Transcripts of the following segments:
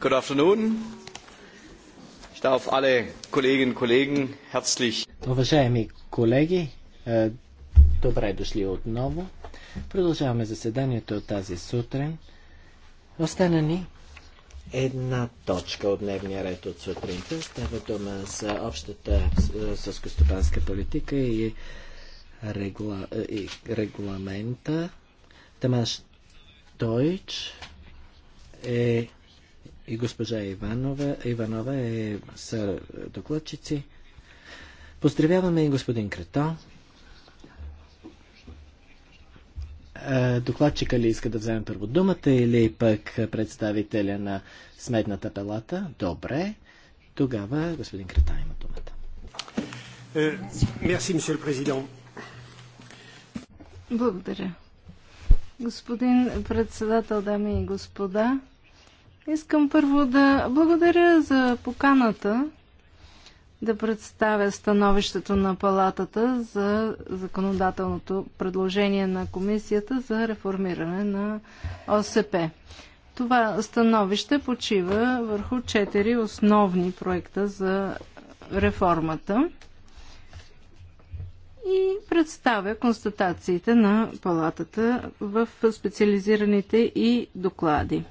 good afternoon. Ich darf alle Kolleginnen und Kollegen herzlich. Уважаеми колеги, е, добре дошли отново. Продължаваме заседанието от тази сутрин. Остана ни една точка от дневния ред от сутринта. Става дума за общата е, съскостопанска политика и, регла... Е, и регламента. Тамаш Тойч е и госпожа Иванова, Иванова е са докладчици. Поздравяваме и господин Крето. Е, докладчика ли иска да вземе първо думата или пък представителя на Сметната палата? Добре. Тогава господин Крета има думата. Мерси, президент. Благодаря. Господин председател, дами и господа, Искам първо да благодаря за поканата да представя становището на палатата за законодателното предложение на комисията за реформиране на ОСП. Това становище почива върху четири основни проекта за реформата и представя констатациите на палатата в специализираните и доклади.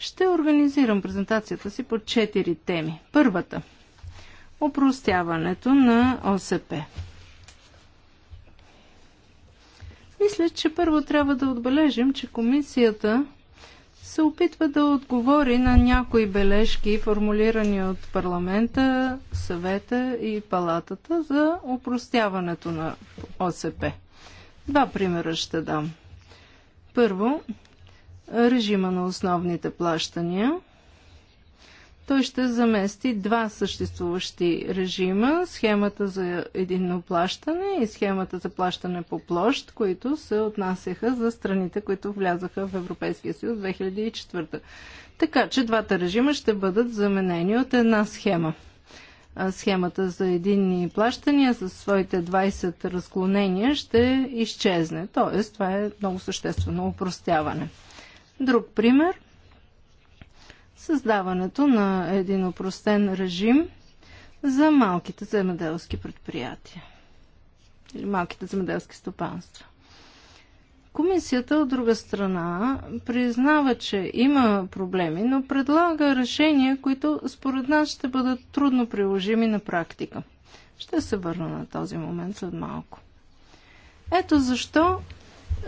Ще организирам презентацията си по четири теми. Първата – опростяването на ОСП. Мисля, че първо трябва да отбележим, че комисията се опитва да отговори на някои бележки, формулирани от парламента, съвета и палатата за опростяването на ОСП. Два примера ще дам. Първо, режима на основните плащания. Той ще замести два съществуващи режима схемата за единно плащане и схемата за плащане по площ, които се отнасяха за страните, които влязаха в Европейския съюз 2004. Така че двата режима ще бъдат заменени от една схема. схемата за единни плащания със своите 20 разклонения ще изчезне. Тоест, това е много съществено упростяване. Друг пример създаването на един опростен режим за малките земеделски предприятия или малките земеделски стопанства. Комисията, от друга страна, признава, че има проблеми, но предлага решения, които според нас ще бъдат трудно приложими на практика. Ще се върна на този момент след малко. Ето защо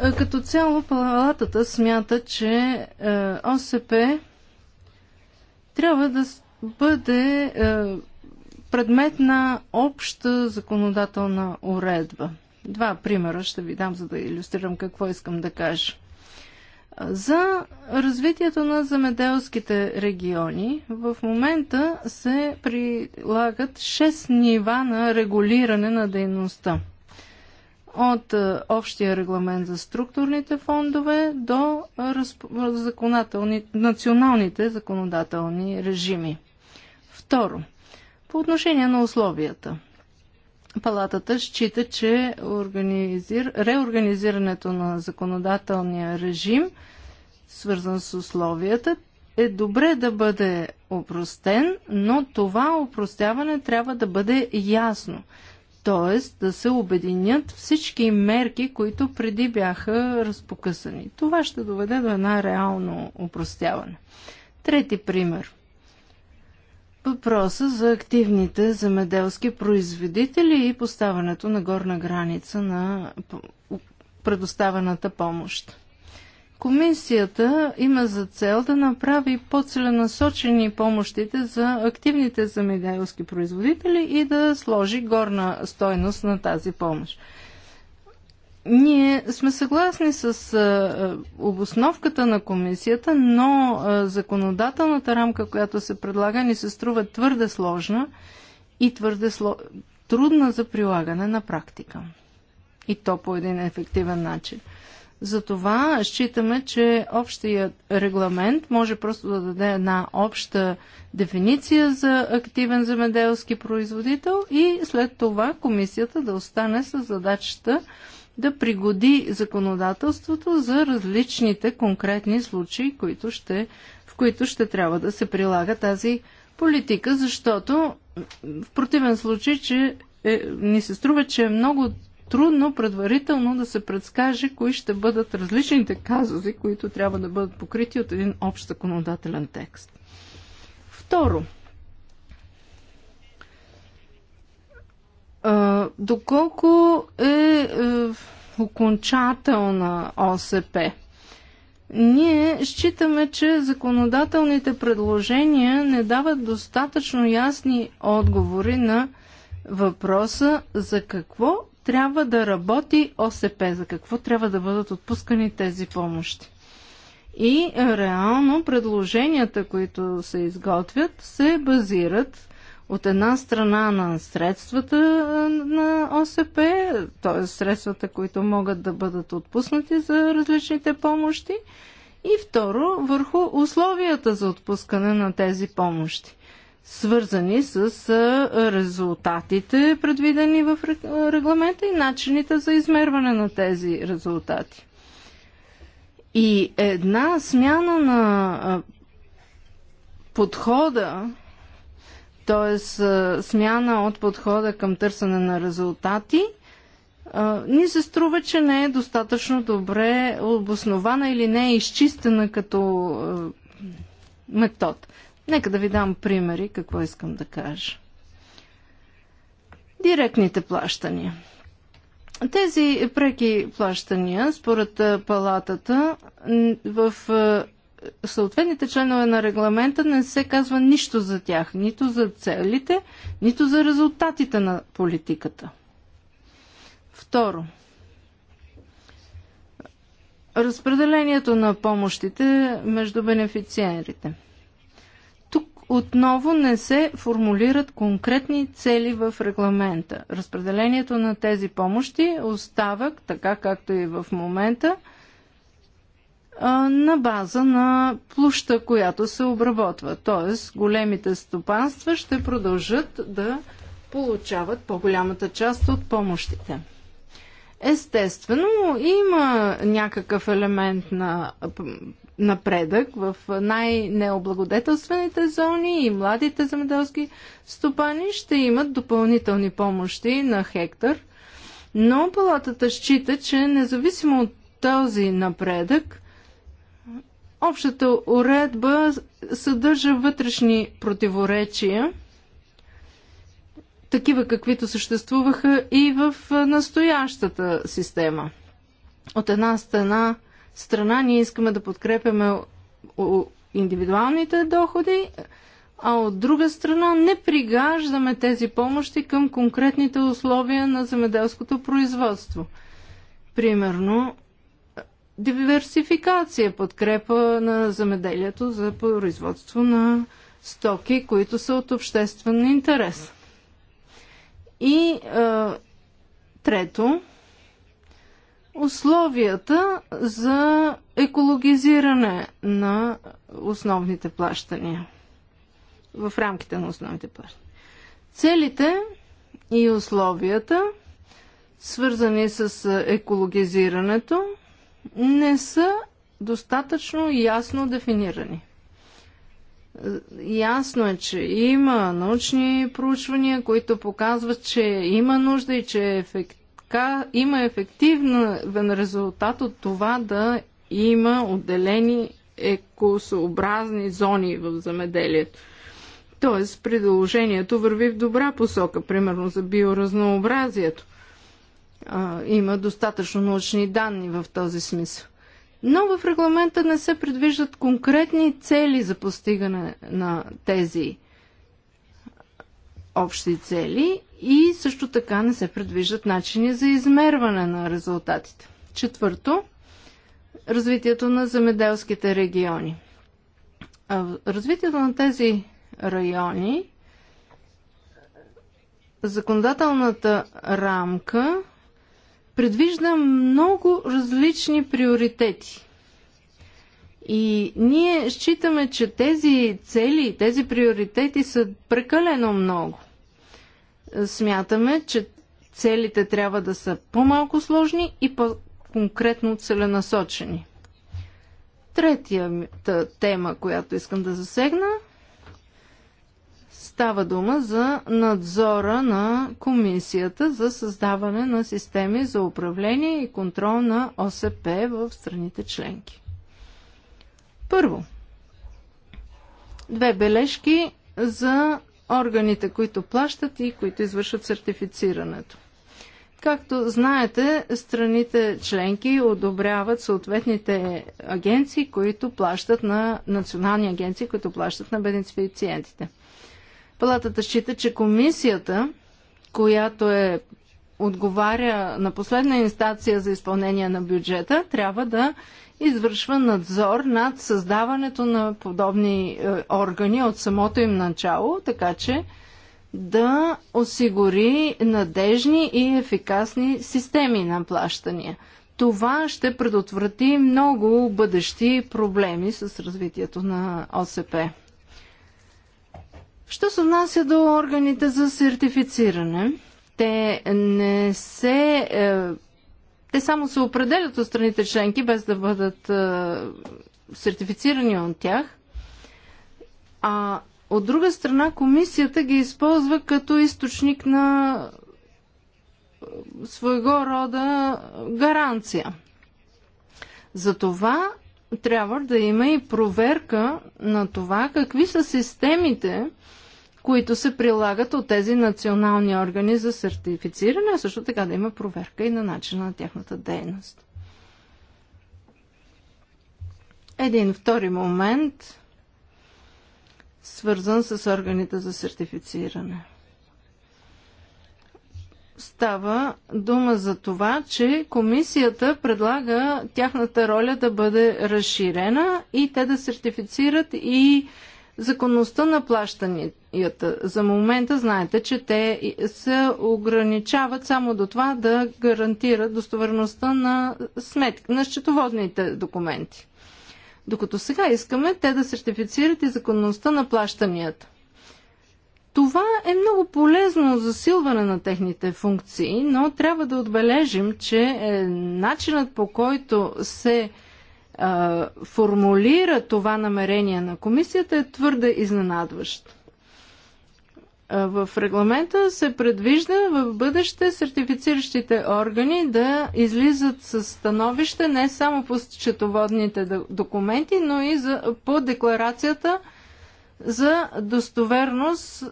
е, като цяло палатата смята, че е, ОСП трябва да бъде е, предмет на обща законодателна уредба. Два примера ще ви дам, за да иллюстрирам какво искам да кажа. За развитието на земеделските региони в момента се прилагат 6 нива на регулиране на дейността – от е, общия регламент за структурните фондове до е, националните законодателни режими. Второ, по отношение на условията. Палатата счита, че организир... реорганизирането на законодателния режим, свързан с условията, е добре да бъде опростен, но това опростяване трябва да бъде ясно – т.е. да се обединят всички мерки, които преди бяха разпокъсани. Това ще доведе до една реално упростяване. Трети пример. Въпроса за активните земеделски производители и поставането на горна граница на предоставената помощ. Комисията има за цел да направи по-целенасочени помощите за активните земеделски производители и да сложи горна стойност на тази помощ. Ние сме съгласни с обосновката на комисията, но законодателната рамка, която се предлага, ни се струва твърде сложна и твърде сло... трудна за прилагане на практика. И то по един ефективен начин. Затова считаме, че общият регламент може просто да даде една обща дефиниция за активен земеделски производител и след това комисията да остане с задачата да пригоди законодателството за различните конкретни случаи, които ще, в които ще трябва да се прилага тази политика, защото в противен случай, че е, ни се струва, че е много трудно предварително да се предскаже кои ще бъдат различните казуси, които трябва да бъдат покрити от един общ законодателен текст. Второ, доколко е, е окончателна ОСП? Ние считаме, че законодателните предложения не дават достатъчно ясни отговори на въпроса за какво трябва да работи ОСП, за какво трябва да бъдат отпускани тези помощи. И е, реално предложенията, които се изготвят, се базират от една страна на средствата е, на ОСП, т.е. средствата, които могат да бъдат отпуснати за различните помощи, и второ, върху условията за отпускане на тези помощи свързани с резултатите, предвидени в регламента и начините за измерване на тези резултати. И една смяна на подхода, т.е. смяна от подхода към търсене на резултати, ни се струва, че не е достатъчно добре обоснована или не е изчистена като метод. Нека да ви дам примери какво искам да кажа. Директните плащания. Тези преки плащания, според палатата, в съответните членове на регламента не се казва нищо за тях, нито за целите, нито за резултатите на политиката. Второ. Разпределението на помощите между бенефициерите – отново не се формулират конкретни цели в регламента. Разпределението на тези помощи остава, така както и в момента, на база на площа, която се обработва. Т.е. големите стопанства ще продължат да получават по-голямата част от помощите. Естествено, има някакъв елемент на напредък в най-необлагодетелствените зони и младите земеделски стопани ще имат допълнителни помощи на хектар, но палатата счита, че независимо от този напредък, общата уредба съдържа вътрешни противоречия, такива каквито съществуваха и в настоящата система. От една страна, страна ние искаме да подкрепяме индивидуалните доходи, а от друга страна не пригаждаме тези помощи към конкретните условия на земеделското производство. Примерно, диверсификация, подкрепа на земеделието за производство на стоки, които са от обществен интерес. И е, трето, условията за екологизиране на основните плащания в рамките на основните плащания. Целите и условията, свързани с екологизирането, не са достатъчно ясно дефинирани. Ясно е, че има научни проучвания, които показват, че има нужда и че е ефективно така има ефективен резултат от това да има отделени екосообразни зони в земеделието. Тоест, предложението върви в добра посока, примерно за биоразнообразието. А, има достатъчно научни данни в този смисъл. Но в регламента не се предвиждат конкретни цели за постигане на тези общи цели и също така не се предвиждат начини за измерване на резултатите. Четвърто, развитието на земеделските региони. Развитието на тези райони, законодателната рамка предвижда много различни приоритети. И ние считаме, че тези цели, тези приоритети са прекалено много. Смятаме, че целите трябва да са по-малко сложни и по-конкретно целенасочени. Третията тема, която искам да засегна, става дума за надзора на комисията за създаване на системи за управление и контрол на ОСП в страните членки. Първо, две бележки за органите, които плащат и които извършват сертифицирането. Както знаете, страните членки одобряват съответните агенции, които плащат на национални агенции, които плащат на бенефициентите. Палатата счита, че комисията, която е отговаря на последна инстанция за изпълнение на бюджета, трябва да извършва надзор над създаването на подобни е, органи от самото им начало, така че да осигури надежни и ефикасни системи на плащания. Това ще предотврати много бъдещи проблеми с развитието на ОСП. Що се отнася до органите за сертифициране? Те не се е, те само се определят от страните членки, без да бъдат е, сертифицирани от тях. А от друга страна, комисията ги използва като източник на своего рода гаранция. Затова трябва да има и проверка на това какви са системите, които се прилагат от тези национални органи за сертифициране, а също така да има проверка и на начина на тяхната дейност. Един втори момент, свързан с органите за сертифициране. Става дума за това, че комисията предлага тяхната роля да бъде разширена и те да сертифицират и законността на плащаните. За момента знаете, че те се ограничават само до това да гарантират достоверността на сметки, на счетоводните документи. Докато сега искаме те да сертифицират и законността на плащанията. Това е много полезно засилване на техните функции, но трябва да отбележим, че е начинът по който се формулира това намерение на комисията е твърде изненадващ. В регламента се предвижда в бъдеще сертифициращите органи да излизат с становище не само по счетоводните документи, но и за, по декларацията за достоверност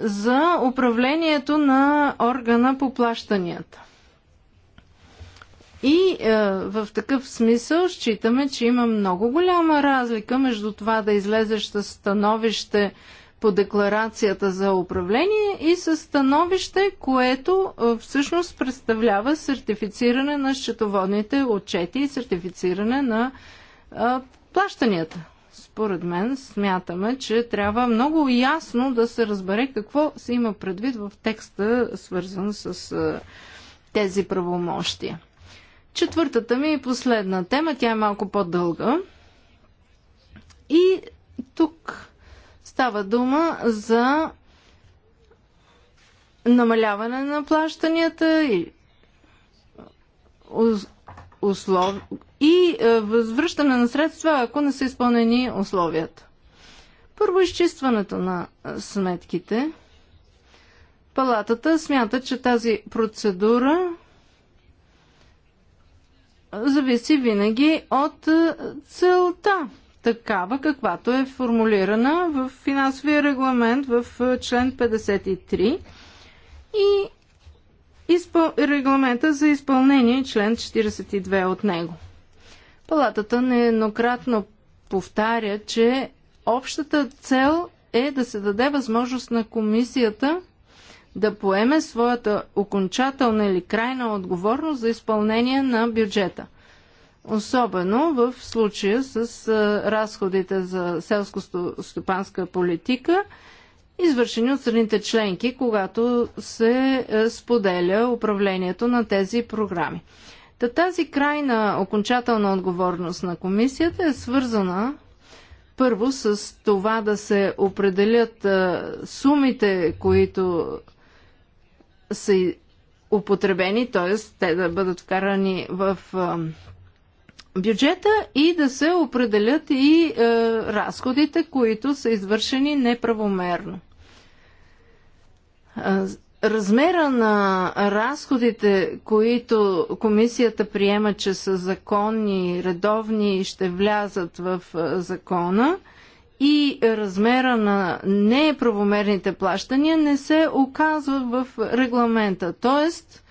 за управлението на органа по плащанията. И е, в такъв смисъл считаме, че има много голяма разлика между това да излезеш с становище по декларацията за управление и със становище, което е, всъщност представлява сертифициране на счетоводните отчети и сертифициране на а, плащанията. Според мен смятаме, че трябва много ясно да се разбере какво се има предвид в текста, свързан с а, е, тези правомощия. Четвъртата ми и последна тема, тя е малко по-дълга. И тук Става дума за намаляване на плащанията и, услов... и е, възвръщане на средства, ако не са изпълнени условията. Първо изчистването на сметките. Палатата смята, че тази процедура зависи винаги от е, целта такава, каквато е формулирана в финансовия регламент в е, член 53 и изпъл... регламента за изпълнение член 42 от него. Палатата нееднократно повтаря, че общата цел е да се даде възможност на комисията да поеме своята окончателна или крайна отговорност за изпълнение на бюджета особено в случая с разходите за селско-стопанска политика, извършени от страните членки, когато се споделя управлението на тези програми. Та тази крайна окончателна отговорност на комисията е свързана първо с това да се определят сумите, които са употребени, т.е. те да бъдат вкарани в бюджета и да се определят и е, разходите, които са извършени неправомерно. Е, размера на разходите, които комисията приема, че са законни, редовни и ще влязат в е, закона, и размера на неправомерните плащания не се оказва в регламента. Тоест,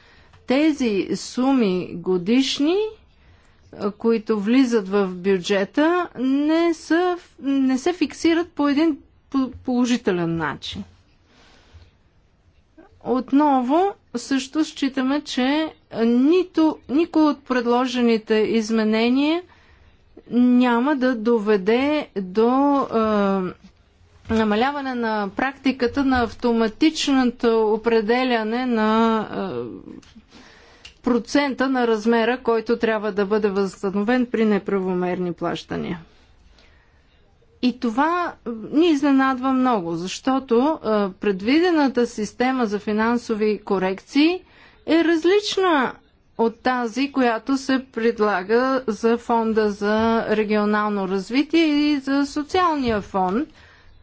тези суми годишни които влизат в бюджета, не, са, не се фиксират по един положителен начин. Отново, също считаме, че нито, никой от предложените изменения няма да доведе до е, намаляване на практиката на автоматичното определяне на е, процента на размера, който трябва да бъде възстановен при неправомерни плащания. И това ни изненадва много, защото предвидената система за финансови корекции е различна от тази, която се предлага за фонда за регионално развитие и за социалния фонд,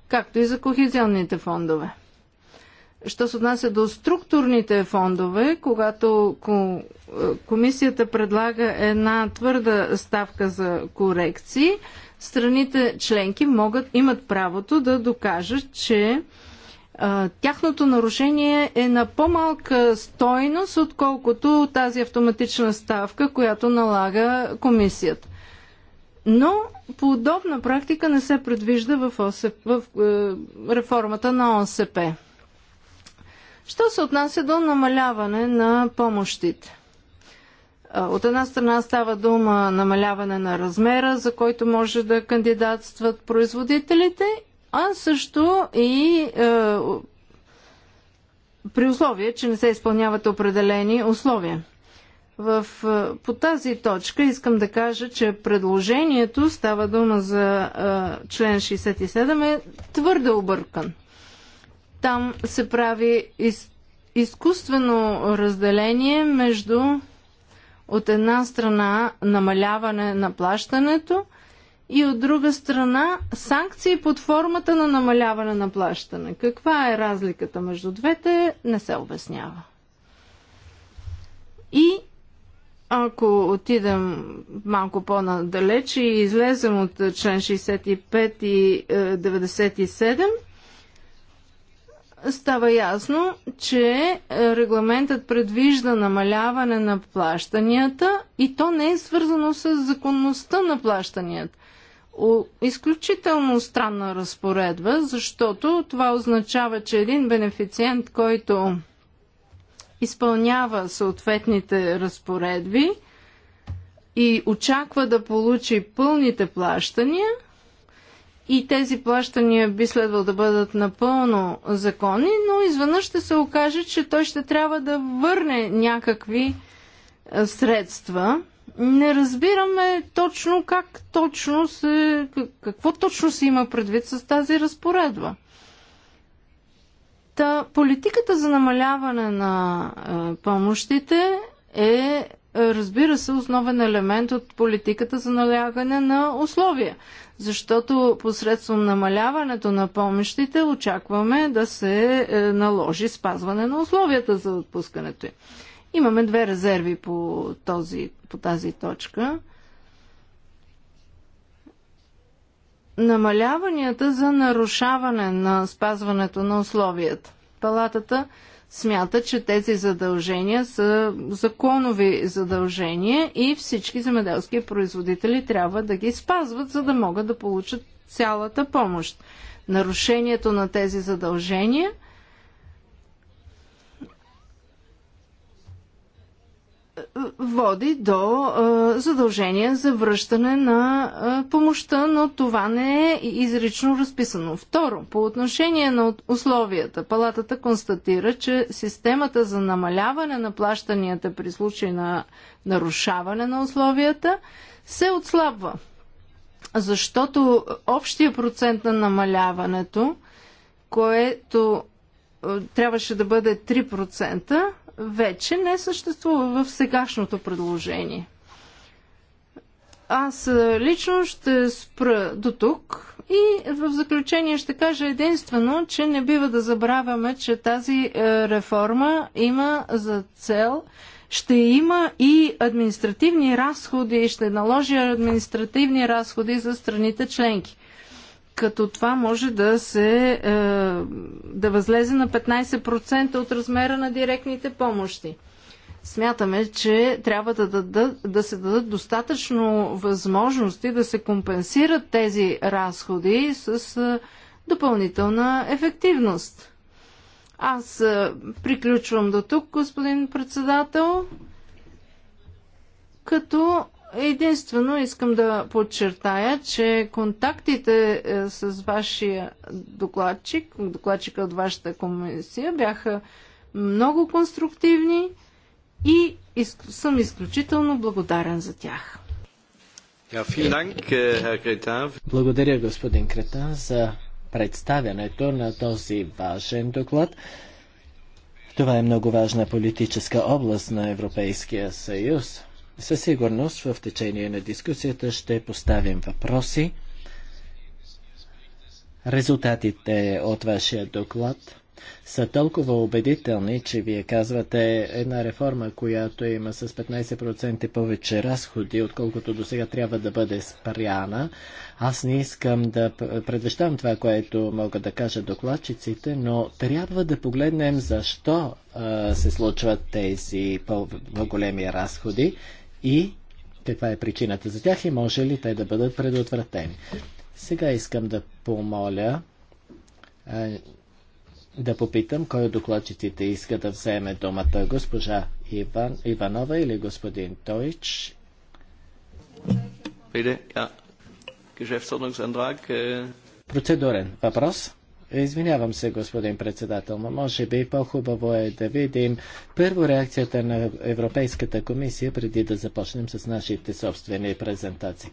както и за кохезионните фондове. Що се отнася до структурните фондове, когато комисията предлага една твърда ставка за корекции, страните членки могат, имат правото да докажат, че а, тяхното нарушение е на по-малка стойност, отколкото тази автоматична ставка, която налага комисията. Но подобна практика не се предвижда в, ОСП, в е, реформата на ОСП. Що се отнася до намаляване на помощите? От една страна става дума намаляване на размера, за който може да кандидатстват производителите, а също и е, при условие, че не се изпълняват определени условия. В, е, по тази точка искам да кажа, че предложението, става дума за е, член 67, е твърде объркан. Там се прави из, изкуствено разделение между от една страна намаляване на плащането и от друга страна санкции под формата на намаляване на плащане. Каква е разликата между двете, не се обяснява. И ако отидем малко по-надалеч и излезем от член 65 и 97, става ясно, че е, регламентът предвижда намаляване на плащанията и то не е свързано с законността на плащанията. Изключително странна разпоредба, защото това означава, че един бенефициент, който изпълнява съответните разпоредби и очаква да получи пълните плащания – и тези плащания би следвало да бъдат напълно законни, но изведнъж ще се окаже, че той ще трябва да върне някакви е, средства. Не разбираме точно как точно се, какво точно се има предвид с тази разпоредба. Та политиката за намаляване на е, помощите е разбира се, основен елемент от политиката за налягане на условия. Защото посредством намаляването на помощите очакваме да се е, наложи спазване на условията за отпускането им. Имаме две резерви по, този, по тази точка. Намаляванията за нарушаване на спазването на условията. Палатата смята, че тези задължения са законови задължения и всички земеделски производители трябва да ги спазват, за да могат да получат цялата помощ. Нарушението на тези задължения – води до задължение за връщане на помощта, но това не е изрично разписано. Второ, по отношение на условията, палатата констатира, че системата за намаляване на плащанията при случай на нарушаване на условията се отслабва, защото общия процент на намаляването, което трябваше да бъде 3%, вече не съществува в сегашното предложение. Аз е, лично ще спра до тук и в заключение ще кажа единствено, че не бива да забравяме, че тази е, реформа има за цел ще има и административни разходи, ще наложи административни разходи за страните членки като това може да се е, да възлезе на 15% от размера на директните помощи. Смятаме, че трябва да, дадат, да се дадат достатъчно възможности да се компенсират тези разходи с е, допълнителна ефективност. Аз е, приключвам до тук, господин председател, като Единствено искам да подчертая, че контактите е, с вашия докладчик, докладчика от вашата комисия, бяха много конструктивни и съм изключително благодарен за тях. Äh, Благодаря, господин Кретан, за представянето на този важен доклад. Това е много важна политическа област на Европейския съюз. Със сигурност в течение на дискусията ще поставим въпроси. Резултатите от вашия доклад са толкова убедителни, че вие казвате една реформа, която има с 15% повече разходи, отколкото до сега трябва да бъде спряна. Аз не искам да предвещам това, което мога да кажа докладчиците, но трябва да погледнем защо а, се случват тези по-големи разходи и каква е причината за тях и може ли те да бъдат предотвратени. Сега искам да помоля да попитам кой от докладчиците иска да вземе думата. Госпожа Иван, Иванова или господин Тойч? Е, Процедурен въпрос. Извинявам се, господин председател, но може би по-хубаво е да видим първо реакцията на Европейската комисия, преди да започнем с нашите собствени презентации.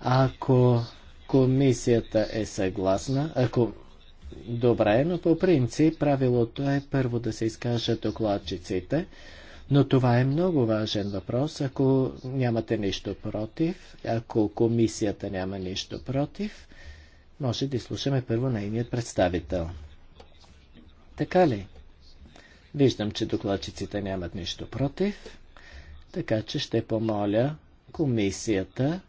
Ако комисията е съгласна, ако добре, но по принцип правилото е първо да се изкажат докладчиците, но това е много важен въпрос. Ако нямате нищо против, ако комисията няма нищо против, може да изслушаме първо нейният представител. Така ли? Виждам, че докладчиците нямат нищо против, така че ще помоля комисията,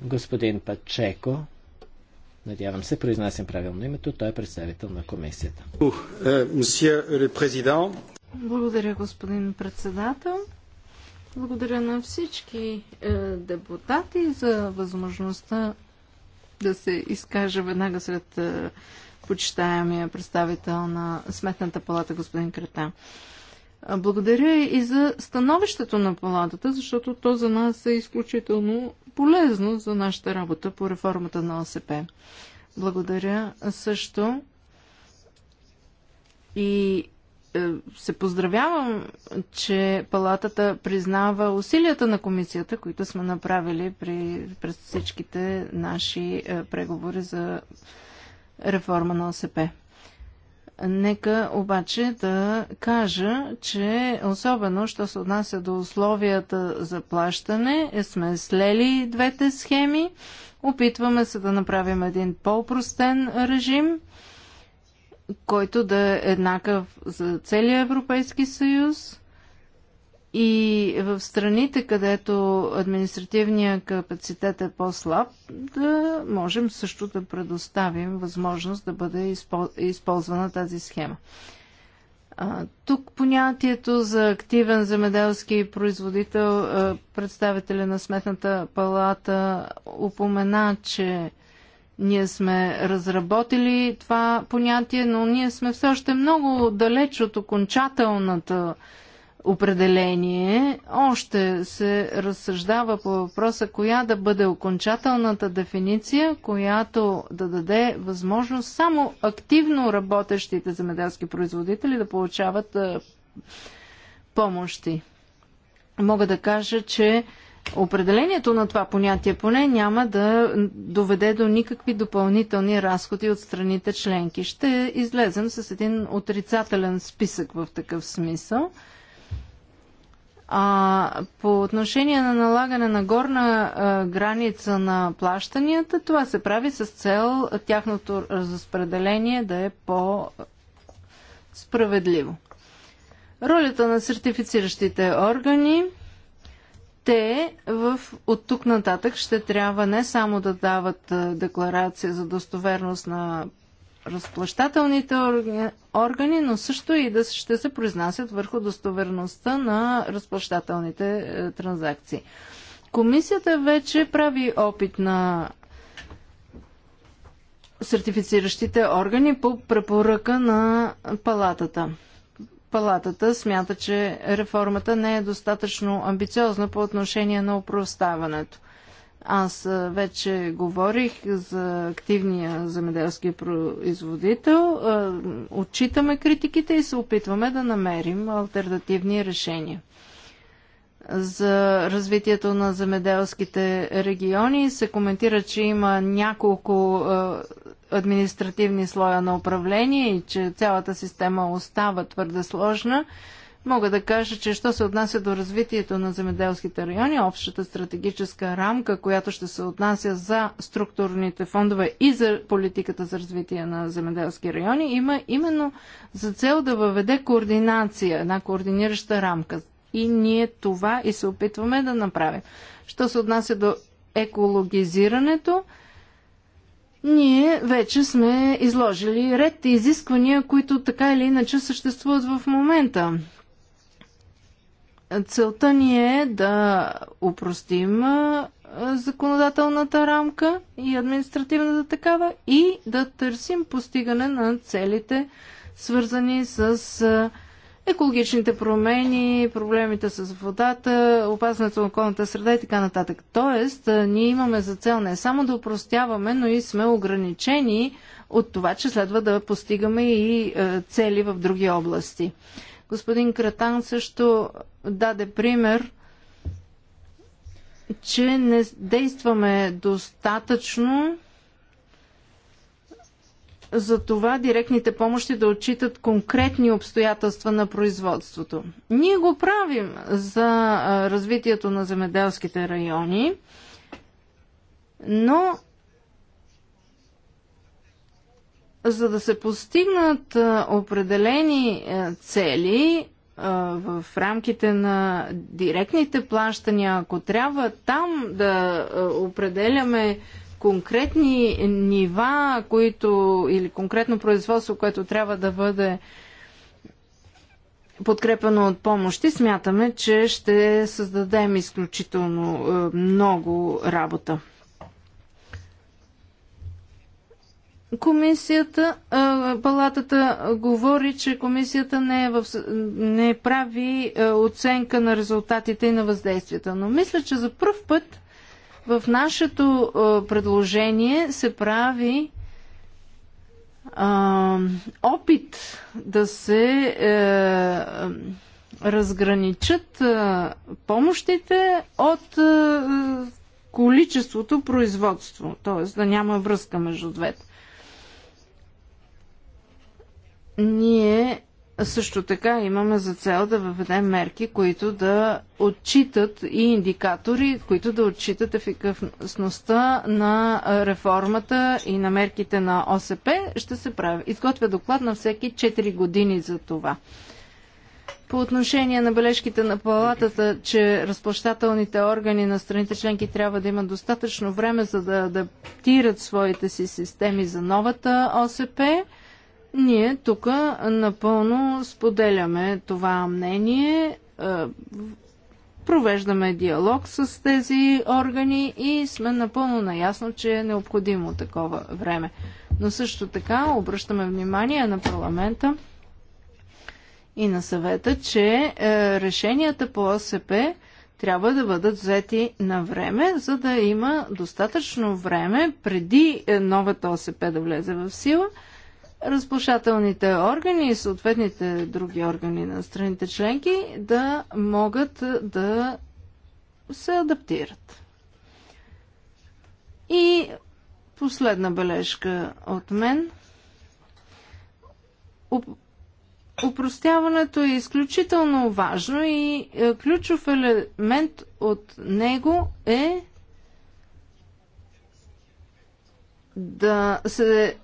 господин Пачеко, надявам се, произнасям правилно името, той е представител на комисията. Euh, Благодаря, господин председател. Благодаря на всички е, депутати за възможността да се изкаже веднага след е, почитаемия представител на Сметната палата, господин Крета. Е, благодаря и за становището на палатата, защото то за нас е изключително полезно за нашата работа по реформата на ОСП. Благодаря също и е, се поздравявам, че палатата признава усилията на комисията, които сме направили при, през всичките наши е, преговори за реформа на ОСП. Нека обаче да кажа, че особено, що се отнася до условията за плащане, е, сме слели двете схеми, опитваме се да направим един по-простен режим – който да е еднакъв за целия Европейски съюз и в страните, където административният капацитет е по-слаб, да можем също да предоставим възможност да бъде използвана тази схема. Тук понятието за активен земеделски производител, представителя на Сметната палата упомена, че ние сме разработили това понятие, но ние сме все още много далеч от окончателната определение. Още се разсъждава по въпроса коя да бъде окончателната дефиниция, която да даде възможност само активно работещите земеделски производители да получават помощи. Мога да кажа, че определението на това понятие поне няма да доведе до никакви допълнителни разходи от страните членки. Ще излезем с един отрицателен списък в такъв смисъл. А, по отношение на налагане на горна а, граница на плащанията, това се прави с цел тяхното разпределение да е по-справедливо. Ролята на сертифициращите органи – те в, от тук нататък ще трябва не само да дават декларация за достоверност на разплащателните органи, но също и да ще се произнасят върху достоверността на разплащателните е, транзакции. Комисията вече прави опит на сертифициращите органи по препоръка на палатата. Палатата смята, че реформата не е достатъчно амбициозна по отношение на опроставането. Аз вече говорих за активния земеделски производител. Отчитаме критиките и се опитваме да намерим альтернативни решения. За развитието на земеделските региони се коментира, че има няколко административни слоя на управление и че цялата система остава твърде сложна, мога да кажа, че що се отнася до развитието на земеделските райони, общата стратегическа рамка, която ще се отнася за структурните фондове и за политиката за развитие на земеделски райони, има именно за цел да въведе координация, една координираща рамка. И ние това и се опитваме да направим. Що се отнася до екологизирането, ние вече сме изложили ред изисквания, които така или иначе съществуват в момента. Целта ни е да упростим законодателната рамка и административната такава и да търсим постигане на целите, свързани с екологичните промени, проблемите с водата, опасната на околната среда и така нататък. Тоест, ние имаме за цел не само да упростяваме, но и сме ограничени от това, че следва да постигаме и цели в други области. Господин Кратан също даде пример, че не действаме достатъчно за това директните помощи да отчитат конкретни обстоятелства на производството. Ние го правим за развитието на земеделските райони, но за да се постигнат определени цели в рамките на директните плащания, ако трябва там да определяме конкретни нива, които или конкретно производство, което трябва да бъде подкрепено от помощи, смятаме, че ще създадем изключително е, много работа. Комисията, е, палатата говори, че комисията не, е в, не прави е, оценка на резултатите и на въздействията, но мисля, че за първ път в нашето предложение се прави а, опит да се е, разграничат помощите от количеството производство, т.е. да няма връзка между двете. Ние също така имаме за цел да въведем мерки, които да отчитат и индикатори, които да отчитат ефикасността на реформата и на мерките на ОСП. Ще се прави. Изготвя доклад на всеки 4 години за това. По отношение на бележките на палатата, че разплащателните органи на страните членки трябва да имат достатъчно време за да адаптират своите си системи за новата ОСП, ние тук напълно споделяме това мнение, е, провеждаме диалог с тези органи и сме напълно наясно, че е необходимо такова време. Но също така обръщаме внимание на парламента и на съвета, че е, решенията по ОСП трябва да бъдат взети на време, за да има достатъчно време преди е, новата ОСП да влезе в сила – Разпушателните органи и съответните други органи на страните членки да могат да се адаптират. И последна бележка от мен. Опростяването е изключително важно и е, ключов елемент от него е да се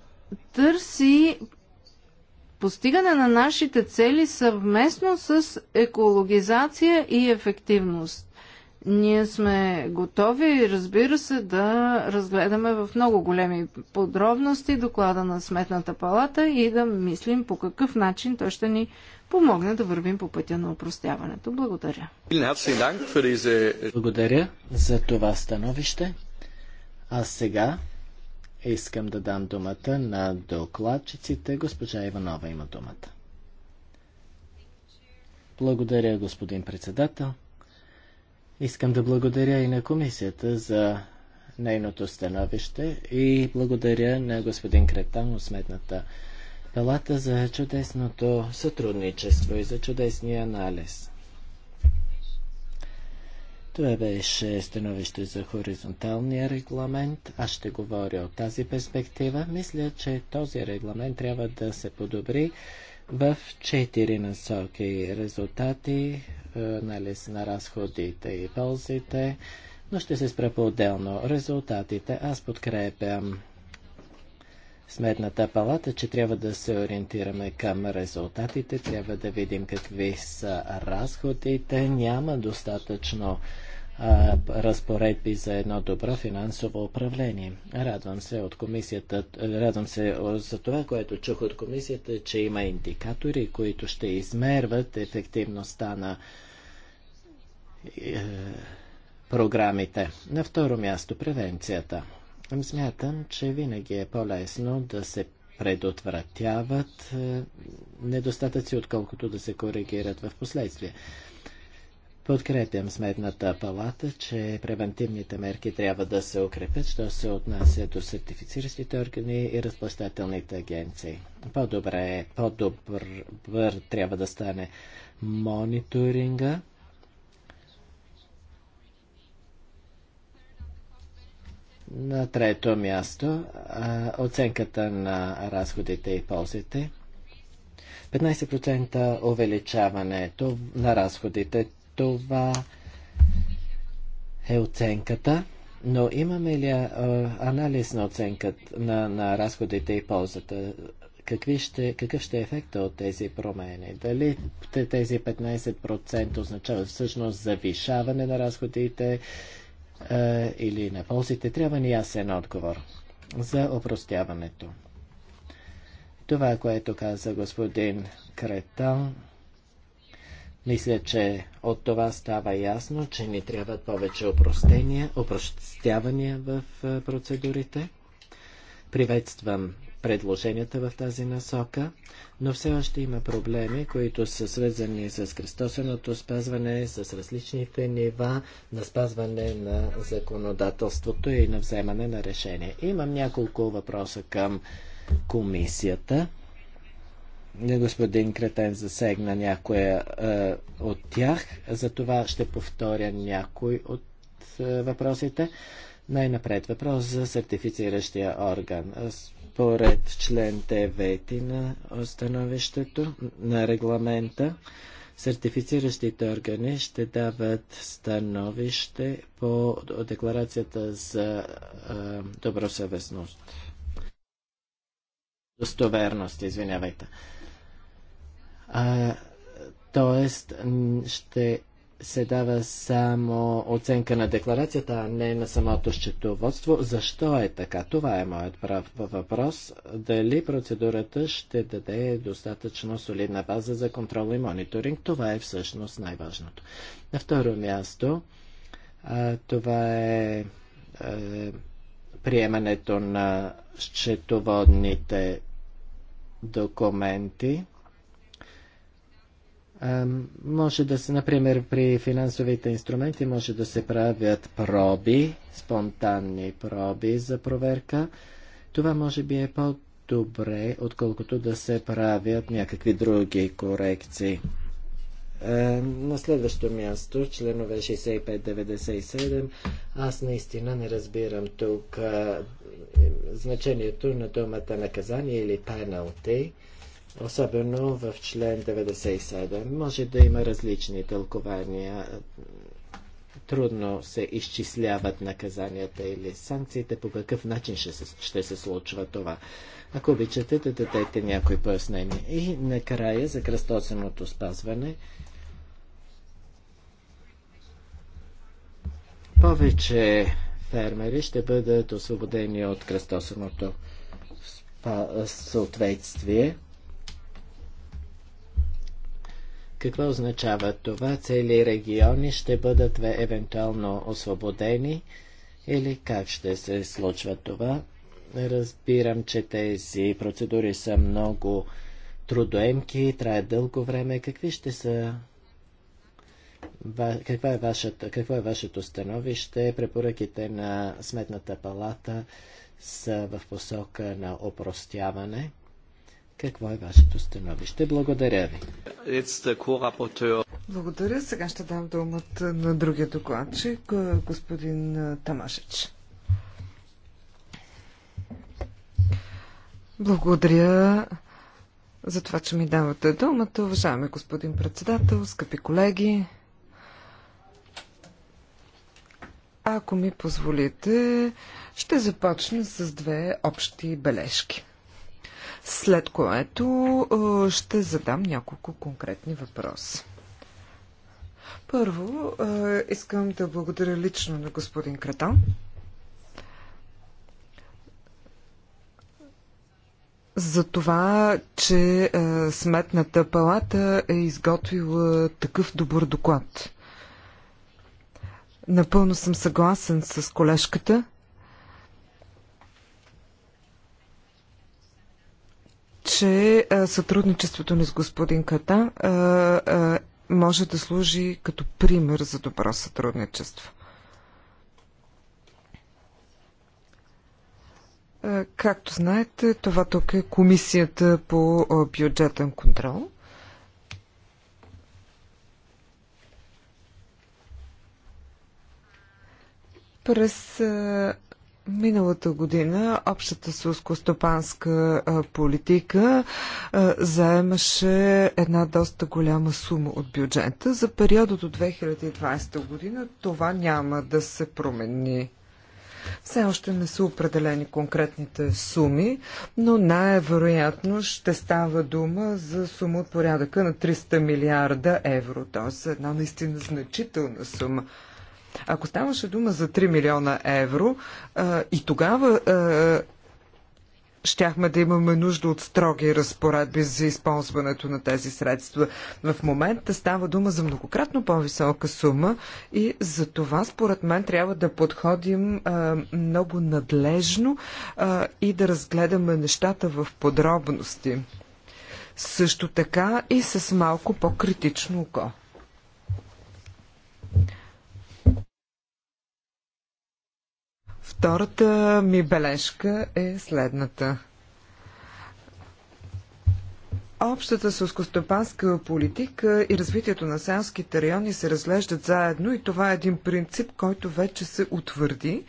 търси постигане на нашите цели съвместно с екологизация и ефективност. Ние сме готови, разбира се, да разгледаме в много големи подробности доклада на Сметната палата и да мислим по какъв начин той ще ни помогне да вървим по пътя на упростяването. Благодаря. Благодаря за това становище. А сега Искам да дам думата на докладчиците. Госпожа Иванова има думата. Благодаря, господин председател. Искам да благодаря и на комисията за нейното становище и благодаря на господин Кретан от Сметната палата за чудесното сътрудничество и за чудесния анализ. Това беше становище за хоризонталния регламент. Аз ще говоря от тази перспектива. Мисля, че този регламент трябва да се подобри в четири насоки. Резултати, анализ е, на разходите и ползите, но ще се спра по-отделно. Резултатите аз подкрепям Сметната палата, че трябва да се ориентираме към резултатите, трябва да видим какви са разходите. Няма достатъчно а, разпоредби за едно добро финансово управление. Радвам се от комисията, радвам се за това, което чух от комисията, че има индикатори, които ще измерват ефективността на е, програмите. На второ място превенцията. Смятам, че винаги е по-лесно да се предотвратяват е, недостатъци, отколкото да се коригират в последствие. Подкрепям сметната палата, че превентивните мерки трябва да се укрепят, що се отнася до сертифициращите органи и разплащателните агенции. По-добре, е, по-добър трябва да стане мониторинга На трето място оценката на разходите и ползите. 15% увеличаването на разходите. Това е оценката, но имаме ли анализ на оценката на, на разходите и ползата? какви ще, какъв ще е ефекта от тези промени? Дали тези 15% означават всъщност завишаване на разходите а, е, или на ползите, трябва ни ясен отговор за опростяването. Това, което каза господин Кретан, мисля, че от това става ясно, че ни трябват повече опростения, опростявания в е, процедурите. Приветствам предложенията в тази насока, но все още има проблеми, които са свързани с кръстосаното спазване, с различните нива на спазване на законодателството и на вземане на решение. Имам няколко въпроса към комисията. Господин Кретен засегна някоя е, от тях, затова ще повторя някой от е, въпросите. Най-напред въпрос за сертифициращия орган. Аз според член 9 на становището на регламента, сертифициращите органи ще дават становище по декларацията за а, добросъвестност. Достоверност, извинявайте. А, тоест, ще се дава само оценка на декларацията, а не на самото счетоводство. Защо е така? Това е моят прав въпрос. Дали процедурата ще даде достатъчно солидна база за контрол и мониторинг? Това е всъщност най-важното. На второ място, това е, е приемането на счетоводните документи – може да се, например, при финансовите инструменти може да се правят проби, спонтанни проби за проверка. Това може би е по-добре, отколкото да се правят някакви други корекции. На следващо място, членове 65-97, аз наистина не разбирам тук значението на думата наказание или пеналти особено в член 97, може да има различни тълкования. Трудно се изчисляват наказанията или санкциите, по какъв начин ще се, ще се случва това. Ако обичате, да дадете някои пояснения. И накрая за кръстосеното спазване. Повече фермери ще бъдат освободени от кръстосаното съответствие. Какво означава това? Цели региони ще бъдат евентуално освободени или как ще се случва това? Разбирам, че тези процедури са много трудоемки, трае дълго време. Какви ще са каква е вашата, какво е вашето становище? Препоръките на Сметната палата са в посока на опростяване. Какво е вашето становище? Благодаря ви. Благодаря. Сега ще дам думата на другия докладчик, е, господин е, Тамашич. Благодаря за това, че ми давате думата, уважаеми господин председател, скъпи колеги. Ако ми позволите, ще започна с две общи бележки след което ще задам няколко конкретни въпроса. Първо, искам да благодаря лично на господин Кратан. за това, че е, Сметната палата е изготвила такъв добър доклад. Напълно съм съгласен с колежката, че сътрудничеството ни с господин Ката може да служи като пример за добро сътрудничество. Както знаете, това тук е комисията по бюджетен контрол. През Миналата година общата сълскостопанска политика заемаше една доста голяма сума от бюджета. За периода до 2020 година това няма да се промени. Все още не са определени конкретните суми, но най-вероятно ще става дума за сума от порядъка на 300 милиарда евро, т.е. една наистина значителна сума. Ако ставаше дума за 3 милиона евро, а, и тогава а, щяхме да имаме нужда от строги разпоредби за използването на тези средства. В момента става дума за многократно по-висока сума и за това, според мен, трябва да подходим а, много надлежно а, и да разгледаме нещата в подробности. Също така и с малко по-критично око. Втората ми бележка е следната. Общата селскостопанска политика и развитието на селските райони се разглеждат заедно и това е един принцип, който вече се утвърди.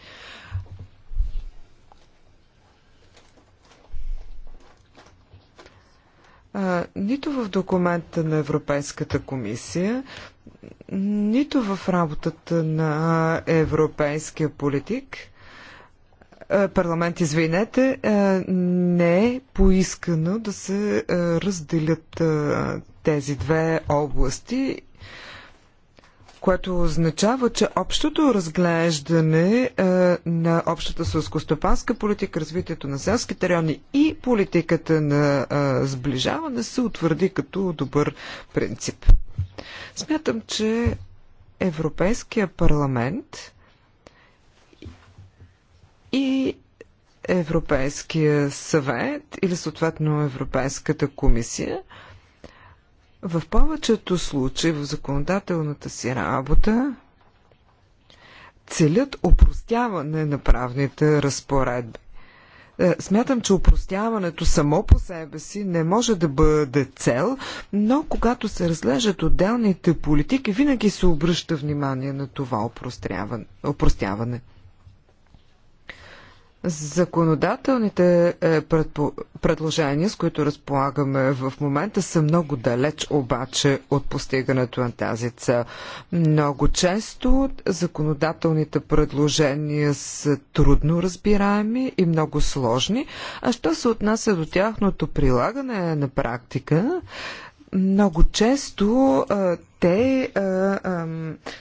нито в документа на Европейската комисия, нито в работата на европейския политик – е, парламент, извинете, е, не е поискано да се е, разделят тези две области, което означава, че общото разглеждане на общата сълскостопанска политика, развитието на селските райони и политиката на сближаване се утвърди като добър принцип. Смятам, че Европейския парламент и Европейския съвет или съответно Европейската комисия в повечето случаи в законодателната си работа целят упростяване на правните разпоредби. Е, смятам, че упростяването само по себе си не може да бъде цел, но когато се разглеждат отделните политики, винаги се обръща внимание на това упростяване. Законодателните е, предложения, с които разполагаме в момента, са много далеч обаче от постигането на тази цел. Много често законодателните предложения са трудно разбираеми и много сложни, а що се отнася до тяхното прилагане на практика, много често те а, а,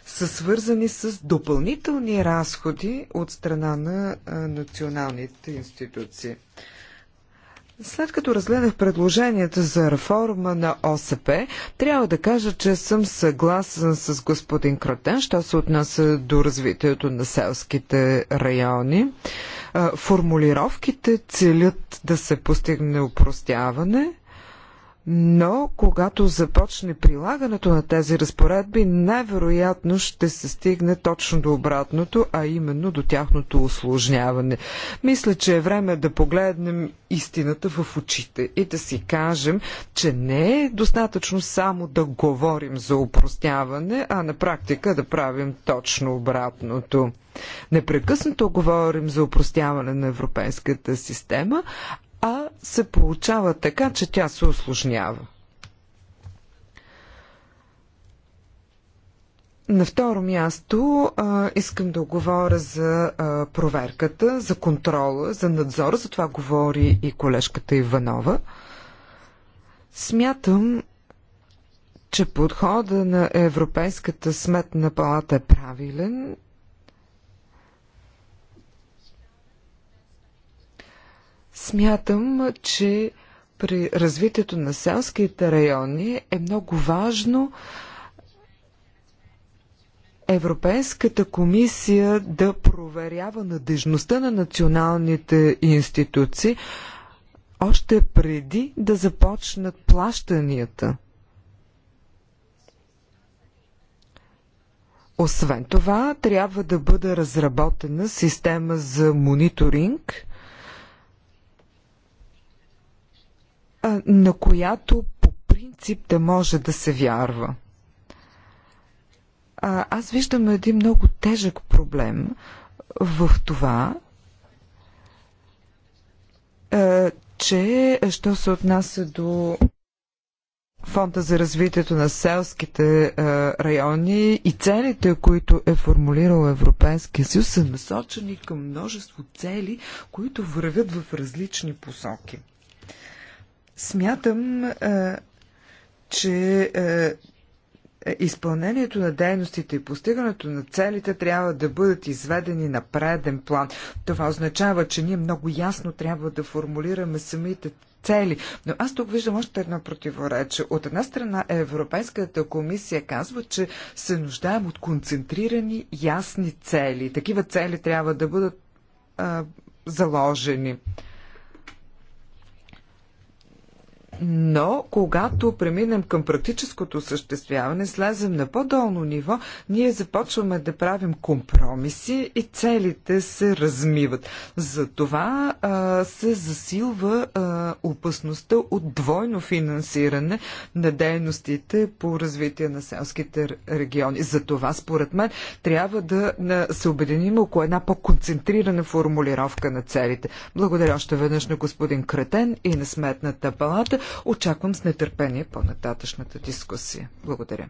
са свързани с допълнителни разходи от страна на а, националните институции. След като разгледах предложенията за реформа на ОСП, трябва да кажа, че съм съгласен с господин Кротен, що се отнася до развитието на селските райони. Формулировките целят да се постигне упростяване но когато започне прилагането на тези разпоредби, най-вероятно ще се стигне точно до обратното, а именно до тяхното осложняване. Мисля, че е време да погледнем истината в очите и да си кажем, че не е достатъчно само да говорим за упростяване, а на практика да правим точно обратното. Непрекъснато говорим за упростяване на европейската система, а се получава така, че тя се осложнява. На второ място а, искам да говоря за а, проверката, за контрола, за надзора. За това говори и колежката Иванова. Смятам, че подхода на Европейската сметна палата е правилен Смятам, че при развитието на селските райони е много важно Европейската комисия да проверява надежността на националните институции още преди да започнат плащанията. Освен това, трябва да бъде разработена система за мониторинг – на която по принцип да може да се вярва. Аз виждам един много тежък проблем в това, че, що се отнася до Фонда за развитието на селските райони и целите, които е формулирал Европейския съюз, са насочени към множество цели, които вървят в различни посоки. Смятам, че изпълнението на дейностите и постигането на целите трябва да бъдат изведени на преден план. Това означава, че ние много ясно трябва да формулираме самите цели. Но аз тук виждам още едно противоречие. От една страна Европейската комисия казва, че се нуждаем от концентрирани ясни цели. Такива цели трябва да бъдат а, заложени. Но, когато преминем към практическото осъществяване, слезем на по-долно ниво, ние започваме да правим компромиси и целите се размиват. това а, се засилва а, опасността от двойно финансиране на дейностите по развитие на селските региони. Затова, според мен, трябва да се обединим около една по-концентрирана формулировка на целите. Благодаря още веднъж на господин Кретен и на Сметната палата. Очаквам с нетърпение по-нататъчната дискусия. Благодаря.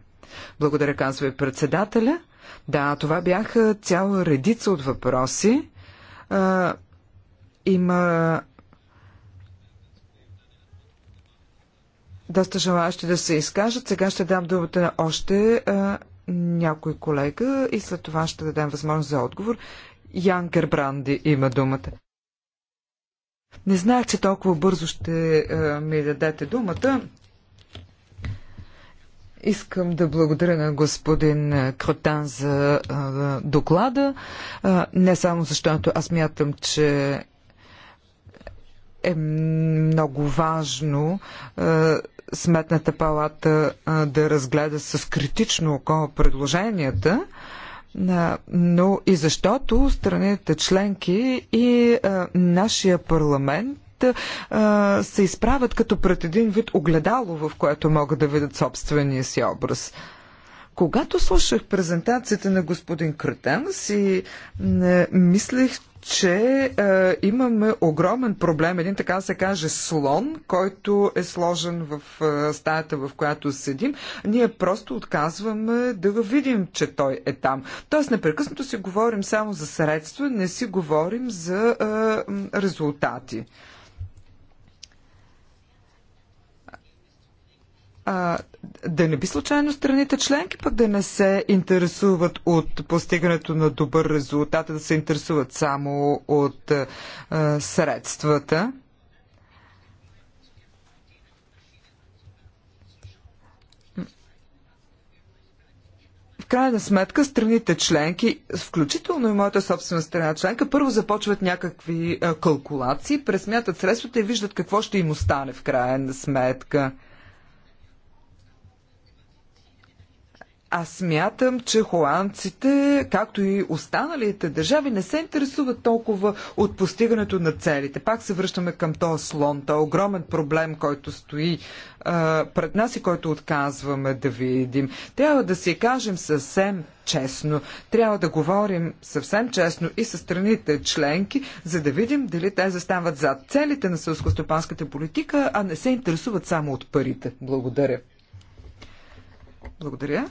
Благодаря, казва и председателя. Да, това бяха цяла редица от въпроси. А, има доста желаящи да се изкажат. Сега ще дам думата на още а, някой колега и след това ще дадем възможност за отговор. Ян Гербранди има думата. Не знаех, че толкова бързо ще е, ми дадете думата. Искам да благодаря на господин Кротан за е, доклада. Е, не само защото аз мятам, че е много важно Сметната палата да разгледа с критично око предложенията, но и защото страните членки и а, нашия парламент а, се изправят като пред един вид огледало, в което могат да видят собствения си образ. Когато слушах презентацията на господин Кретен, си не, мислех, че е, имаме огромен проблем, един така се каже слон, който е сложен в е, стаята, в която седим. Ние просто отказваме да го видим, че той е там. Тоест, непрекъснато си говорим само за средства, не си говорим за е, резултати. А, да не би случайно страните членки пък да не се интересуват от постигането на добър резултат, а да се интересуват само от а, средствата. В крайна сметка страните членки, включително и моята собствена страна членка, първо започват някакви а, калкулации, пресмятат средствата и виждат какво ще им остане в крайна сметка. Аз смятам, че холандците, както и останалите държави, не се интересуват толкова от постигането на целите. Пак се връщаме към този слон, този е огромен проблем, който стои а, пред нас и който отказваме да видим. Трябва да си кажем съвсем честно. Трябва да говорим съвсем честно и с страните членки, за да видим дали те застават зад целите на селскостопанската политика, а не се интересуват само от парите. Благодаря. Благодаря.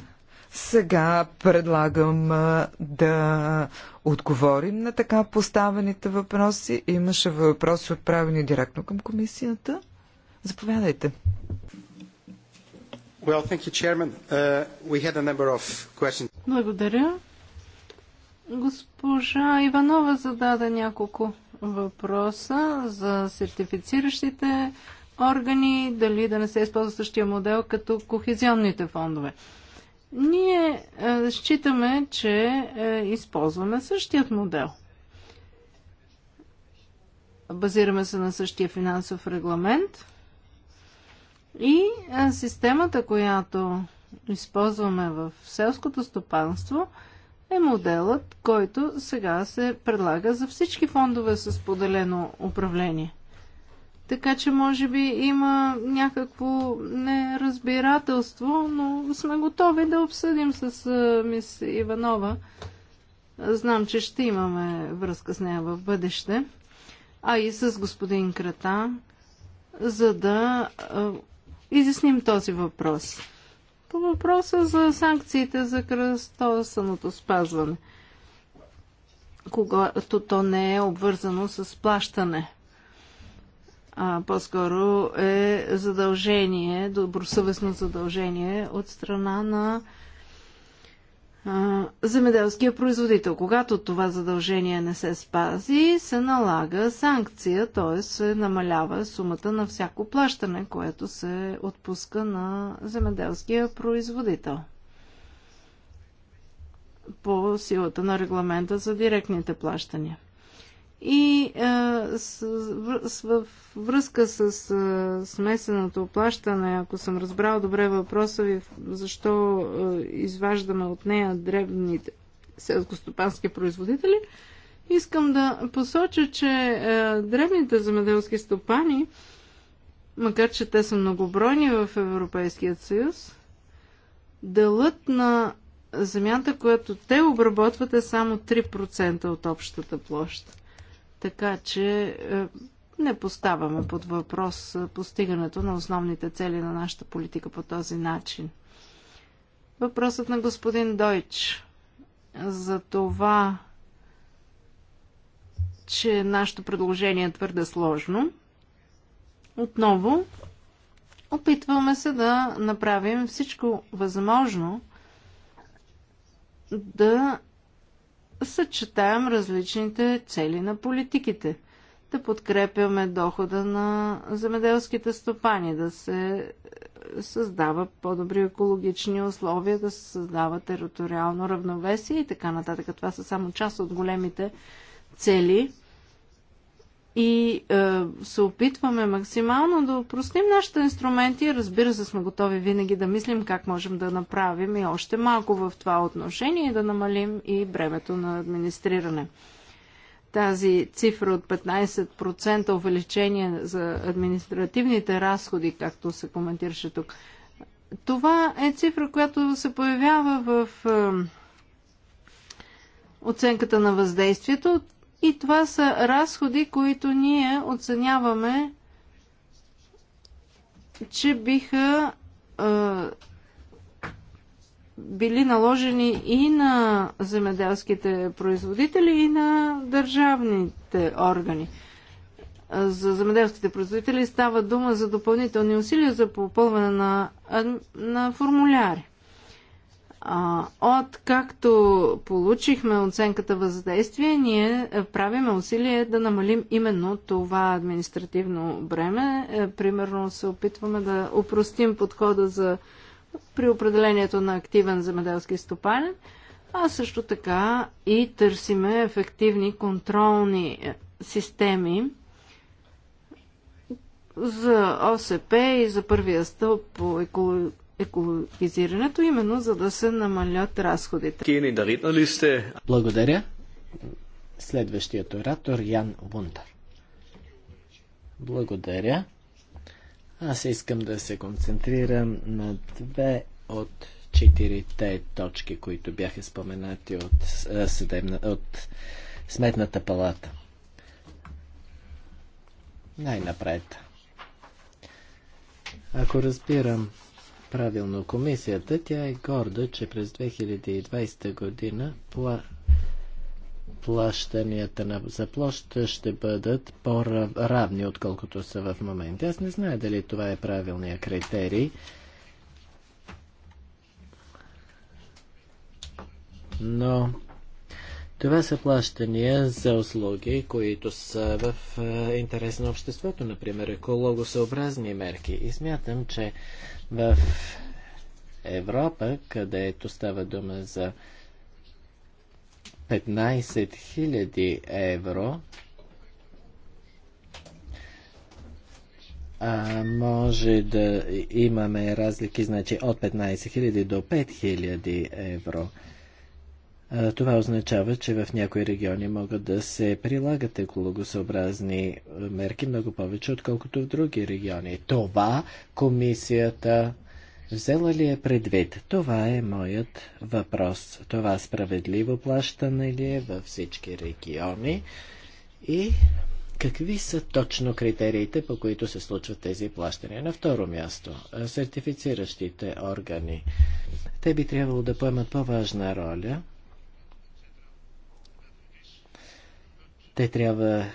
Сега предлагам да отговорим на така поставените въпроси. Имаше въпроси отправени директно към комисията. Заповядайте. Well, you, uh, Благодаря. Госпожа Иванова зададе няколко въпроса за сертифициращите органи, дали да не се използва същия модел като кохезионните фондове. Ние е, считаме, че е, използваме същият модел. Базираме се на същия финансов регламент и е, системата, която използваме в селското стопанство, е моделът, който сега се предлага за всички фондове с поделено управление. Така че може би има някакво неразбирателство, но сме готови да обсъдим с мис Иванова. Знам, че ще имаме връзка с нея в бъдеще, а и с господин Крата, за да изясним този въпрос. По въпроса за санкциите за кръстосаното спазване, когато то не е обвързано с плащане – по-скоро е задължение, добросъвестно задължение от страна на земеделския производител. Когато това задължение не се спази, се налага санкция, т.е. се намалява сумата на всяко плащане, което се отпуска на земеделския производител по силата на регламента за директните плащания и е, в връзка с е, смесеното оплащане, ако съм разбрал добре въпроса ви, защо е, изваждаме от нея древните селскостопански производители, искам да посоча, че древните земеделски стопани, макар че те са многобройни в Европейския съюз, делът на земята, която те обработват е само 3% от общата площ. Така че е, не поставяме под въпрос е, постигането на основните цели на нашата политика по този начин. Въпросът на господин Дойч за това, че нашето предложение е твърде сложно. Отново, опитваме се да направим всичко възможно да съчетаем различните цели на политиките. Да подкрепяме дохода на земеделските стопани, да се създава по-добри екологични условия, да се създава териториално равновесие и така нататък. Това са само част от големите цели, и е, се опитваме максимално да упростим нашите инструменти. Разбира се, сме готови винаги да мислим как можем да направим и още малко в това отношение и да намалим и бремето на администриране. Тази цифра от 15% увеличение за административните разходи, както се коментираше тук, това е цифра, която се появява в е, оценката на въздействието. И това са разходи, които ние оценяваме, че биха е, били наложени и на земеделските производители, и на държавните органи. За земеделските производители става дума за допълнителни усилия за попълване на, на формуляри. От както получихме оценката въздействие, ние е, правиме усилие да намалим именно това административно бреме. Е, примерно се опитваме да опростим подхода за при определението на активен земеделски стопанен, а също така и търсиме ефективни контролни е, системи за ОСП и за първия стълб по екологизирането, именно за да се намалят разходите. Благодаря. Следващият оратор Ян Бунтар. Благодаря. Аз искам да се концентрирам на две от четирите точки, които бяха споменати от, съдебна, от Сметната палата. Най-напред. Ако разбирам правилно комисията. Тя е горда, че през 2020 година пла... плащанията на... за площа ще бъдат по-равни, отколкото са в момента. Аз не знае дали това е правилния критерий. Но това са плащания за услуги, които са в е, интерес на обществото, например екологосъобразни мерки. И смятам, че в Европа, където става дума за 15 000 евро, а, може да имаме разлики, значи от 15 000 до 5 000 евро. Това означава, че в някои региони могат да се прилагат екологосъобразни мерки много повече, отколкото в други региони. Това комисията взела ли е предвид? Това е моят въпрос. Това справедливо плащане ли е във всички региони? И какви са точно критериите, по които се случват тези плащания? На второ място, сертифициращите органи. Те би трябвало да поемат по-важна роля Те трябва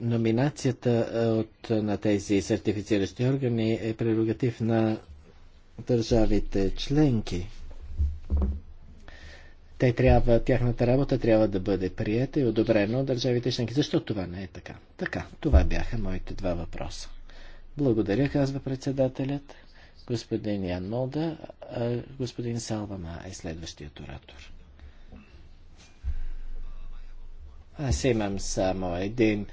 номинацията от, на тези сертифициращи органи е прерогатив на държавите членки. Те трябва, тяхната работа трябва да бъде приета и одобрена от държавите членки. Защо това не е така? Така, това бяха моите два въпроса. Благодаря, казва председателят. Господин Ян Молда, господин Салвама е следващият оратор. Аз имам само един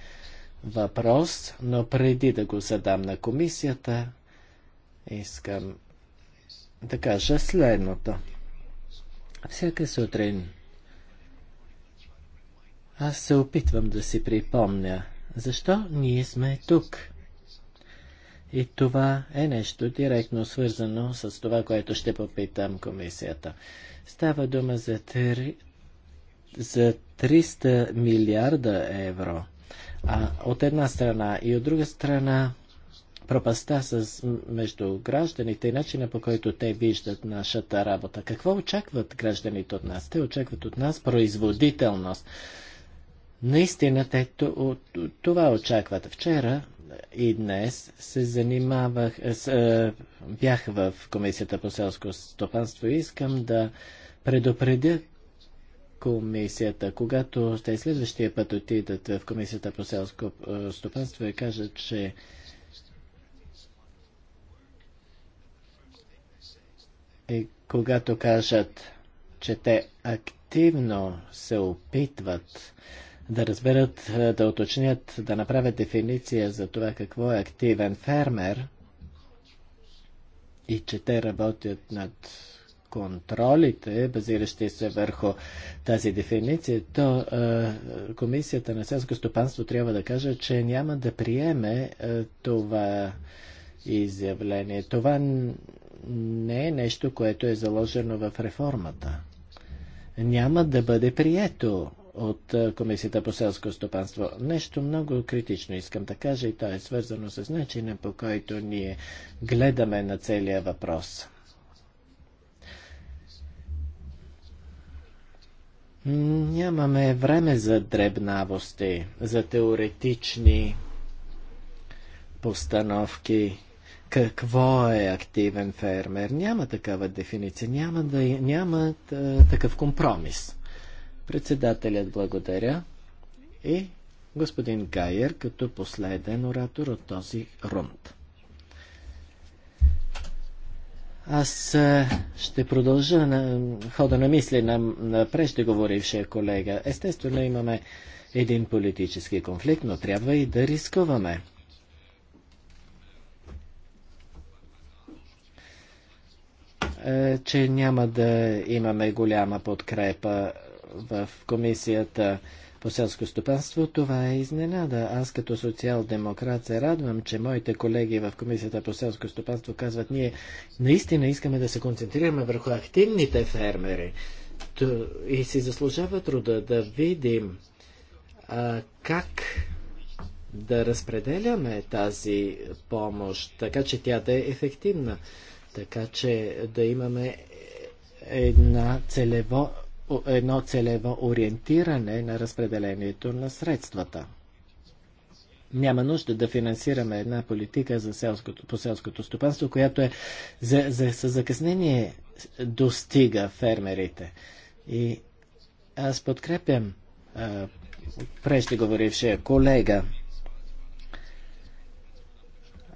въпрос, но преди да го задам на комисията, искам да кажа следното. Всяка сутрин аз се опитвам да си припомня, защо ние сме тук. И това е нещо директно свързано с това, което ще попитам комисията. Става дума за три, за 300 милиарда евро. А, от една страна и от друга страна пропаста с, между гражданите и начина по който те виждат нашата работа. Какво очакват гражданите от нас? Те очакват от нас производителност. Наистина, те това очакват. Вчера и днес се занимавах, е, с, е, бях в Комисията по селско стопанство и искам да предупредя комисията, когато те е следващия път отидат в комисията по селско е, стопанство и кажат, че и когато кажат, че те активно се опитват да разберат, е, да уточнят, да направят дефиниция за това какво е активен фермер и че те работят над контролите, базиращи се върху тази дефиниция, то е, Комисията на селско стопанство трябва да каже, че няма да приеме е, това изявление. Това не е нещо, което е заложено в реформата. Няма да бъде прието от е, Комисията по селско стопанство. Нещо много критично искам да кажа и то е свързано с начина по който ние гледаме на целия въпрос. Нямаме време за дребнавости, за теоретични постановки. Какво е активен фермер? Няма такава дефиниция, няма, да, няма такъв компромис. Председателят благодаря и господин Гайер като последен оратор от този рунд. Аз ще продължа на хода на мисли на, преждеговорившия колега. Естествено имаме един политически конфликт, но трябва и да рискуваме. Е, че няма да имаме голяма подкрепа в комисията по селско стопанство, това е изненада. Аз като социал-демократ се радвам, че моите колеги в Комисията по селско стопанство казват, ние наистина искаме да се концентрираме върху активните фермери. И си заслужава труда да видим а, как да разпределяме тази помощ, така че тя да е ефективна, така че да имаме една целево едно целево ориентиране на разпределението на средствата. Няма нужда да финансираме една политика за селското, по селското стопанство, която е за, за, за закъснение достига фермерите. И аз подкрепям преждеговорившия колега.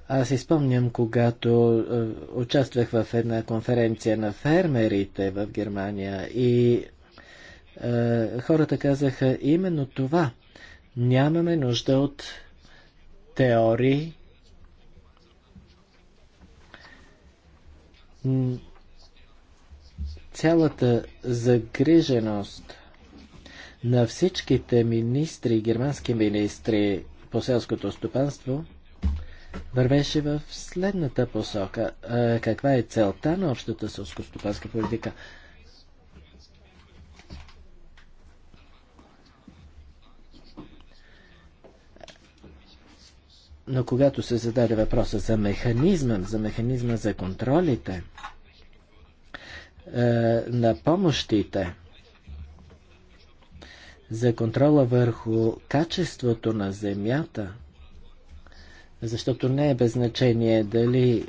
Аз изпомням, когато а, участвах в една конференция на фермерите в Германия и е, хората казаха именно това. Нямаме нужда от теории. Цялата загриженост на всичките министри, германски министри по селското стопанство, вървеше в следната посока. Е, каква е целта на общата селско-стопанска политика? Но когато се зададе въпроса за механизма, за механизма за контролите, е, на помощите, за контрола върху качеството на земята, защото не е без значение дали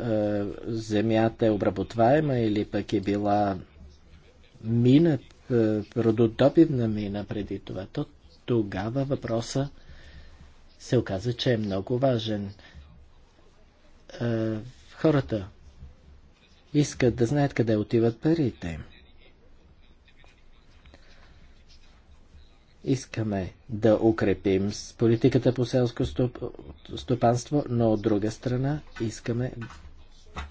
е, земята е обработваема или пък е била мина, е, рододобивна мина преди това, то тогава въпроса се оказа, че е много важен. Е, хората искат да знаят къде отиват парите Искаме да укрепим с политиката по селско стопанство, но от друга страна искаме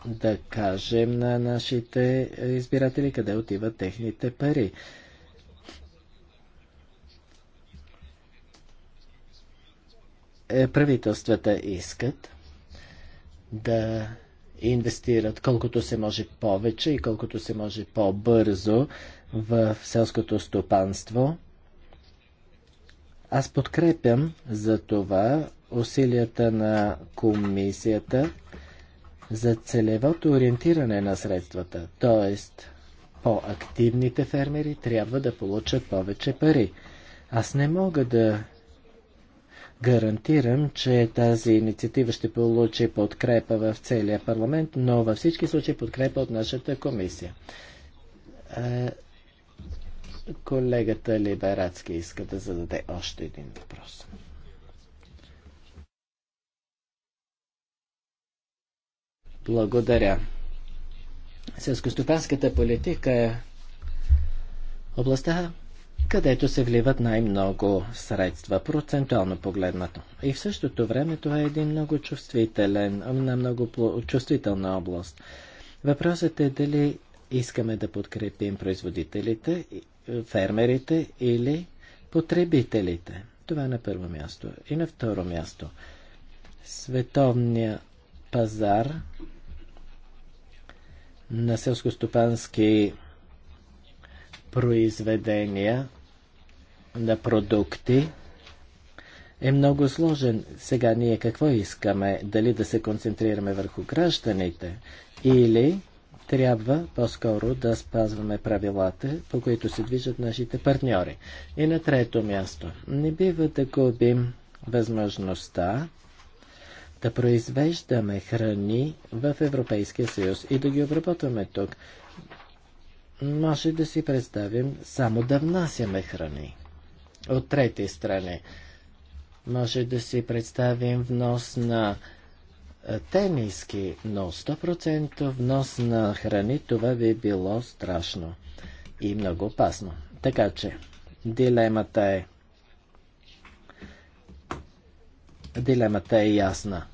да кажем на нашите избиратели къде отиват техните пари. Е, правителствата искат да инвестират колкото се може повече и колкото се може по-бързо в селското стопанство. Аз подкрепям за това усилията на комисията за целевото ориентиране на средствата, т.е. по-активните фермери трябва да получат повече пари. Аз не мога да гарантирам, че тази инициатива ще получи подкрепа в целия парламент, но във всички случаи подкрепа от нашата комисия. Колегата Либерацки иска да зададе още един въпрос. Благодаря. Селскостопанската политика е областта, където се вливат най-много средства, процентуално погледнато. И в същото време това е един много чувствителен, на много чувствителна област. Въпросът е дали искаме да подкрепим производителите, фермерите или потребителите. Това е на първо място. И на второ място. Световния пазар на селскостопански произведения, на продукти е много сложен. Сега ние какво искаме? Дали да се концентрираме върху гражданите или трябва по-скоро да спазваме правилата, по които се движат нашите партньори. И на трето място, не бива да губим възможността да произвеждаме храни в Европейския съюз и да ги обработваме тук може да си представим само да внасяме храни от трети страни. Може да си представим внос на е, тениски, но 100% внос на храни това би било страшно и много опасно. Така че, дилемата е. Дилемата е ясна.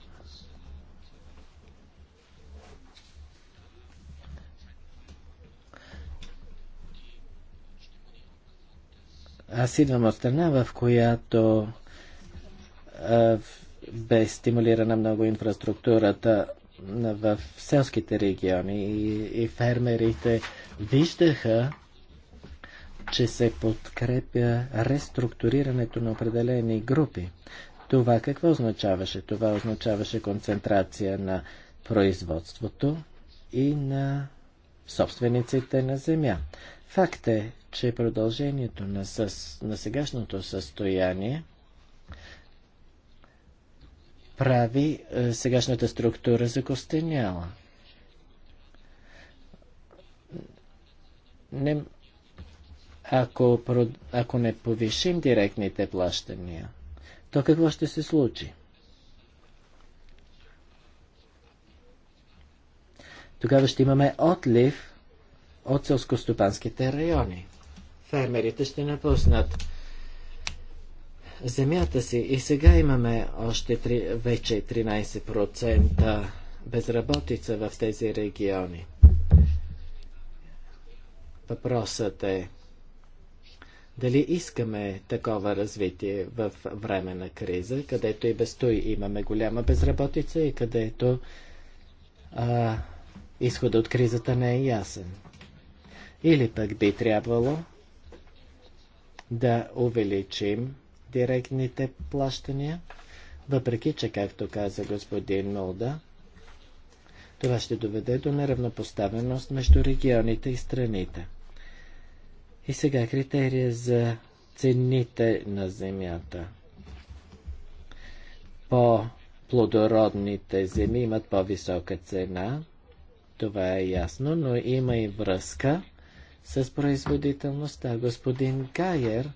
Аз идвам от страна, в която а, бе стимулирана много инфраструктурата в селските региони и, и фермерите виждаха, че се подкрепя реструктурирането на определени групи. Това какво означаваше? Това означаваше концентрация на производството и на собствениците на земя. Факт е, че продължението на, със, на сегашното състояние прави е, сегашната структура закостеняла. Не, ако, ако не повишим директните плащания, то какво ще се случи? Тогава ще имаме отлив от селскостопанските райони. Фермерите ще напуснат земята си и сега имаме още 3, вече 13% безработица в тези региони. Въпросът е дали искаме такова развитие в време на криза, където и без той имаме голяма безработица и където а, изходът от кризата не е ясен. Или пък би трябвало да увеличим директните плащания, въпреки че, както каза господин Молда, това ще доведе до неравнопоставеност между регионите и страните. И сега критерия за цените на земята. По-плодородните земи имат по-висока цена, това е ясно, но има и връзка с производителността. Господин Гайер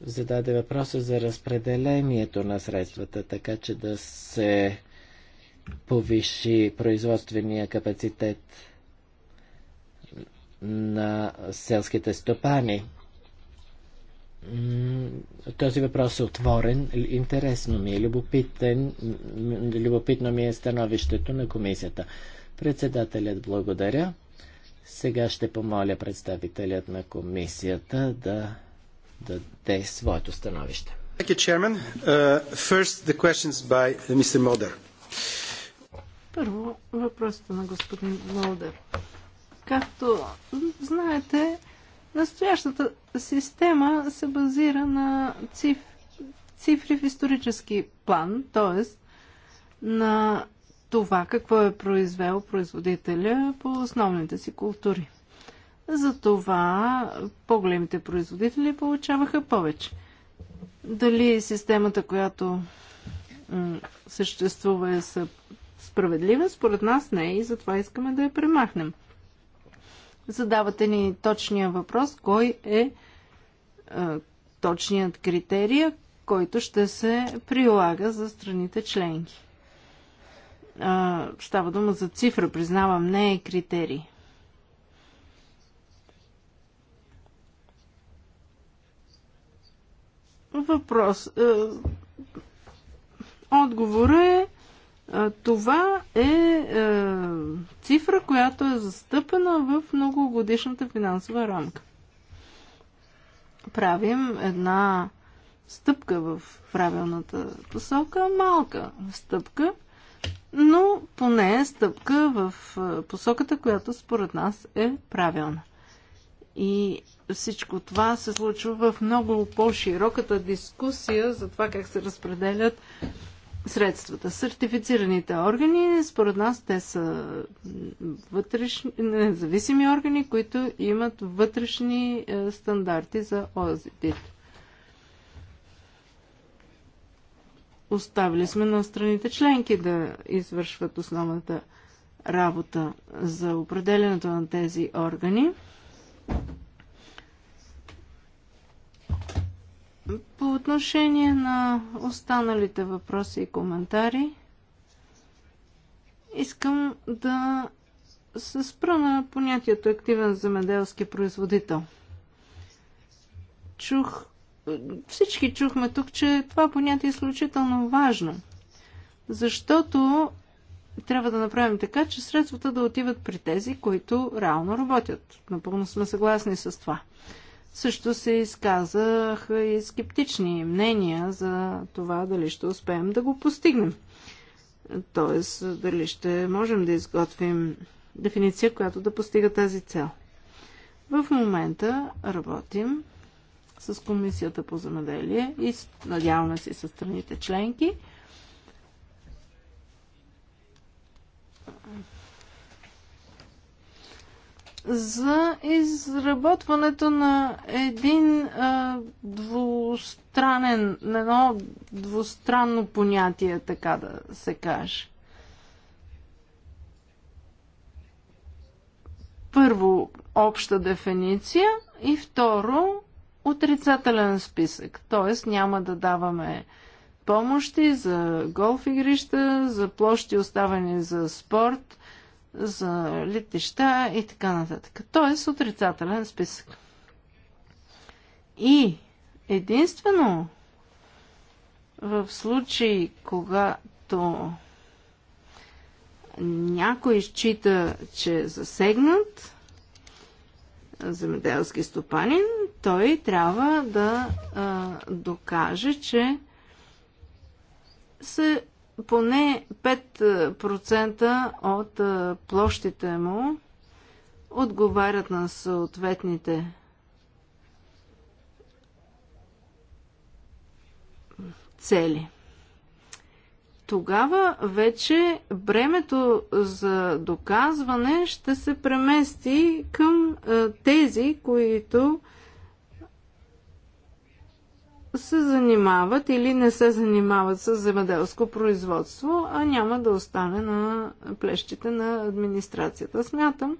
зададе въпроса за разпределението на средствата, така че да се повиши производствения капацитет на селските стопани. Този въпрос е отворен. Интересно ми е. Любопитен, любопитно ми е становището на комисията. Председателят благодаря. Сега ще помоля представителят на комисията да даде своето становище. Uh, Първо въпросите на господин Молдер. Както знаете, настоящата система се базира на циф... цифри в исторически план, т.е. на това какво е произвел производителя по основните си култури. Затова по-големите производители получаваха повече. Дали системата, която съществува е справедлива, според нас не и затова искаме да я премахнем. Задавате ни точния въпрос, кой е, е точният критерия, който ще се прилага за страните членки. А, става дума за цифра, признавам, не е критерий. Въпрос. Отговорът е това е, е цифра, която е застъпена в многогодишната финансова рамка. Правим една стъпка в правилната посока, малка стъпка – но поне е стъпка в посоката, която според нас е правилна. И всичко това се случва в много по-широката дискусия за това как се разпределят средствата. Сертифицираните органи, според нас, те са вътрешни, независими органи, които имат вътрешни стандарти за одит. оставили сме на страните членки да извършват основната работа за определенето на тези органи. По отношение на останалите въпроси и коментари, искам да се спра на понятието активен земеделски производител. Чух всички чухме тук, че това понятие е изключително важно. Защото трябва да направим така, че средствата да отиват при тези, които реално работят. Напълно сме съгласни с това. Също се изказаха и скептични мнения за това дали ще успеем да го постигнем. Тоест, дали ще можем да изготвим дефиниция, която да постига тази цел. В момента работим с Комисията по земеделие и надяваме се с страните членки. за изработването на един а, двустранен, на едно двустранно понятие, така да се каже. Първо, обща дефиниция и второ, отрицателен списък, т.е. няма да даваме помощи за голф игрища, за площи оставени за спорт, за летища и така нататък. Т.е. отрицателен списък. И единствено в случай, когато някой счита, че е засегнат, земеделски стопанин, той трябва да а, докаже, че се поне 5% от а, площите му отговарят на съответните цели тогава вече бремето за доказване ще се премести към е, тези, които се занимават или не се занимават с земеделско производство, а няма да остане на плещите на администрацията. Смятам,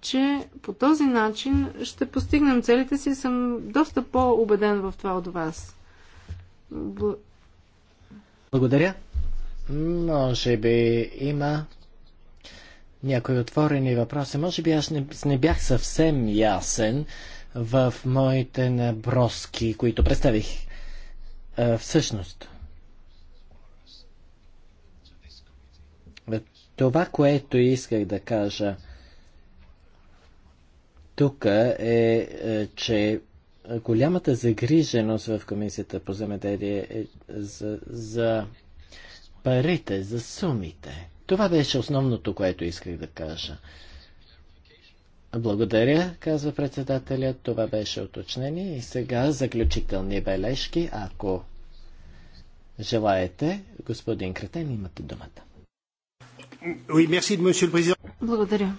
че по този начин ще постигнем целите си. Съм доста по-убеден в това от вас. Благодаря. Може би има някои отворени въпроси. Може би аз не, не бях съвсем ясен в моите наброски, които представих. А, е, всъщност, това, което исках да кажа тук е, е, че голямата загриженост в Комисията по земеделие е за, за парите, за сумите. Това беше основното, което исках да кажа. Благодаря, казва председателя. Това беше уточнение. И сега заключителни бележки, ако желаете. Господин Кратен, имате думата. Благодаря.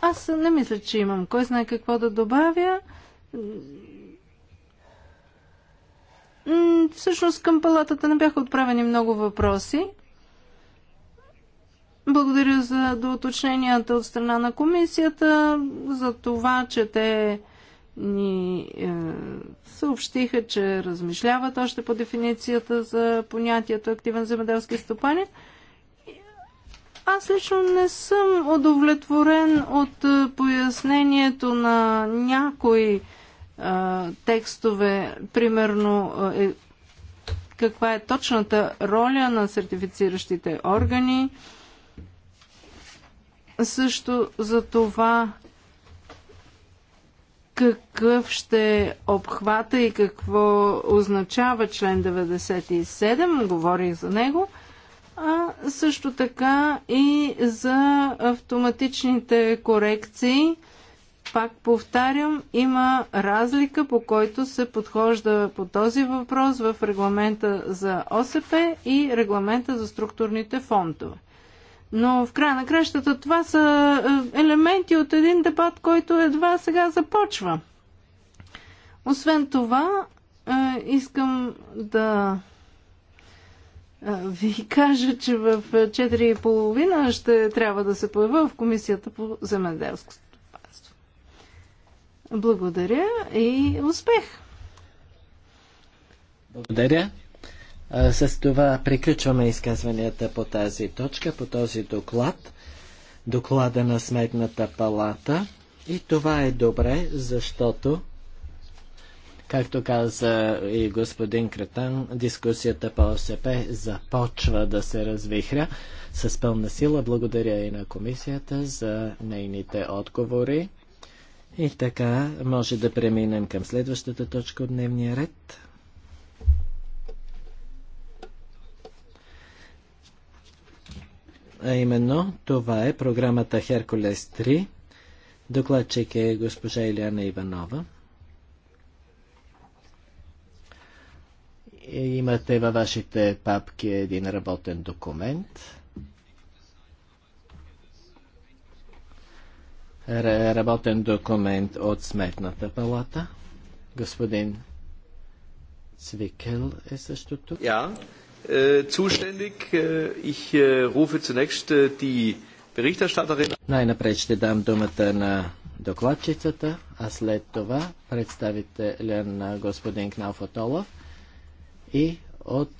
Аз не мисля, че имам кой знае какво да добавя. Всъщност към палатата не бяха отправени много въпроси. Благодаря за доуточненията от страна на комисията, за това, че те ни е, съобщиха, че размишляват още по дефиницията за понятието активен земеделски стопанин. Аз лично не съм удовлетворен от е, пояснението на някои текстове, примерно е, каква е точната роля на сертифициращите органи. Също за това какъв ще е обхвата и какво означава член 97, говорих за него, а също така и за автоматичните корекции – пак повтарям, има разлика по който се подхожда по този въпрос в регламента за ОСП и регламента за структурните фондове. Но в края на кращата това са е, елементи от един дебат, който едва сега започва. Освен това, е, искам да е, ви кажа, че в 4.30 ще трябва да се появя в Комисията по земеделското благодаря и успех! Благодаря. А, с това приключваме изказванията по тази точка, по този доклад, доклада на Сметната палата. И това е добре, защото, както каза и господин Кретан, дискусията по ОСП започва да се развихря с пълна сила. Благодаря и на комисията за нейните отговори. И така може да преминем към следващата точка от дневния ред. А именно, това е програмата Херкулес 3. Докладчик е госпожа Иляна Иванова. И имате във вашите папки един работен документ. работен документ от Сметната палата. Господин Цвикел е също тук. Ja, zuständig. Ich rufe zunächst die Berichterstatterin. Най-напред ще дам думата на докладчицата, а след това представителя на господин Кнауф и от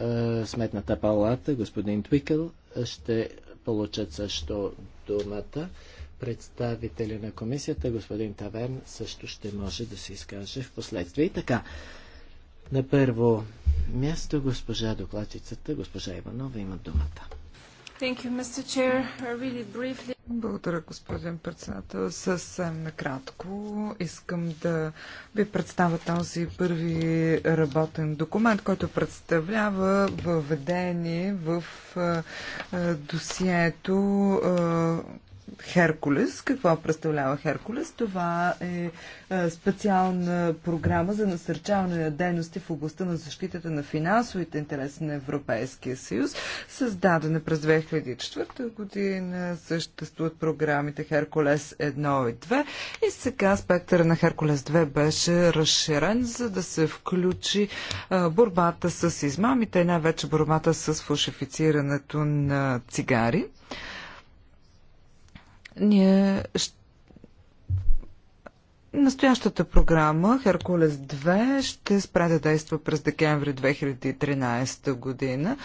е, Сметната палата господин Твикъл ще получат също думата представителя на комисията, господин Таверн, също ще може да се изкаже в последствие. И така, на първо място госпожа докладчицата, госпожа Иванова, има думата. Thank you, Mr. Chair. Really briefly... Благодаря, господин председател. Съвсем накратко искам да ви представя този първи работен документ, който представлява въведение в досието, Херкулес. Какво представлява Херкулес? Това е, е специална програма за насърчаване на дейности в областта на защитата на финансовите интереси на Европейския съюз, създадена през 2004 година. Съществуват програмите Херкулес 1 и 2 и сега спектъра на Херкулес 2 беше разширен, за да се включи е, борбата с измамите, най-вече борбата с фалшифицирането на цигари. Ние Настоящата програма Херкулес 2 ще спре да действа през декември 2013 година.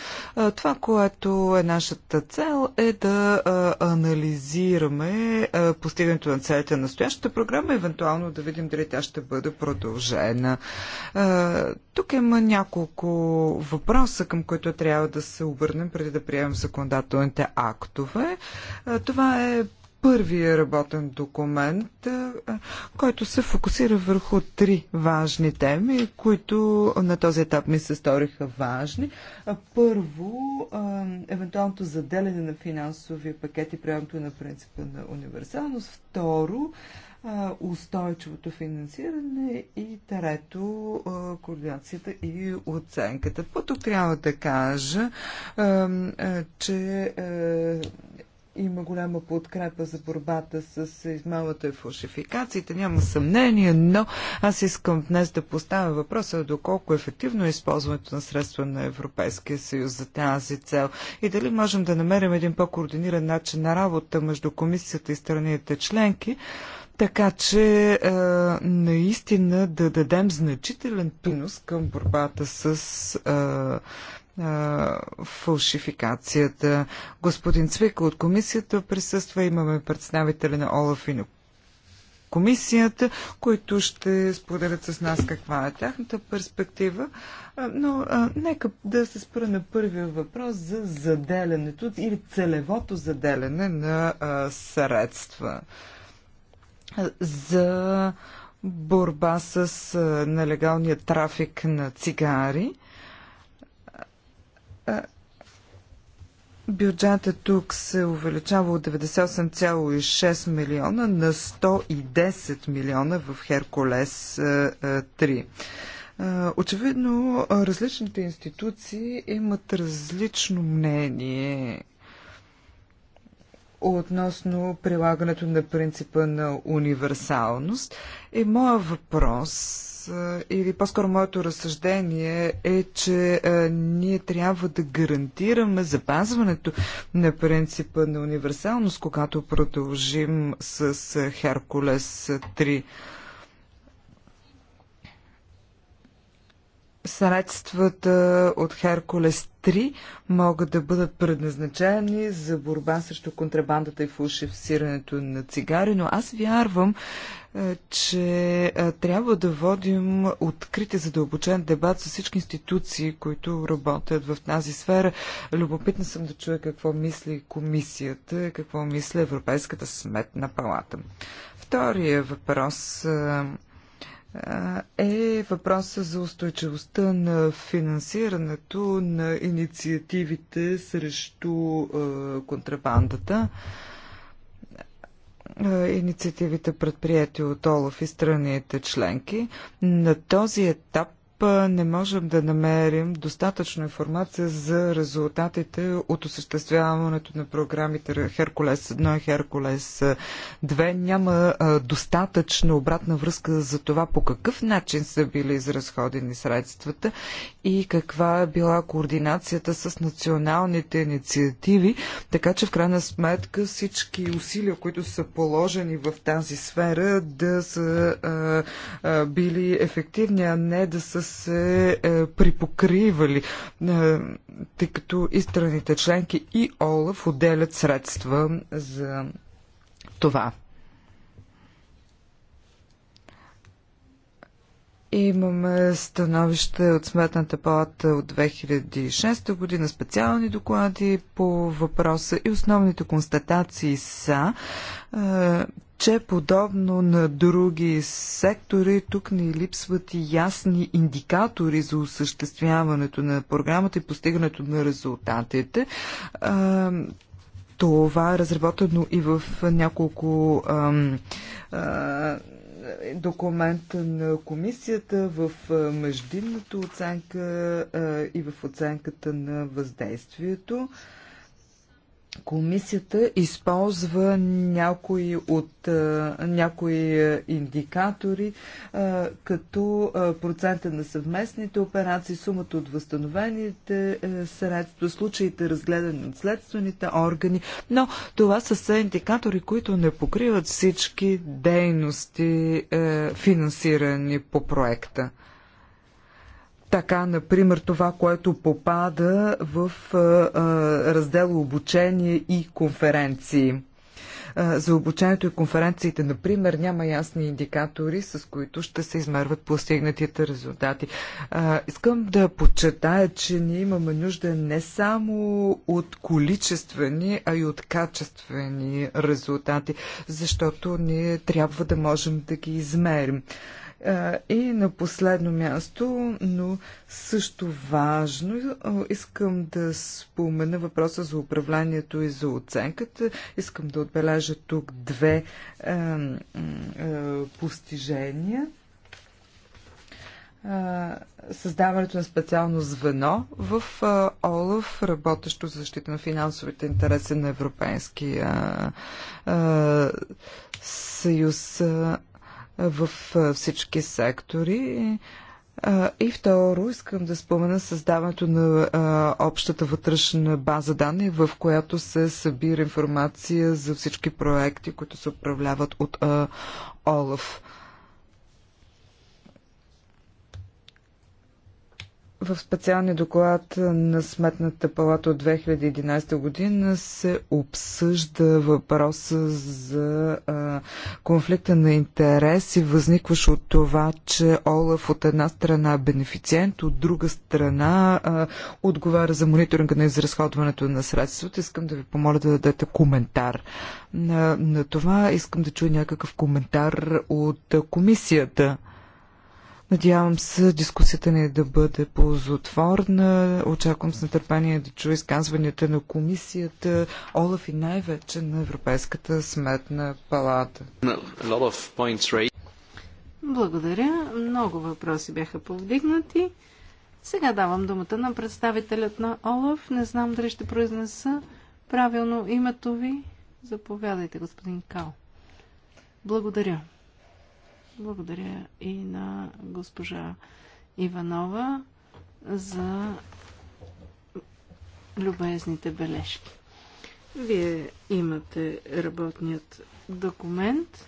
Това, което е нашата цел е да анализираме постигането на целите на настоящата програма, евентуално да видим дали тя ще бъде продължена. Тук има няколко въпроса, към които трябва да се обърнем преди да приемем законодателните актове. Това е първия работен документ, който се фокусира върху три важни теми, които на този етап ми се сториха важни. Първо, евентуалното заделяне на финансови пакети, приемането на принципа на универсалност. Второ, устойчивото финансиране и трето координацията и оценката. По тук трябва да кажа, че има голяма подкрепа за борбата с измамата и фалшификациите, няма съмнение, но аз искам днес да поставя въпроса доколко ефективно е използването на средства на Европейския съюз за тази цел и дали можем да намерим един по-координиран начин на работа между комисията и страните членки, така че е, наистина да дадем значителен принос към борбата с е, фалшификацията. Господин Цвика от комисията присъства. Имаме представители на Олаф и на комисията, които ще споделят с нас каква е тяхната перспектива. Но а, нека да се спра на първия въпрос за заделянето или целевото заделяне на а, средства за борба с а, нелегалния трафик на цигари – Бюджета тук се увеличава от 98,6 милиона на 110 милиона в Херкулес 3. Очевидно, различните институции имат различно мнение относно прилагането на принципа на универсалност. И моят въпрос или по-скоро моето разсъждение е, че а, ние трябва да гарантираме запазването на принципа на универсалност, когато продължим с Херкулес 3. средствата от Херкулес 3 могат да бъдат предназначени за борба срещу контрабандата и фалшифицирането на цигари, но аз вярвам, е, че е, трябва да водим открит и задълбочен дебат с всички институции, които работят в тази сфера. Любопитна съм да чуя какво мисли комисията, какво мисли Европейската сметна палата. Втория въпрос е, е въпроса за устойчивостта на финансирането на инициативите срещу контрабандата. Инициативите предприяти от Олаф и страните членки. На този етап не можем да намерим достатъчно информация за резултатите от осъществяването на програмите Херкулес 1 и Херкулес 2. Няма достатъчно обратна връзка за това по какъв начин са били изразходени средствата и каква е била координацията с националните инициативи, така че в крайна сметка всички усилия, които са положени в тази сфера, да са а, а, били ефективни, а не да са се е, припокривали, е, тъй като и страните членки и ОЛАФ отделят средства за това. Имаме становище от Сметната палата от 2006 година, специални доклади по въпроса и основните констатации са, е, че подобно на други сектори, тук ни липсват и ясни индикатори за осъществяването на програмата и постигането на резултатите. Това е разработено и в няколко документа на комисията в междинната оценка и в оценката на въздействието. Комисията използва някои от някои индикатори, като процента на съвместните операции, сумата от възстановените е, средства, случаите разгледани от следствените органи, но това са все индикатори, които не покриват всички дейности, е, финансирани по проекта. Така, например, това, което попада в раздела обучение и конференции. За обучението и конференциите, например, няма ясни индикатори, с които ще се измерват постигнатите резултати. Искам да подчертая, че ние имаме нужда не само от количествени, а и от качествени резултати, защото ние трябва да можем да ги измерим. И на последно място, но също важно, искам да спомена въпроса за управлението и за оценката. Искам да отбележа тук две постижения. създаването на специално звено в ОЛАФ, работещо за защита на финансовите интереси на Европейския съюз в всички сектори. И второ, искам да спомена създаването на общата вътрешна база данни, в която се събира информация за всички проекти, които се управляват от а, ОЛАФ. В специалния доклад на Сметната палата от 2011 година се обсъжда въпроса за а, конфликта на интерес и възникваш от това, че Олаф от една страна е бенефициент, от друга страна а, отговаря за мониторинга на изразходването на средствата. Искам да ви помоля да дадете коментар на, на това. Искам да чуя някакъв коментар от комисията. Надявам се дискусията ни да бъде ползотворна. Очаквам с нетърпение да чуя изказванията на комисията, Олаф и най-вече на Европейската сметна палата. Благодаря. Много въпроси бяха повдигнати. Сега давам думата на представителят на Олаф. Не знам дали ще произнеса правилно името ви. Заповядайте, господин Кал. Благодаря. Благодаря и на госпожа Иванова за любезните бележки. Вие имате работният документ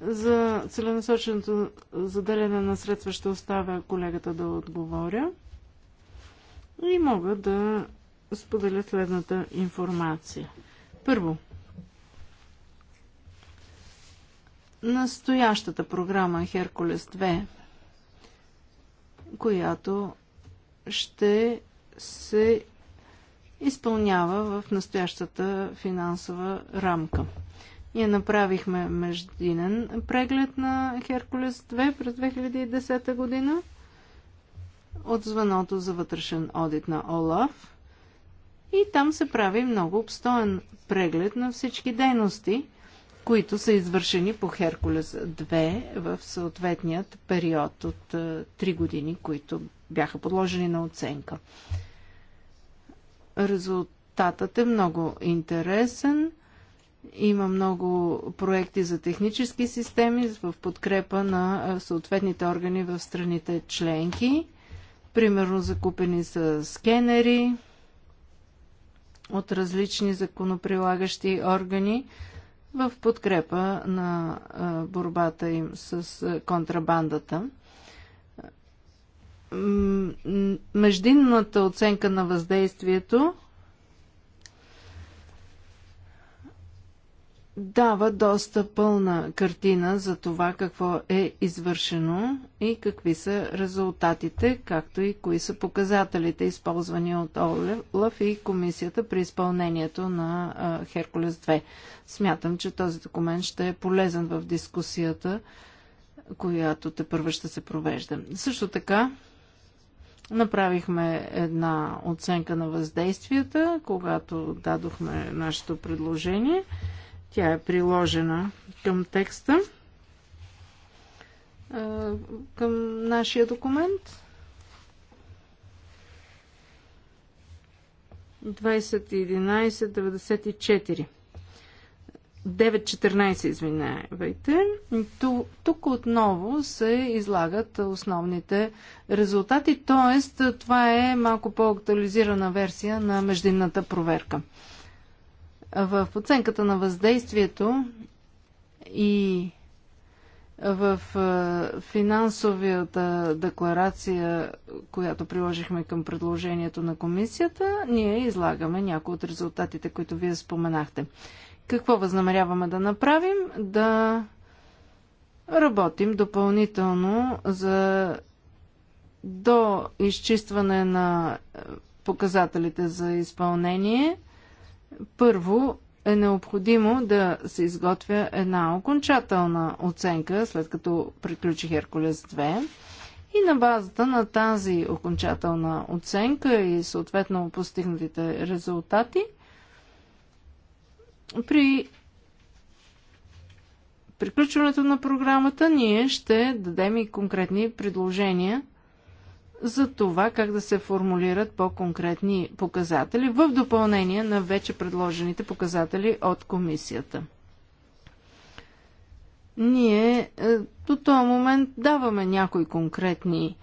за целенасоченото заделяне на средства ще оставя колегата да отговоря и мога да споделя следната информация. Първо, настоящата програма Херкулес 2, която ще се изпълнява в настоящата финансова рамка. Ние направихме междинен преглед на Херкулес 2 през 2010 година от звъното за вътрешен одит на ОЛАФ и там се прави много обстоен преглед на всички дейности – които са извършени по Херкулес 2 в съответният период от 3 е, години, които бяха подложени на оценка. Резултатът е много интересен. Има много проекти за технически системи в подкрепа на е, съответните органи в страните членки. Примерно закупени са скенери от различни законоприлагащи органи в подкрепа на борбата им с контрабандата. Междинната оценка на въздействието дава доста пълна картина за това какво е извършено и какви са резултатите, както и кои са показателите, използвани от ОЛАФ и комисията при изпълнението на Херкулес 2. Смятам, че този документ ще е полезен в дискусията, която те първа ще се провежда. Също така, Направихме една оценка на въздействията, когато дадохме нашето предложение – тя е приложена към текста, към нашия документ. 2011-94. 9.14, извинявайте. Тук, тук отново се излагат основните резултати, т.е. това е малко по-актуализирана версия на междинната проверка. В оценката на въздействието и в финансовията декларация, която приложихме към предложението на комисията, ние излагаме някои от резултатите, които вие споменахте. Какво възнамеряваме да направим? Да работим допълнително за до изчистване на показателите за изпълнение – първо е необходимо да се изготвя една окончателна оценка, след като приключи Херкулес 2. И на базата на тази окончателна оценка и съответно постигнатите резултати, при приключването на програмата ние ще дадем и конкретни предложения за това как да се формулират по-конкретни показатели в допълнение на вече предложените показатели от комисията. Ние е, до този момент даваме някои конкретни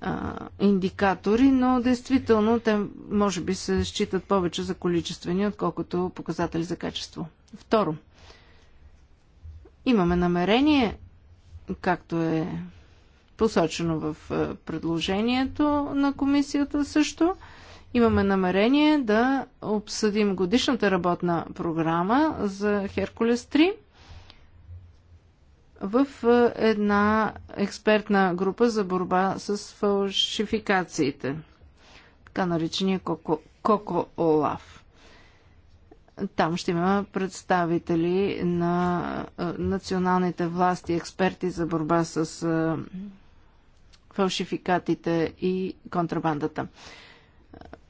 а, индикатори, но действително те може би се считат повече за количествени, отколкото показатели за качество. Второ, имаме намерение, както е посочено в е, предложението на комисията също. Имаме намерение да обсъдим годишната работна програма за Херкулес 3 в е, една експертна група за борба с фалшификациите, така наречения Коко, Коко Олаф. Там ще има представители на е, националните власти, експерти за борба с фалшификатите и контрабандата.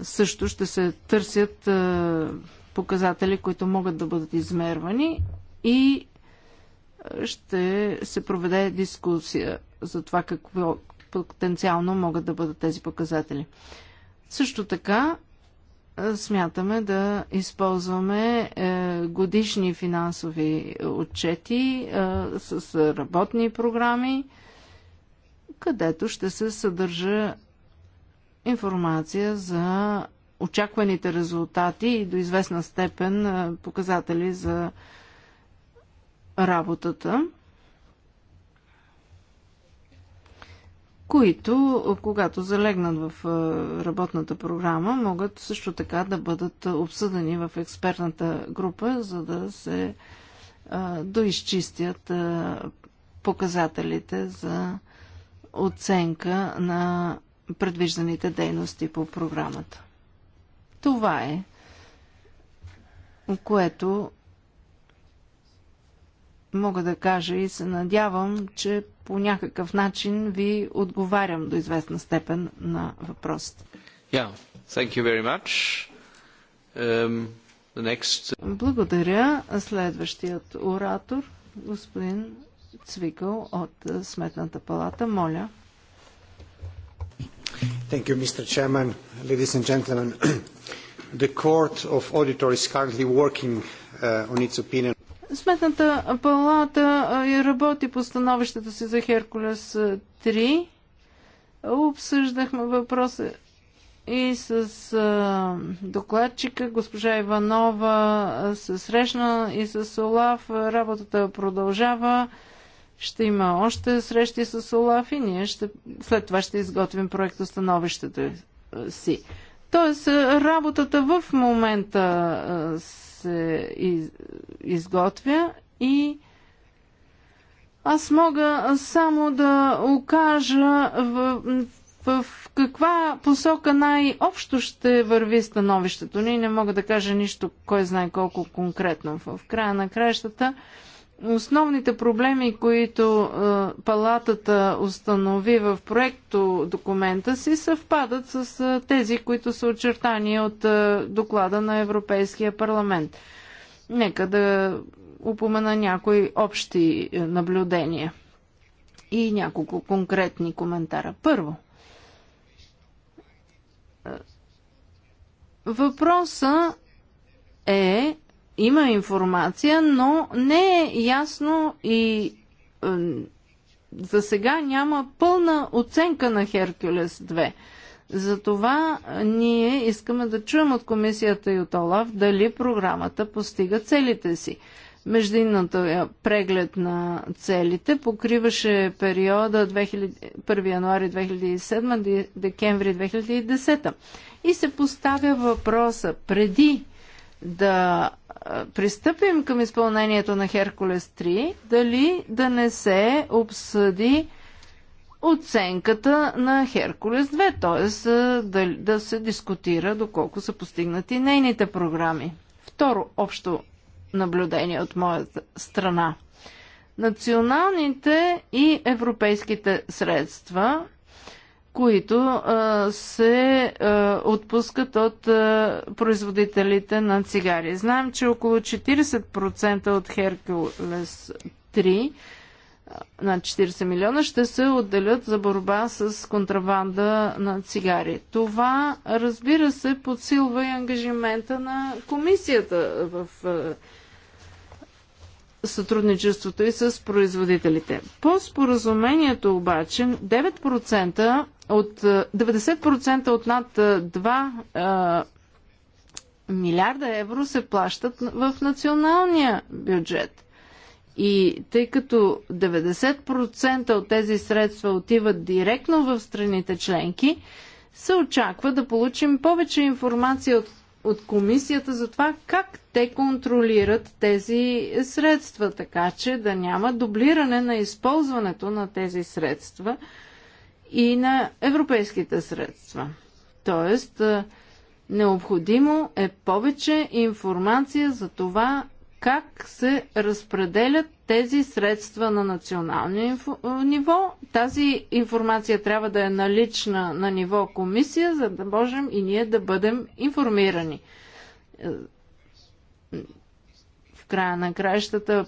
Също ще се търсят е, показатели, които могат да бъдат измервани и е, ще се проведе дискусия за това какво потенциално могат да бъдат тези показатели. Също така е, смятаме да използваме годишни финансови отчети с работни програми, където ще се съдържа информация за очакваните резултати и до известна степен показатели за работата, които, когато залегнат в работната програма, могат също така да бъдат обсъдени в експертната група, за да се доизчистят показателите за оценка на предвижданите дейности по програмата. Това е, което мога да кажа и се надявам, че по някакъв начин ви отговарям до известна степен на въпросите. Yeah, thank you very much. Um, the next... Благодаря. Следващият оратор, господин Цвикъл от е, Сметната палата. Моля. Thank you, Mr. Chairman, ladies and gentlemen. The Court of Auditor is currently working uh, on its opinion. Сметната палата е, работи по становището си за Херкулес 3. Е, Обсъждахме въпроса и с а, докладчика госпожа Иванова се срещна и с Олаф. Работата продължава. Ще има още срещи с Олаф и ние ще, след това ще изготвим проекта становището си. Тоест, е, работата в момента е, се изготвя и аз мога само да окажа в, в каква посока най-общо ще върви становището ни. Не мога да кажа нищо, кой знае колко конкретно. В края на краищата Основните проблеми, които палатата установи в проекто документа си, съвпадат с тези, които са очертани от доклада на Европейския парламент. Нека да упомена някои общи наблюдения и няколко конкретни коментара. Първо, въпроса е има информация, но не е ясно и е, за сега няма пълна оценка на Херкулес 2. Затова е, ние искаме да чуем от комисията и от Олаф дали програмата постига целите си. Междинната е, преглед на целите покриваше периода 2000, 1 януари 2007 декември 2010 и се поставя въпроса преди да пристъпим към изпълнението на Херкулес 3, дали да не се обсъди оценката на Херкулес 2, т.е. Да, да се дискутира доколко са постигнати нейните програми. Второ общо наблюдение от моята страна. Националните и европейските средства които се отпускат от производителите на цигари. Знаем, че около 40% от Херкулес 3 на 40 милиона ще се отделят за борба с контрабанда на цигари. Това, разбира се, подсилва и ангажимента на комисията в сътрудничеството и с производителите. По споразумението обаче 9% от 90% е, от над 2 е, е, милиарда евро се плащат в националния бюджет. И тъй като 90% от тези средства отиват директно в страните членки, се очаква да получим повече информация от, от комисията за това как те контролират тези средства, така че да няма дублиране на използването на тези средства и на европейските средства. Тоест, необходимо е повече информация за това как се разпределят тези средства на национално ниво. Тази информация трябва да е налична на ниво комисия, за да можем и ние да бъдем информирани. В края на краищата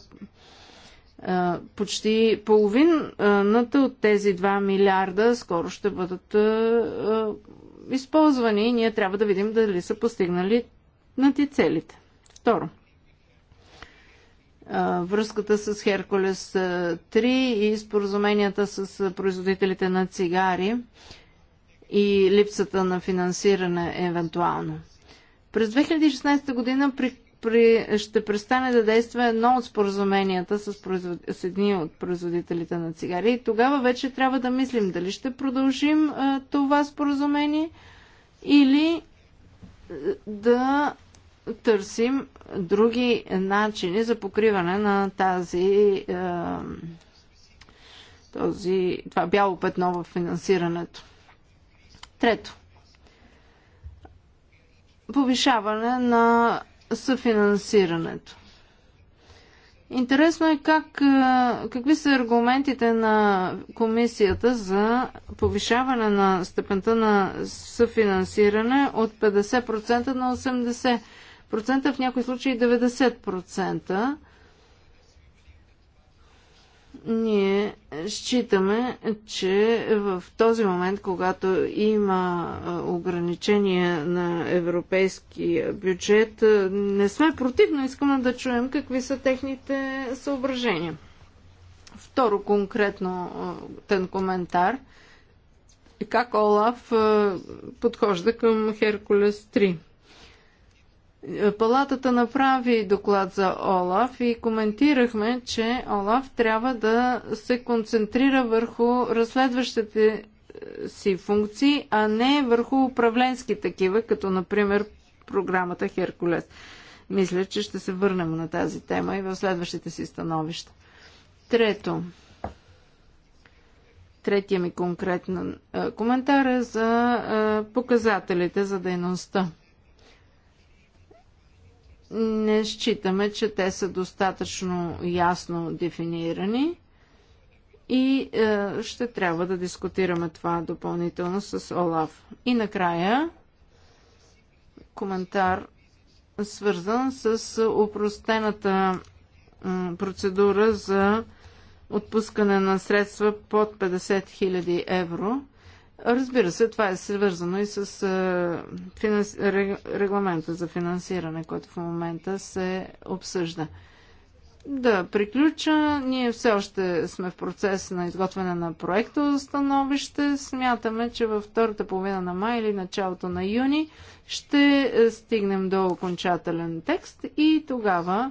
почти половината от тези 2 милиарда скоро ще бъдат използвани и ние трябва да видим дали са постигнали на ти целите. Второ, връзката с Херкулес 3 и споразуменията с производителите на цигари и липсата на финансиране евентуално. През 2016 година при при, ще престане да действа едно от споразуменията с, производ... с едни от производителите на цигари. И тогава вече трябва да мислим дали ще продължим а, това споразумение или е, да търсим други начини за покриване на тази, а, е, този, това бяло петно в финансирането. Трето повишаване на съфинансирането. Интересно е как, е, какви са аргументите на комисията за повишаване на степента на съфинансиране от 50% на 80%, в някои случаи 90% ние считаме, че в този момент, когато има ограничения на европейския бюджет, не сме против, но искаме да чуем какви са техните съображения. Второ конкретно тен коментар. Как Олаф подхожда към Херкулес 3? Палатата направи доклад за ОЛАФ и коментирахме, че ОЛАФ трябва да се концентрира върху разследващите е, си функции, а не върху управленски такива, като например програмата Херкулес. Мисля, че ще се върнем на тази тема и в следващите си становища. Трето. Третия ми конкретен е, коментар е за е, показателите за дейността не считаме, че те са достатъчно ясно дефинирани и е, ще трябва да дискутираме това допълнително с Олаф. И накрая коментар свързан с упростената процедура за отпускане на средства под 50 000 евро. Разбира се, това е свързано и с е, регламента за финансиране, който в момента се обсъжда. Да, приключа. Ние все още сме в процес на изготвяне на проекта за становище. Смятаме, че във втората половина на май или началото на юни ще е, стигнем до окончателен текст и тогава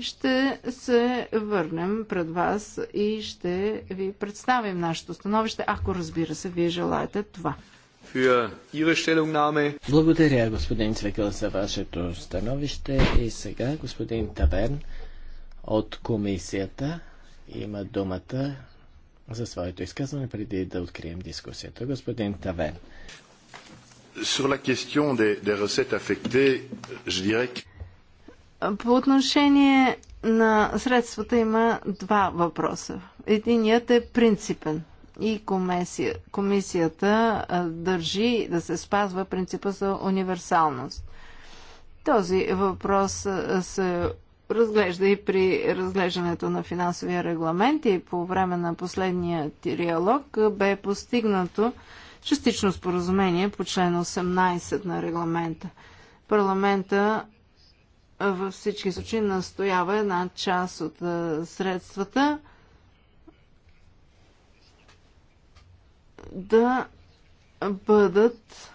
ще се върнем пред вас и ще ви представим нашето становище, ако разбира се, вие желаете това. Благодаря, господин Цвекъл, за вашето становище. И сега господин Таверн от комисията има думата за своето изказване, преди да открием дискусията. Господин Таверн. Sur la question des, des recettes affectées, je dirais que... По отношение на средствата има два въпроса. Единият е принципен и комисия, комисията държи да се спазва принципа за универсалност. Този въпрос се разглежда и при разглеждането на финансовия регламент и по време на последния триалог бе постигнато частично споразумение по член 18 на регламента. Парламента във всички случаи настоява една част от средствата да бъдат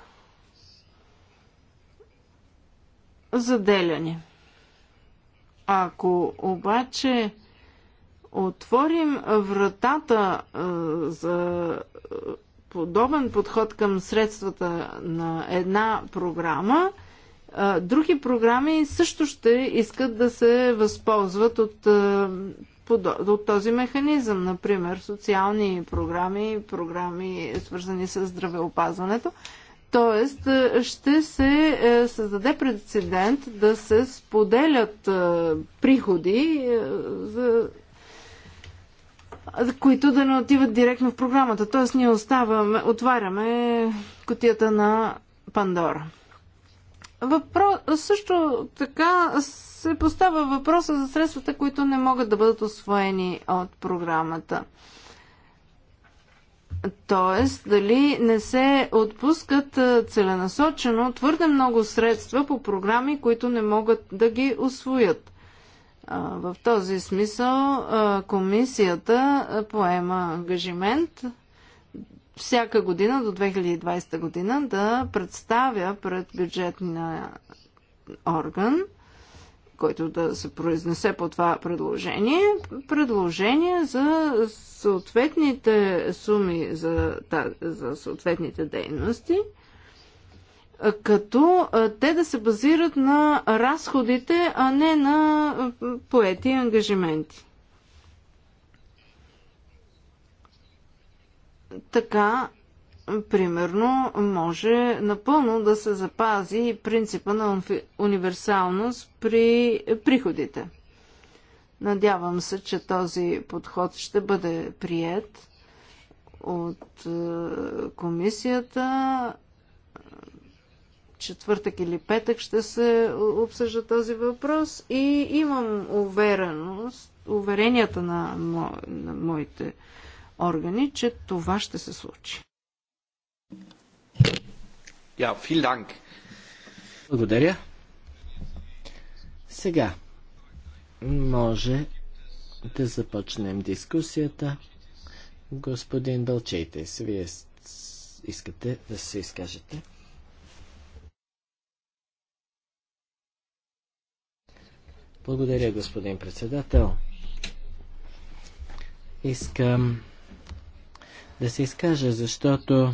заделяни. Ако обаче отворим вратата за подобен подход към средствата на една програма, други програми също ще искат да се възползват от, от този механизъм, например социални програми, програми е, свързани с здравеопазването. Тоест, ще се е, създаде прецедент да се споделят приходи, е, за, които да не отиват директно в програмата. Тоест, ние оставаме, отваряме котията на Пандора. Въпрос, също така се поставя въпроса за средствата, които не могат да бъдат освоени от програмата. Тоест, дали не се отпускат целенасочено твърде много средства по програми, които не могат да ги освоят. В този смисъл комисията поема ангажимент всяка година до 2020 година да представя пред бюджетния орган, който да се произнесе по това предложение, предложение за съответните суми за, да, за съответните дейности, като те да се базират на разходите, а не на поети ангажименти. Така, примерно, може напълно да се запази принципа на универсалност при приходите. Надявам се, че този подход ще бъде прият от е, комисията. Четвъртък или петък ще се обсъжда този въпрос и имам увереност, уверенията на, мо, на моите органи, че това ще се случи. Ja, yeah, Благодаря. Сега може да започнем дискусията. Господин Бълчейте, вие искате да се изкажете? Благодаря, господин председател. Искам да се изкажа, защото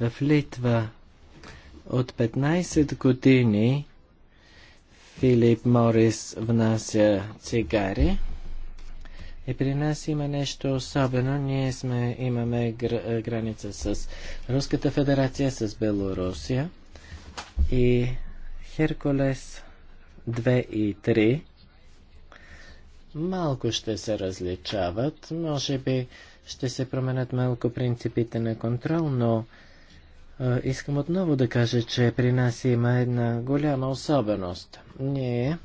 в Литва от 15 години Филип Морис внася цигари. И при нас има нещо особено. Ние сме, имаме гр- е, граница с Руската федерация, с Белорусия. И Херкулес 2 и 3 малко ще се различават. Може би ще се променят малко принципите на контрол, но е, искам отново да кажа, че при нас има една голяма особеност. Ние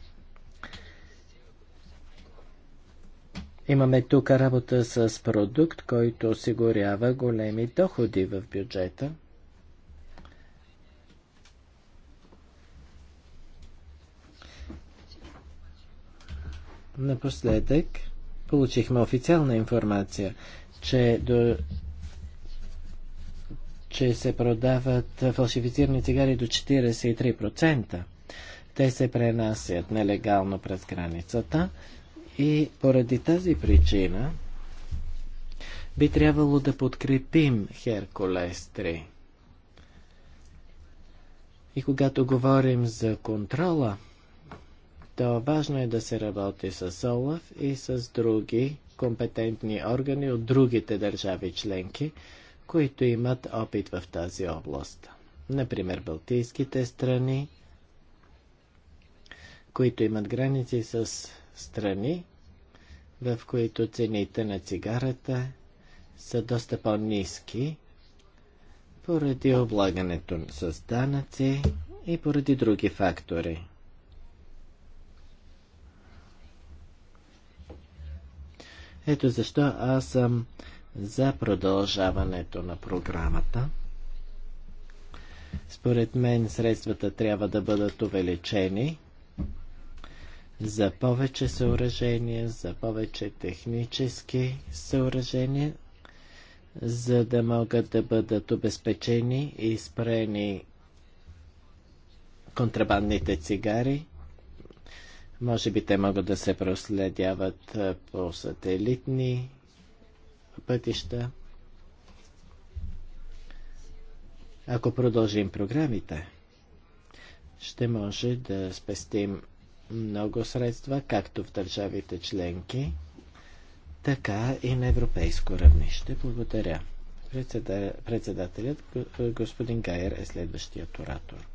имаме тук работа с продукт, който осигурява големи доходи в бюджета. Напоследък получихме официална информация – че, до, че се продават фалшифицирани цигари до 43%. Те се пренасят нелегално през границата и поради тази причина би трябвало да подкрепим Херкулес 3. И когато говорим за контрола, то важно е да се работи с Олаф и с други компетентни органи от другите държави членки, които имат опит в тази област. Например, Балтийските страни, които имат граници с страни, в които цените на цигарата са доста по-низки, поради облагането с данъци и поради други фактори. Ето защо аз съм за продължаването на програмата. Според мен средствата трябва да бъдат увеличени за повече съоръжения, за повече технически съоръжения, за да могат да бъдат обезпечени и спрени контрабандните цигари може би те могат да се проследяват по сателитни пътища. Ако продължим програмите, ще може да спестим много средства, както в държавите членки, така и на европейско равнище. Благодаря. Председателят господин Гайер е следващият оратор.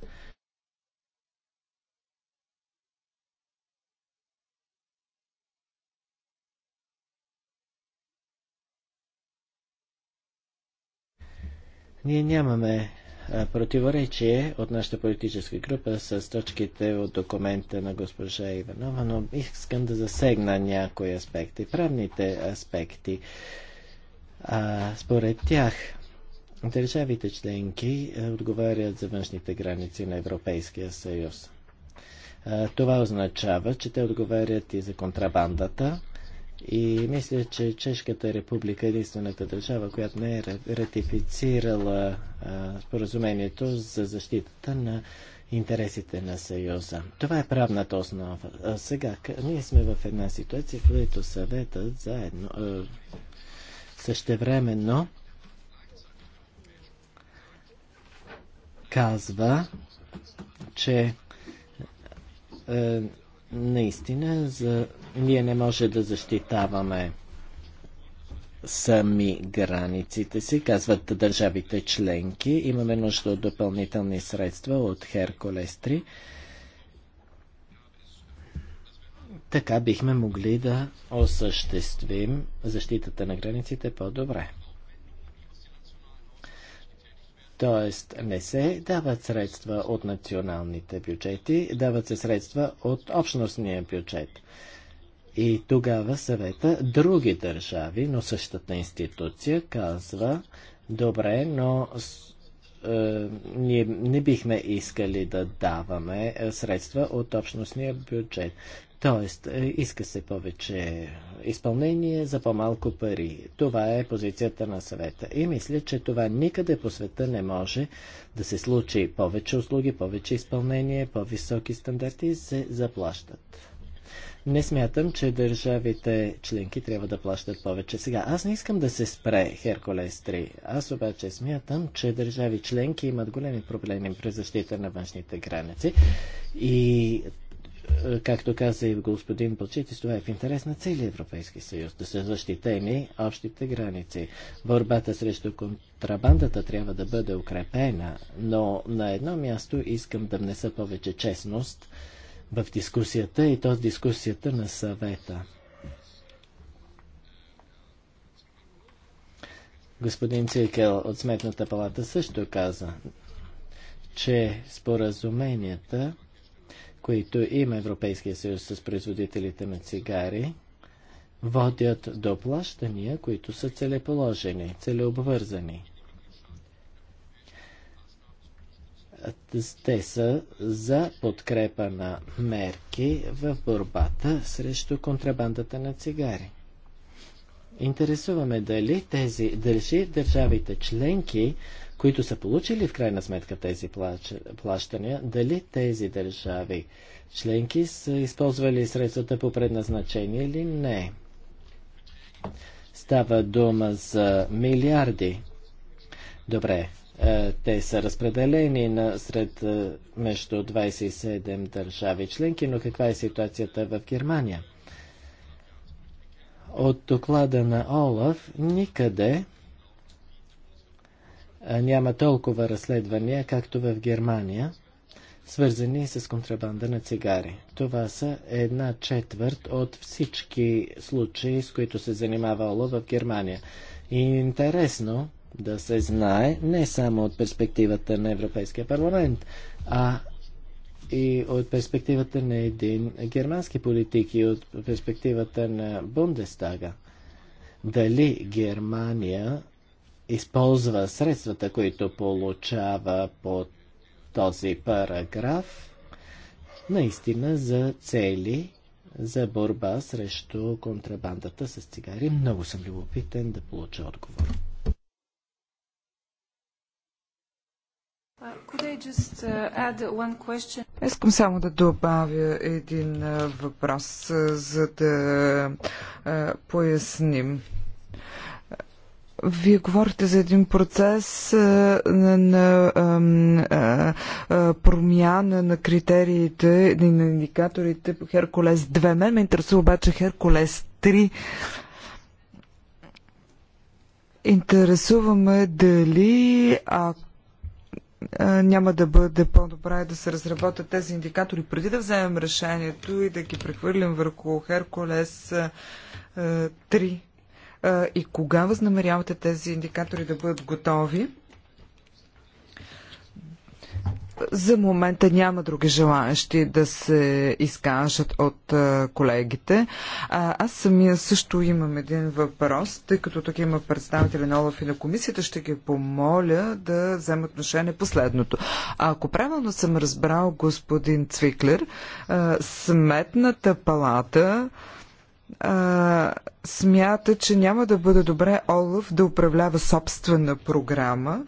Ние нямаме противоречие от нашата политическа група с точките от документа на госпожа Иванова, но искам да засегна някои аспекти. Правните аспекти. А, според тях, държавите членки отговарят за външните граници на Европейския съюз. А, това означава, че те отговарят и за контрабандата, и мисля, че Чешката република е единствената държава, която не е ратифицирала а, споразумението за защитата на интересите на Съюза. Това е правната основа. А сега ние сме в една ситуация, в която съветът заедно а, същевременно казва, че а, наистина за ние не може да защитаваме сами границите си, казват държавите членки. Имаме нужда от допълнителни средства от Херкулес 3. Така бихме могли да осъществим защитата на границите по-добре. Тоест не се дават средства от националните бюджети, дават се средства от общностния бюджет. И тогава съвета други държави, но същата институция казва, добре, но е, ние не бихме искали да даваме е, средства от общностния бюджет. Тоест, е, иска се повече изпълнение за по-малко пари. Това е позицията на съвета. И мисля, че това никъде по света не може да се случи. Повече услуги, повече изпълнение, по-високи стандарти се заплащат. Не смятам, че държавите членки трябва да плащат повече. Сега, аз не искам да се спре Херкулес 3. Аз обаче смятам, че държави членки имат големи проблеми при защита на външните граници. И е, както каза и господин Бълчитис, това е в интерес на целия Европейски съюз, да са защитени общите граници. Борбата срещу контрабандата трябва да бъде укрепена, но на едно място искам да внеса повече честност – в дискусията и то в дискусията на съвета. Господин Цикел от Сметната палата също каза, че споразуменията, които има Европейския съюз с производителите на цигари, водят до плащания, които са целеположени, целеобвързани. Те са за подкрепа на мерки в борбата срещу контрабандата на цигари. Интересуваме дали тези държи държавите членки, които са получили в крайна сметка тези плащания, дали тези държави членки са използвали средствата по предназначение или не. Става дума за милиарди. Добре, е, те са разпределени на сред е, между 27 държави членки, но каква е ситуацията в Германия? От доклада на Олаф никъде е, няма толкова разследвания, както в Германия, свързани с контрабанда на цигари. Това са една четвърт от всички случаи, с които се занимава Олаф в Германия. И интересно, да се знае не само от перспективата на Европейския парламент, а и от перспективата на един германски политик и от перспективата на Бундестага. Дали Германия използва средствата, които получава по този параграф, наистина за цели за борба срещу контрабандата с цигари. Много съм любопитен да получа отговор. Uh, Искам само да добавя един въпрос, за да поясним. Вие говорите за един процес на, на промяна на критериите, и на индикаторите по Херкулес 2. Мен ме интересува обаче Херкулес 3. Интересуваме дали ако няма да бъде по-добра и да се разработят тези индикатори преди да вземем решението и да ги прехвърлим върху Херкулес 3? И кога възнамерявате тези индикатори да бъдат готови? За момента няма други желаящи да се изкажат от колегите. Аз самия също имам един въпрос, тъй като тук има представители на Олаф и на комисията, ще ги помоля да взема отношение последното. А ако правилно съм разбрал господин Цвиклер, сметната палата а, смята, че няма да бъде добре Олаф да управлява собствена програма,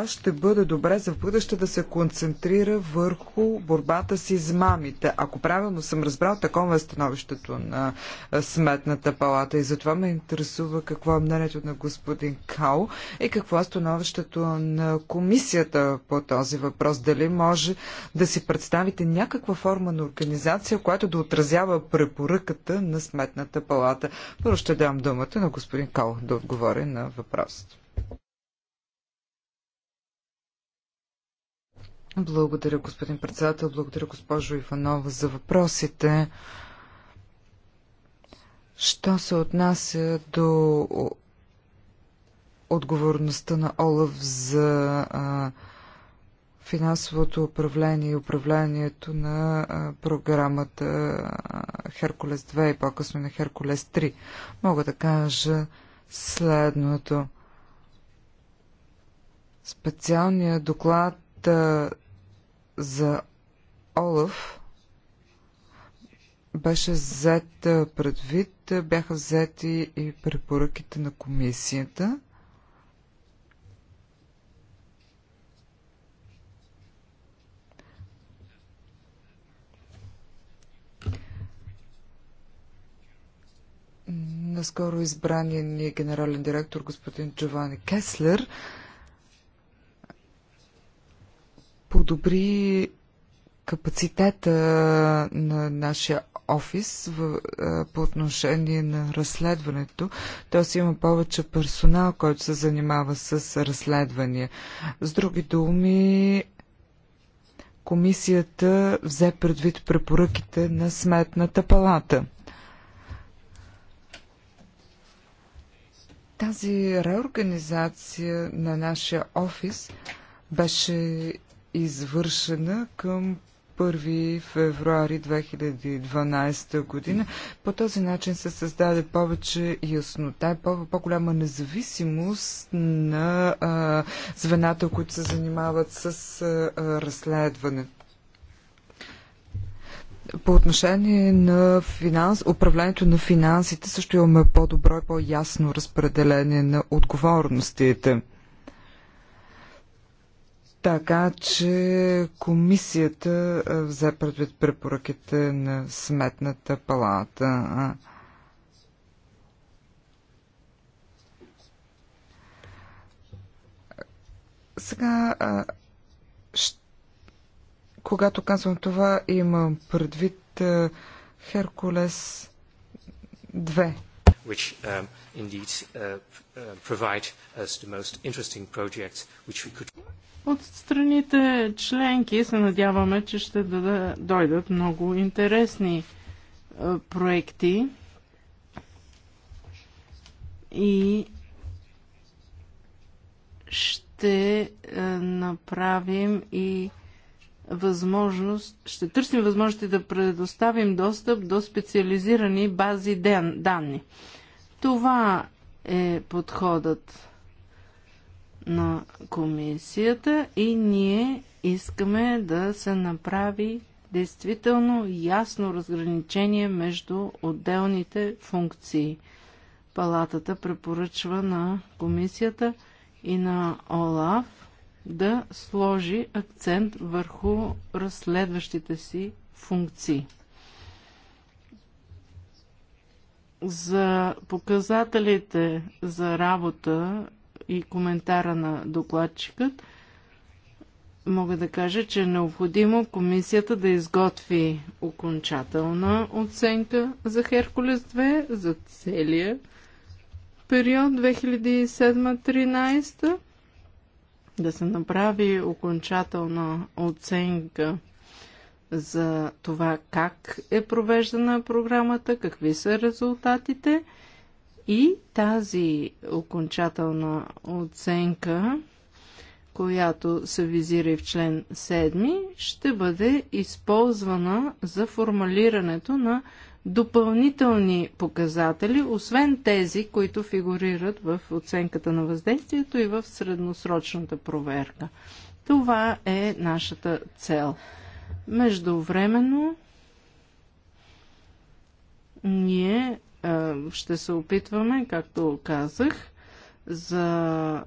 а ще бъде добре за бъдеще да се концентрира върху борбата с измамите. Ако правилно съм разбрал, такова е становището на Сметната палата и затова ме интересува какво е мнението на господин Као и какво е становището на комисията по този въпрос. Дали може да си представите някаква форма на организация, която да отразява препоръката на Сметната палата. Първо ще дам думата на господин Као да отговори на въпросите. Благодаря, господин председател. Благодаря, госпожо Иванова, за въпросите. Що се отнася до отговорността на Олаф за а, финансовото управление и управлението на а, програмата Херкулес 2 и по-късно на Херкулес 3. Мога да кажа следното. Специалният доклад а, за Олаф беше взет предвид, бяха взети и препоръките на комисията. наскоро избраният ни генерален директор господин Джованни Кеслер подобри капацитета на нашия офис в, по отношение на разследването. Тоест има повече персонал, който се занимава с разследвания. С други думи, комисията взе предвид препоръките на Сметната палата. Тази реорганизация на нашия офис беше извършена към 1 февруари 2012 година. По този начин се създаде повече яснота и по-голяма по независимост на а, звената, които се занимават с а, разследването по отношение на финанс, управлението на финансите също имаме по-добро и по-ясно разпределение на отговорностите. Така че комисията взе предвид препоръките на Сметната палата. Сега, когато казвам това, имам предвид Херкулес which um, indeed uh, uh, provide us the most interesting projects which we could. От страните членки се надяваме, че ще дойдат много интересни е, проекти и ще е, направим и възможност, ще търсим възможности да предоставим достъп до специализирани бази данни. Това е подходът на комисията и ние искаме да се направи действително ясно разграничение между отделните функции. Палатата препоръчва на комисията и на ОЛАФ да сложи акцент върху разследващите си функции. За показателите за работа и коментара на докладчикът, мога да кажа, че е необходимо комисията да изготви окончателна оценка за Херкулес 2 за целия период 2007-2013, да се направи окончателна оценка за това как е провеждана програмата, какви са резултатите и тази окончателна оценка, която се визира и в член 7, ще бъде използвана за формалирането на допълнителни показатели, освен тези, които фигурират в оценката на въздействието и в средносрочната проверка. Това е нашата цел. Междувременно ние а, ще се опитваме, както казах, за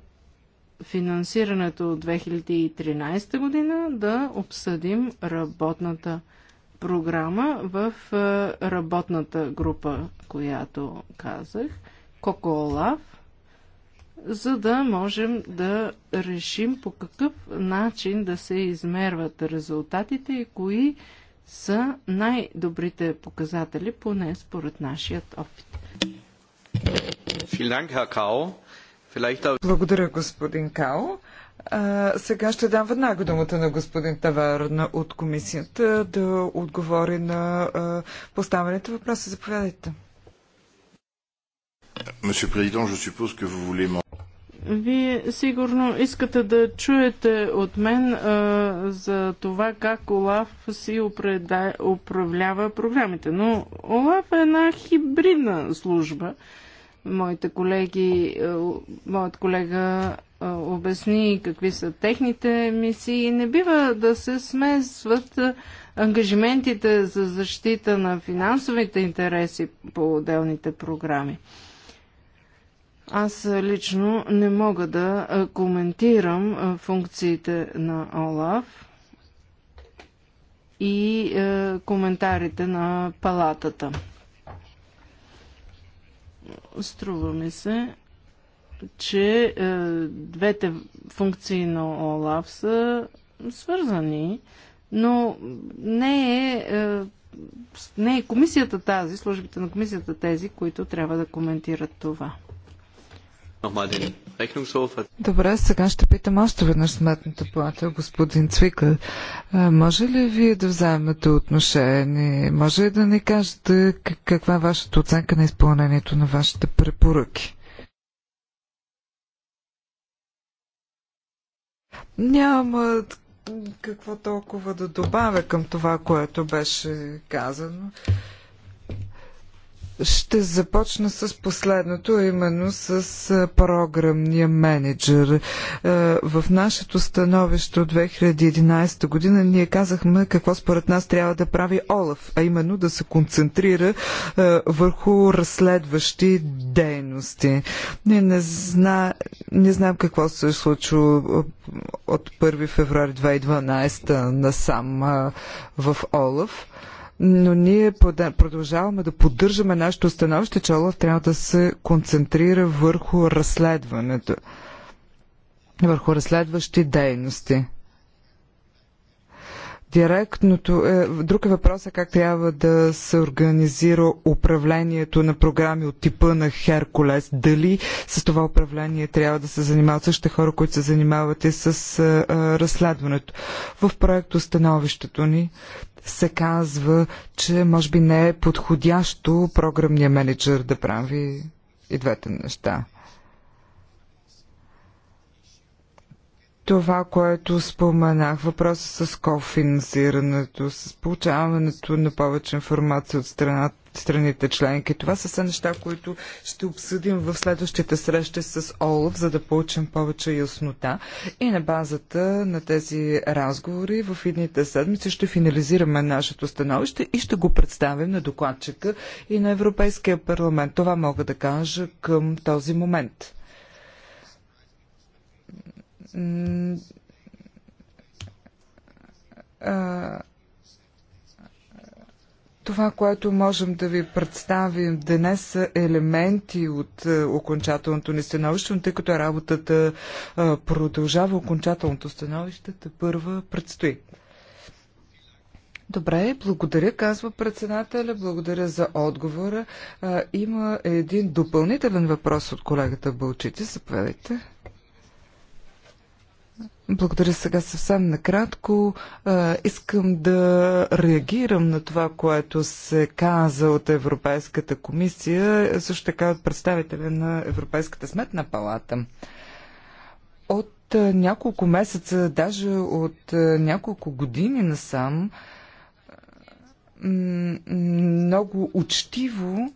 финансирането от 2013 година да обсъдим работната програма в работната група, която казах, Коколав, за да можем да решим по какъв начин да се измерват резултатите и кои са най-добрите показатели, поне според нашият опит. Благодаря, господин Као. А, сега ще дам веднага думата на господин Таварна от комисията да отговори на а, поставените въпроси. Заповядайте. Monsieur le Président, je suppose que vous voulez вие сигурно искате да чуете от мен а, за това как Олаф си упреда... управлява програмите. Но Олаф е една хибридна служба. Моите колеги, а, моят колега а, обясни какви са техните мисии. Не бива да се смесват ангажиментите за защита на финансовите интереси по отделните програми. Аз лично не мога да коментирам функциите на ОЛАФ и коментарите на палатата. Струва ми се, че двете функции на ОЛАФ са свързани, но не е не е комисията тази, службите на комисията тези, които трябва да коментират това. Добре, сега ще питам още веднъж сметната плата, господин Цвикъл. Може ли вие да вземете отношение? Може ли да ни кажете каква е вашата оценка на изпълнението на вашите препоръки? Няма какво толкова да добавя към това, което беше казано. Ще започна с последното, именно с програмния менеджер. В нашето становище от 2011 година ние казахме какво според нас трябва да прави Олаф, а именно да се концентрира върху разследващи дейности. Не, не, зна... не знам какво се е случило от 1 февруари 2012 насам в Олаф но ние продължаваме да поддържаме нашето становище, че Олаф трябва да се концентрира върху разследването, върху разследващи дейности. Директното е, друг е въпрос е как трябва да се организира управлението на програми от типа на Херкулес. Дали с това управление трябва да се занимават същите хора, които се занимават и с е, е, разследването. В проекто становището ни се казва, че може би не е подходящо програмния менеджер да прави и двете неща. това, което споменах, въпроса с кофинансирането, с получаването на повече информация от страната страните членки. Това са все неща, които ще обсъдим в следващите срещи с Олаф, за да получим повече яснота. И на базата на тези разговори в едните седмици ще финализираме нашето становище и ще го представим на докладчика и на Европейския парламент. Това мога да кажа към този момент това, което можем да ви представим днес са елементи от е, окончателното ни становище, но тъй като работата е, продължава, окончателното становище те първа предстои. Добре, благодаря, казва председателя, благодаря за отговора. има един допълнителен въпрос от колегата Бълчите. Заповядайте. Благодаря сега съвсем накратко. Искам да реагирам на това, което се каза от Европейската комисия, също така от представителя на Европейската сметна палата. От няколко месеца, даже от няколко години насам, много учтиво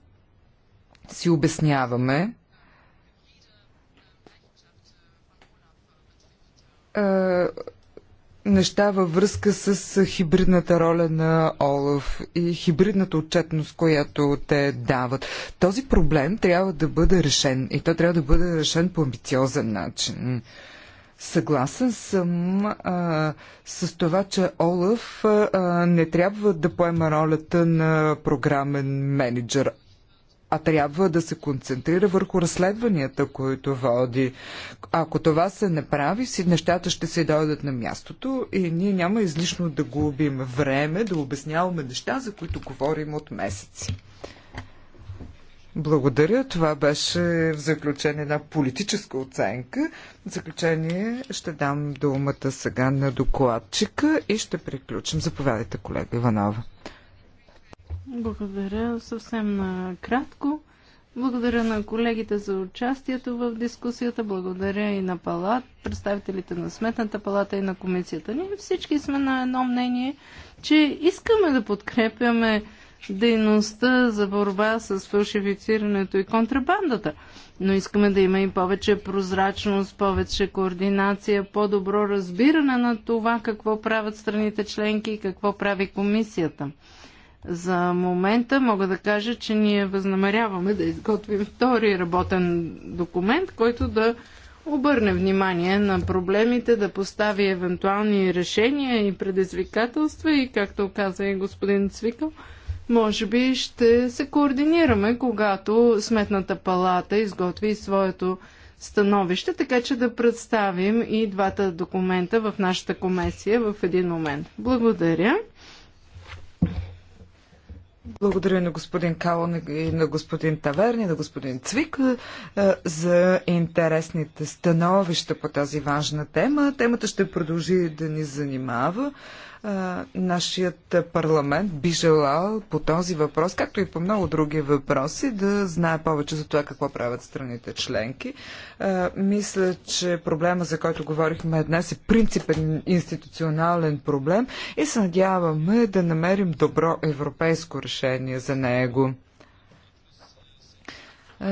си обясняваме, неща във връзка с хибридната роля на Олаф и хибридната отчетност, която те дават. Този проблем трябва да бъде решен и той трябва да бъде решен по амбициозен начин. Съгласен съм а, с това, че Олаф а, не трябва да поема ролята на програмен менеджер а трябва да се концентрира върху разследванията, които води. Ако това се направи, си, нещата ще се дойдат на мястото и ние няма излишно да губим време да обясняваме неща, за които говорим от месеци. Благодаря. Това беше в заключение една политическа оценка. В заключение ще дам думата сега на докладчика и ще приключим. Заповядайте, колега Иванова. Благодаря съвсем накратко. Благодаря на колегите за участието в дискусията. Благодаря и на палат, представителите на Сметната палата и на комисията. Ние всички сме на едно мнение, че искаме да подкрепяме дейността за борба с фалшифицирането и контрабандата. Но искаме да има и повече прозрачност, повече координация, по-добро разбиране на това какво правят страните членки и какво прави комисията. За момента мога да кажа, че ние възнамеряваме да изготвим втори работен документ, който да обърне внимание на проблемите, да постави евентуални решения и предизвикателства и, както каза и господин Цвикъл, може би ще се координираме, когато Сметната палата изготви своето становище, така че да представим и двата документа в нашата комисия в един момент. Благодаря. Благодаря на господин Калон и на господин Таверни, на господин Цвик е, за интересните становища по тази важна тема. Темата ще продължи да ни занимава нашият парламент би желал по този въпрос, както и по много други въпроси, да знае повече за това какво правят страните членки. Мисля, че проблема, за който говорихме днес, е принципен институционален проблем и се надяваме да намерим добро европейско решение за него.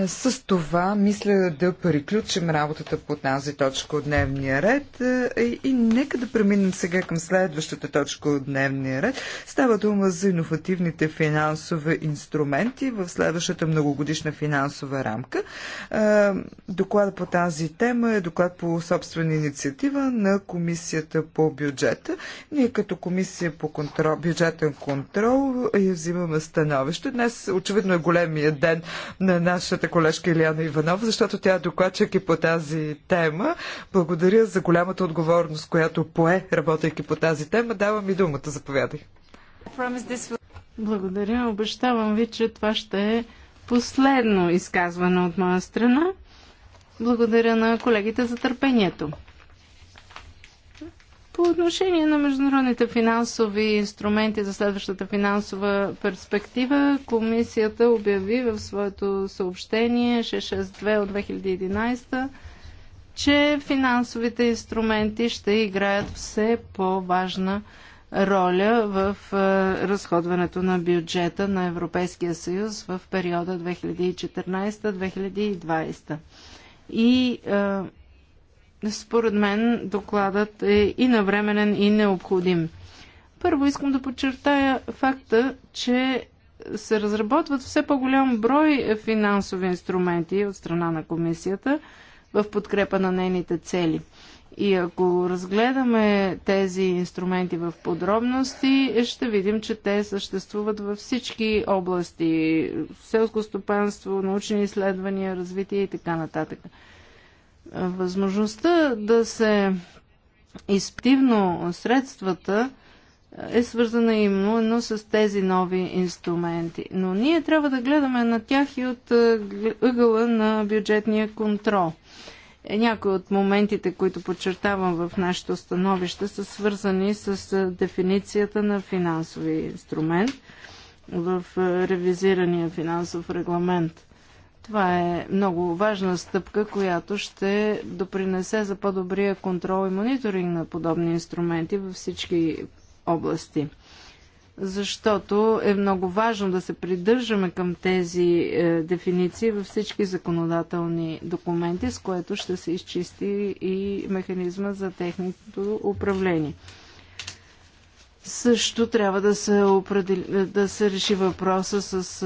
С това мисля да приключим работата по тази точка от дневния ред и, и нека да преминем сега към следващата точка от дневния ред. Става дума за иновативните финансови инструменти в следващата многогодишна финансова рамка. Доклад по тази тема е доклад по собствена инициатива на Комисията по бюджета. Ние като Комисия по контрол, бюджетен контрол я е, взимаме становище. Днес очевидно е големия ден на наша нашата колежка Илиана Иванов, защото тя е докладчик и по тази тема. Благодаря за голямата отговорност, която пое, работейки по тази тема. Давам и думата. Заповядай. Благодаря. Обещавам ви, че това ще е последно изказване от моя страна. Благодаря на колегите за търпението. По отношение на международните финансови инструменти за следващата финансова перспектива, комисията обяви в своето съобщение 662 от 2011 че финансовите инструменти ще играят все по-важна роля в е, разходването на бюджета на Европейския съюз в периода 2014-2020. И според мен докладът е и навременен, и необходим. Първо искам да подчертая факта, че се разработват все по-голям брой финансови инструменти от страна на комисията в подкрепа на нейните цели. И ако разгледаме тези инструменти в подробности, ще видим, че те съществуват във всички области селско стопанство, научни изследвания, развитие и така нататък. Възможността да се изпивно средствата е свързана именно с тези нови инструменти. Но ние трябва да гледаме на тях и от е, ъгъла на бюджетния контрол. Е, някои от моментите, които подчертавам в нашето становище, са свързани с е, дефиницията на финансови инструмент в ревизирания финансов регламент. Това е много важна стъпка, която ще допринесе за по-добрия контрол и мониторинг на подобни инструменти във всички области. Защото е много важно да се придържаме към тези е, дефиниции във всички законодателни документи, с което ще се изчисти и механизма за техното управление. Също трябва да се, определи, да се реши въпроса с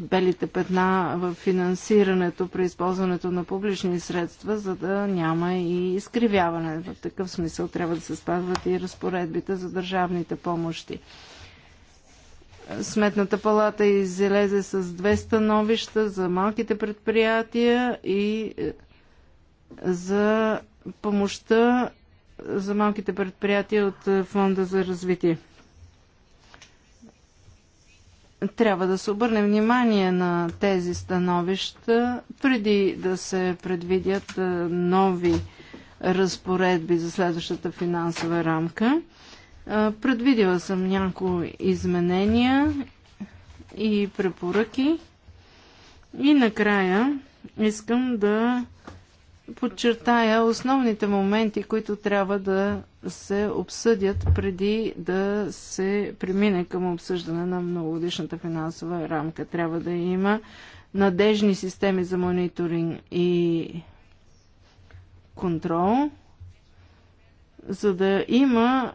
белите петна в финансирането при използването на публични средства, за да няма и изкривяване. В такъв смисъл трябва да се спазват и разпоредбите за държавните помощи. Сметната палата излезе с две становища за малките предприятия и е, за помощта за малките предприятия от е, Фонда за развитие. Трябва да се обърне внимание на тези становища, преди да се предвидят е, нови разпоредби за следващата финансова рамка. Е, предвидила съм някои изменения и препоръки. И накрая искам да подчертая основните моменти, които трябва да се обсъдят преди да се премине към обсъждане на многогодишната финансова рамка. Трябва да има надежни системи за мониторинг и контрол, за да има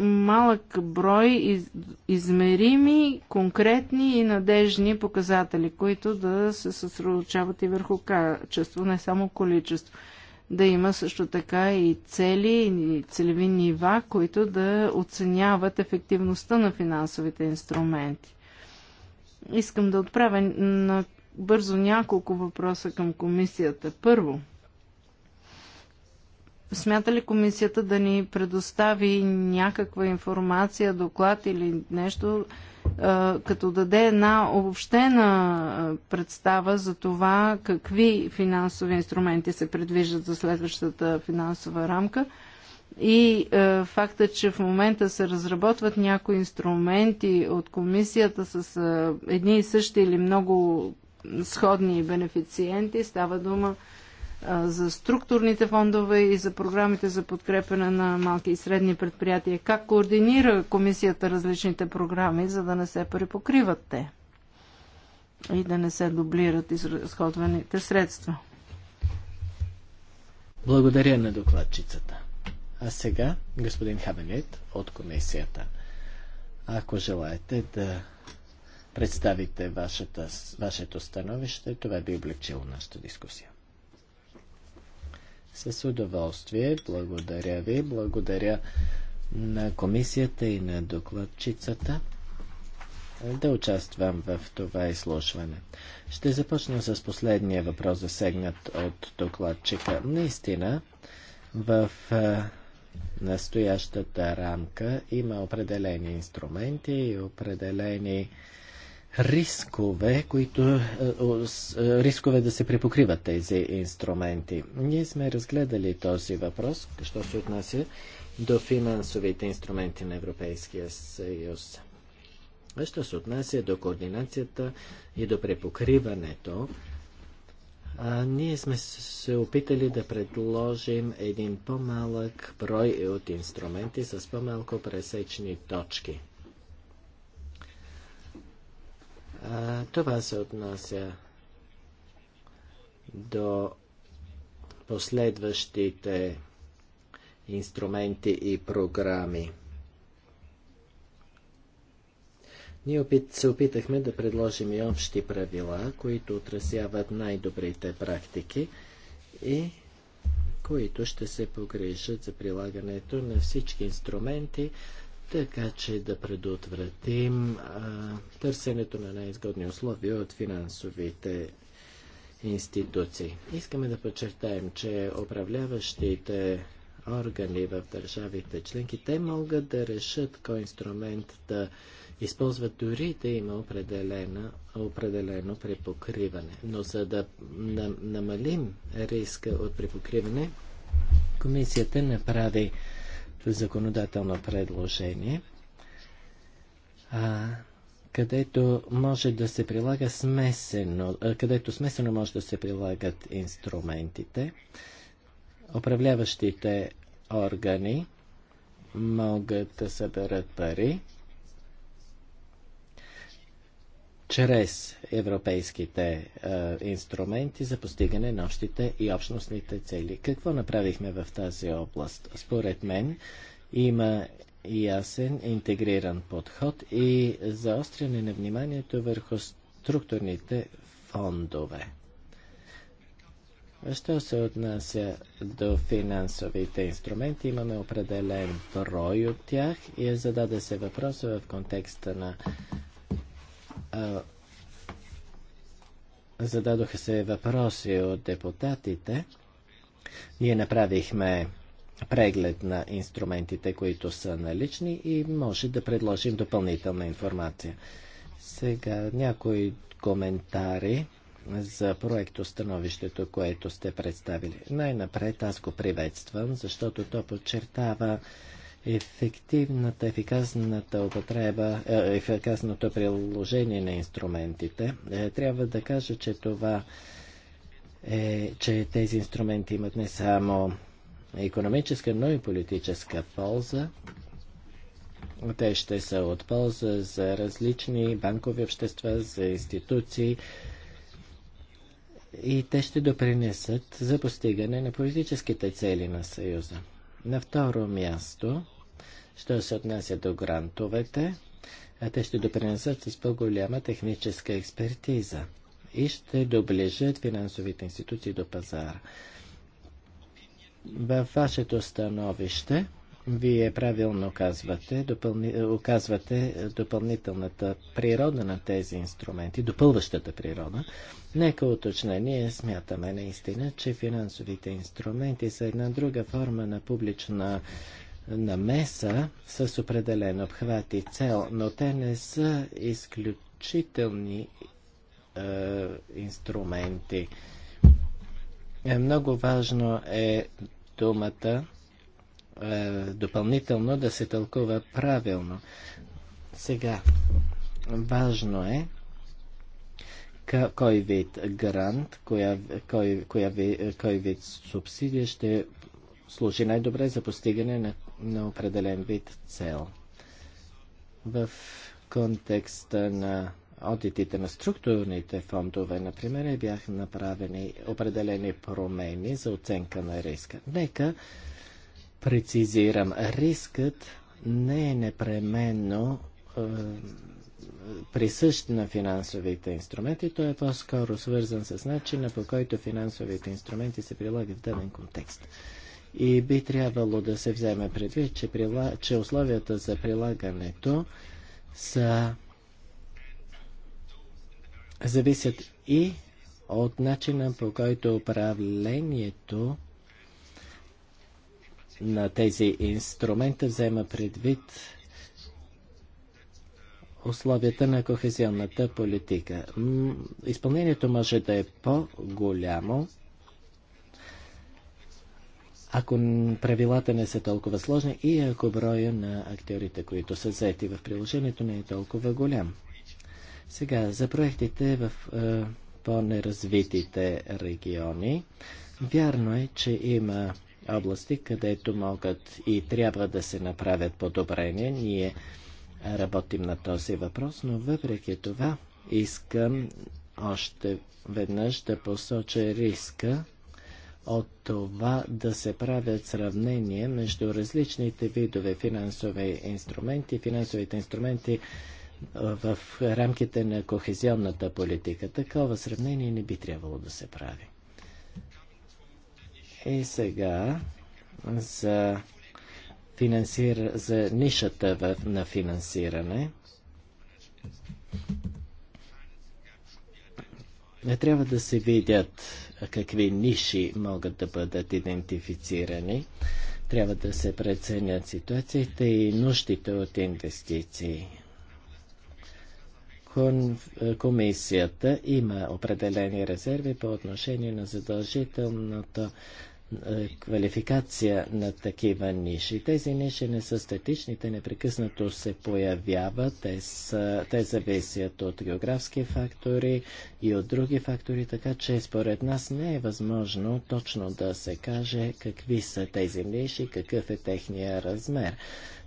малък брой из, измерими, конкретни и надежни показатели, които да се съсредоточават и върху качество, не само количество. Да има също така и цели и целеви нива, които да оценяват ефективността на финансовите инструменти. Искам да отправя на бързо няколко въпроса към комисията. Първо – Смята ли комисията да ни предостави някаква информация, доклад или нещо, е, като даде една обобщена е, представа за това какви финансови инструменти се предвиждат за следващата финансова рамка? И е, факта, че в момента се разработват някои инструменти от комисията с едни и същи или много сходни бенефициенти, става дума за структурните фондове и за програмите за подкрепене на малки и средни предприятия. Как координира комисията различните програми, за да не се препокриват те и да не се дублират изразходваните средства? Благодаря на докладчицата. А сега господин Хабенет от комисията. Ако желаете да представите вашето становище, това би облегчило нашата дискусия. С удоволствие. Благодаря ви. Благодаря на комисията и на докладчицата да участвам в това изслушване. Ще започна с последния въпрос, засегнат от докладчика. Наистина, в настоящата рамка има определени инструменти и определени рискове, които, е, е, рискове да се препокриват тези инструменти. Ние сме разгледали този въпрос, що се отнася до финансовите инструменти на Европейския съюз. що се отнася до координацията и до препокриването, а, ние сме се опитали да предложим един по-малък брой от инструменти с по-малко пресечни точки – това се отнася до последващите инструменти и програми. Ние се опитахме да предложим и общи правила, които отразяват най-добрите практики и които ще се погрежат за прилагането на всички инструменти, така че да предотвратим а, търсенето на най-изгодни условия от финансовите институции. Искаме да подчертаем, че управляващите органи в държавите членки, те могат да решат кой инструмент да използват дори да има определено, определено припокриване. Но за да намалим риска от припокриване, комисията направи законодателно предложение, а, където може да се прилага смесено, където смесено може да се прилагат инструментите, управляващите органи могат да съберат пари, чрез европейските е, инструменти за постигане на общите и общностните цели. Какво направихме в тази област? Според мен има ясен интегриран подход и заостряне на вниманието върху структурните фондове. Що се отнася до финансовите инструменти, имаме определен брой от тях и е зададе се въпроса в контекста на зададоха се въпроси от депутатите. Ние направихме преглед на инструментите, които са налични и може да предложим допълнителна информация. Сега някои коментари за проектостановището, което сте представили. Най-напред аз го приветствам, защото то подчертава ефективната, ефикасната употреба, е, ефикасното приложение на инструментите. Е, трябва да кажа, че това е, че тези инструменти имат не само економическа, но и политическа полза. Те ще са от полза за различни банкови общества, за институции и те ще допринесат за постигане на политическите цели на Съюза. На второ място Що се отнася до грантовете, а те ще допринесат с по-голяма техническа експертиза и ще доближат финансовите институции до пазара. Във вашето становище, вие правилно казвате, допълни, оказвате допълнителната природа на тези инструменти, допълващата природа. Нека уточня, ние смятаме наистина, че финансовите инструменти са една друга форма на публична намеса с определен обхват и цел, но те не са изключителни е, инструменти. Е, много важно е думата е, допълнително да се тълкува правилно. Сега, важно е кой вид грант, коя, кой, коя, кой вид субсидия ще служи най-добре за постигане на на определен вид цел. В контекста на одитите на структурните фондове, например, бяха направени определени промени за оценка на риска. Нека прецизирам. Рискът не е непременно е, присъщ на финансовите инструменти, той е по-скоро свързан с начина по който финансовите инструменти се прилагат в даден контекст и би трябвало да се вземе предвид, че, прила... че условията за прилагането са зависят и от начина по който управлението на тези инструменти взема предвид условията на кохезионната политика. Изпълнението може да е по-голямо, ако правилата не са толкова сложни и ако броя на актьорите, които са заети в приложението, не е толкова голям. Сега, за проектите в е, по-неразвитите региони, вярно е, че има области, където могат и трябва да се направят подобрения. Ние работим на този въпрос, но въпреки това искам още веднъж да посоча риска от това да се правят сравнения между различните видове финансови инструменти, финансовите инструменти в рамките на кохезионната политика. Такова сравнение не би трябвало да се прави. И сега за, финансир... за нишата в... на финансиране. Не трябва да се видят какви ниши могат да бъдат идентифицирани. Трябва да се преценят ситуациите и нуждите от инвестиции. Е, комисията има определени резерви по отношение на задължителното е, квалификация на такива ниши. Тези ниши не са статични, те непрекъснато се появяват, те, са, те зависят от географски фактори и от други фактори, така че според нас не е възможно точно да се каже какви са тези ниши, какъв е техния размер.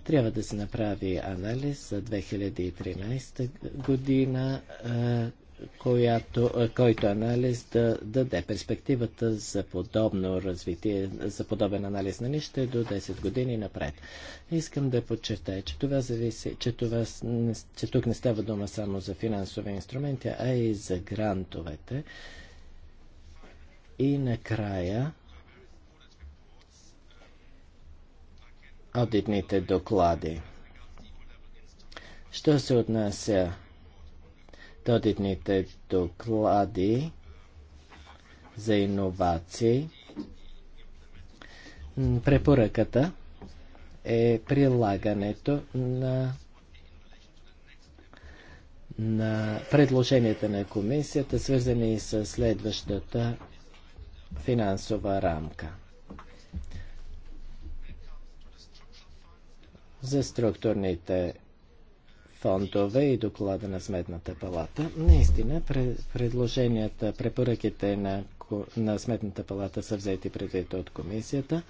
Трябва да се направи анализ за 2013 година. Е, която, който анализ да даде перспективата за подобно развитие, за подобен анализ на нали, нищо е до 10 години напред. Искам да подчертая, че това зависи, че, това, че тук не става дума само за финансови инструменти, а и за грантовете. И накрая одитните доклади. Що се отнася одитните доклади за иновации. Препоръката е прилагането на, на предложенията на комисията, свързани с следващата финансова рамка. За структурните фондове и доклада на Сметната палата. Наистина, предложенията, препоръките на, на Сметната палата са взети предвид от комисията.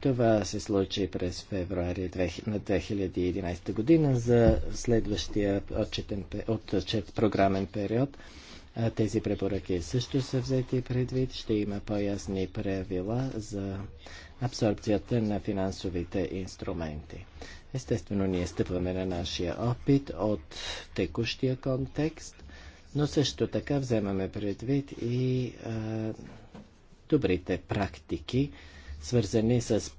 Това се случи през февруари на 2011 година за следващия отчетен, отчет програмен период. Тези препоръки също са взети предвид. Ще има по-ясни правила за абсорбцията на финансовите инструменти. Естествено, ние стъпваме на нашия опит от текущия контекст, но също така вземаме предвид и а, добрите практики, свързани с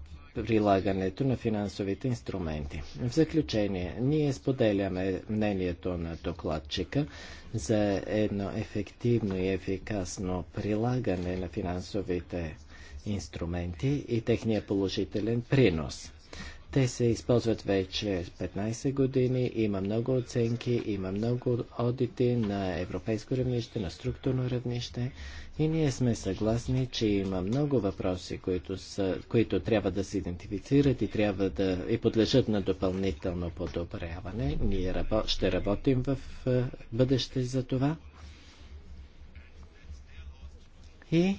прилагането на финансовите инструменти. В заключение, ние споделяме мнението на докладчика за едно ефективно и ефикасно прилагане на финансовите инструменти и техния положителен принос. Те се използват вече 15 години, има много оценки, има много одити на европейско равнище, на структурно равнище и ние сме съгласни, че има много въпроси, които, са, които трябва да се идентифицират и трябва да и подлежат на допълнително подобряване. Ние рабо, ще работим в е, бъдеще за това. И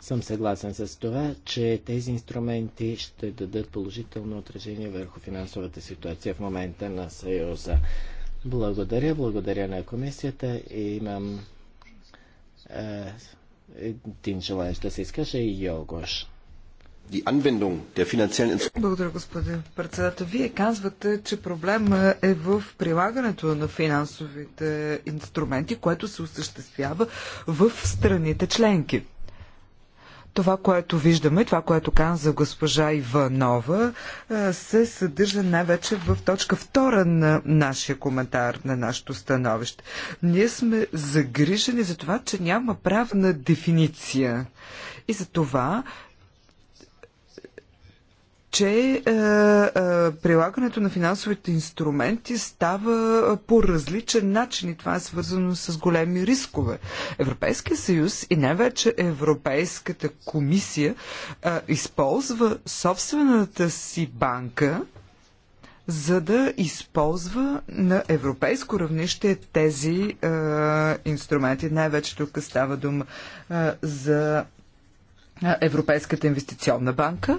съм съгласен с това, че тези инструменти ще дадат положително отражение върху финансовата ситуация в момента на Съюза. Благодаря, благодаря на комисията и имам е, един желаящ да се изкаже и Йогош. Благодаря, господин председател. Вие казвате, че проблема е в прилагането на финансовите инструменти, което се осъществява в страните членки. Това, което виждаме, това, което каза госпожа Иванова, се съдържа най-вече в точка втора на нашия коментар, на нашето становище. Ние сме загрижени за това, че няма правна дефиниция. И за това че е, е, прилагането на финансовите инструменти става е, по различен начин и това е свързано с големи рискове. Европейския съюз и най-вече Европейската комисия е, използва собствената си банка, за да използва на европейско равнище тези е, инструменти. Най-вече тук става дума е, за е, Европейската инвестиционна банка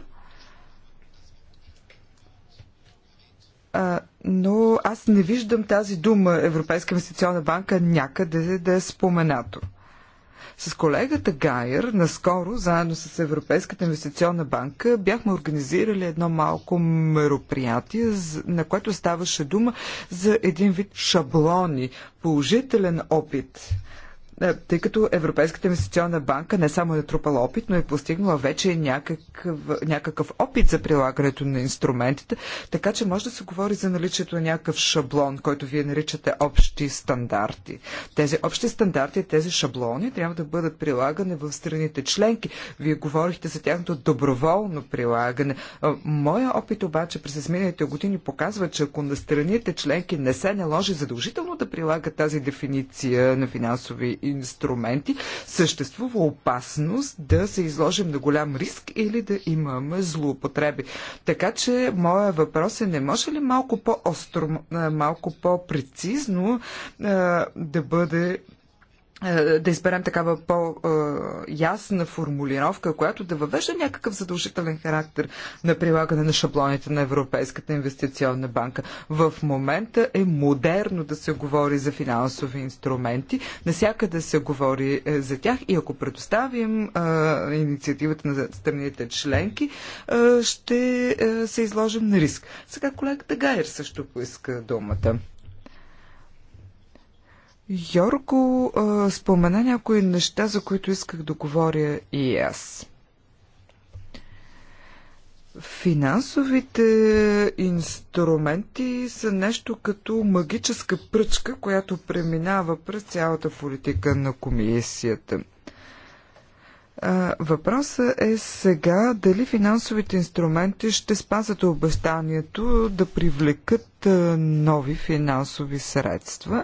но аз не виждам тази дума Европейска инвестиционна банка някъде да е споменато. С колегата Гайер наскоро, заедно с Европейската инвестиционна банка, бяхме организирали едно малко мероприятие, на което ставаше дума за един вид шаблони, положителен опит е, тъй като Европейската инвестиционна банка не само е трупала опит, но е постигнала вече някакъв, някакъв опит за прилагането на инструментите, така че може да се говори за наличието на някакъв шаблон, който вие наричате общи стандарти. Тези общи стандарти, тези шаблони трябва да бъдат прилагани в страните членки. Вие говорихте за тяхното доброволно прилагане. Е, моя опит обаче през изминалите години показва, че ако на страните членки не се наложи задължително да прилагат тази дефиниция на финансови инструменти, съществува опасност да се изложим на голям риск или да имаме злоупотреби. Така че моя въпрос е, не може ли малко по-остро, малко по-прецизно да бъде е, да изберем такава по-ясна формулировка, която да въвежда някакъв задължителен характер на прилагане на шаблоните на Европейската инвестиционна банка. В момента е модерно да се говори за финансови инструменти, насякъде се говори е, за тях и ако предоставим е, инициативата на страните членки, ще се изложим на риск. Сега колегата Гайер също поиска думата. Йорго а, спомена някои неща, за които исках да говоря и аз. Финансовите инструменти са нещо като магическа пръчка, която преминава през цялата политика на комисията. Въпросът е сега дали финансовите инструменти ще спазят обещанието да привлекат нови финансови средства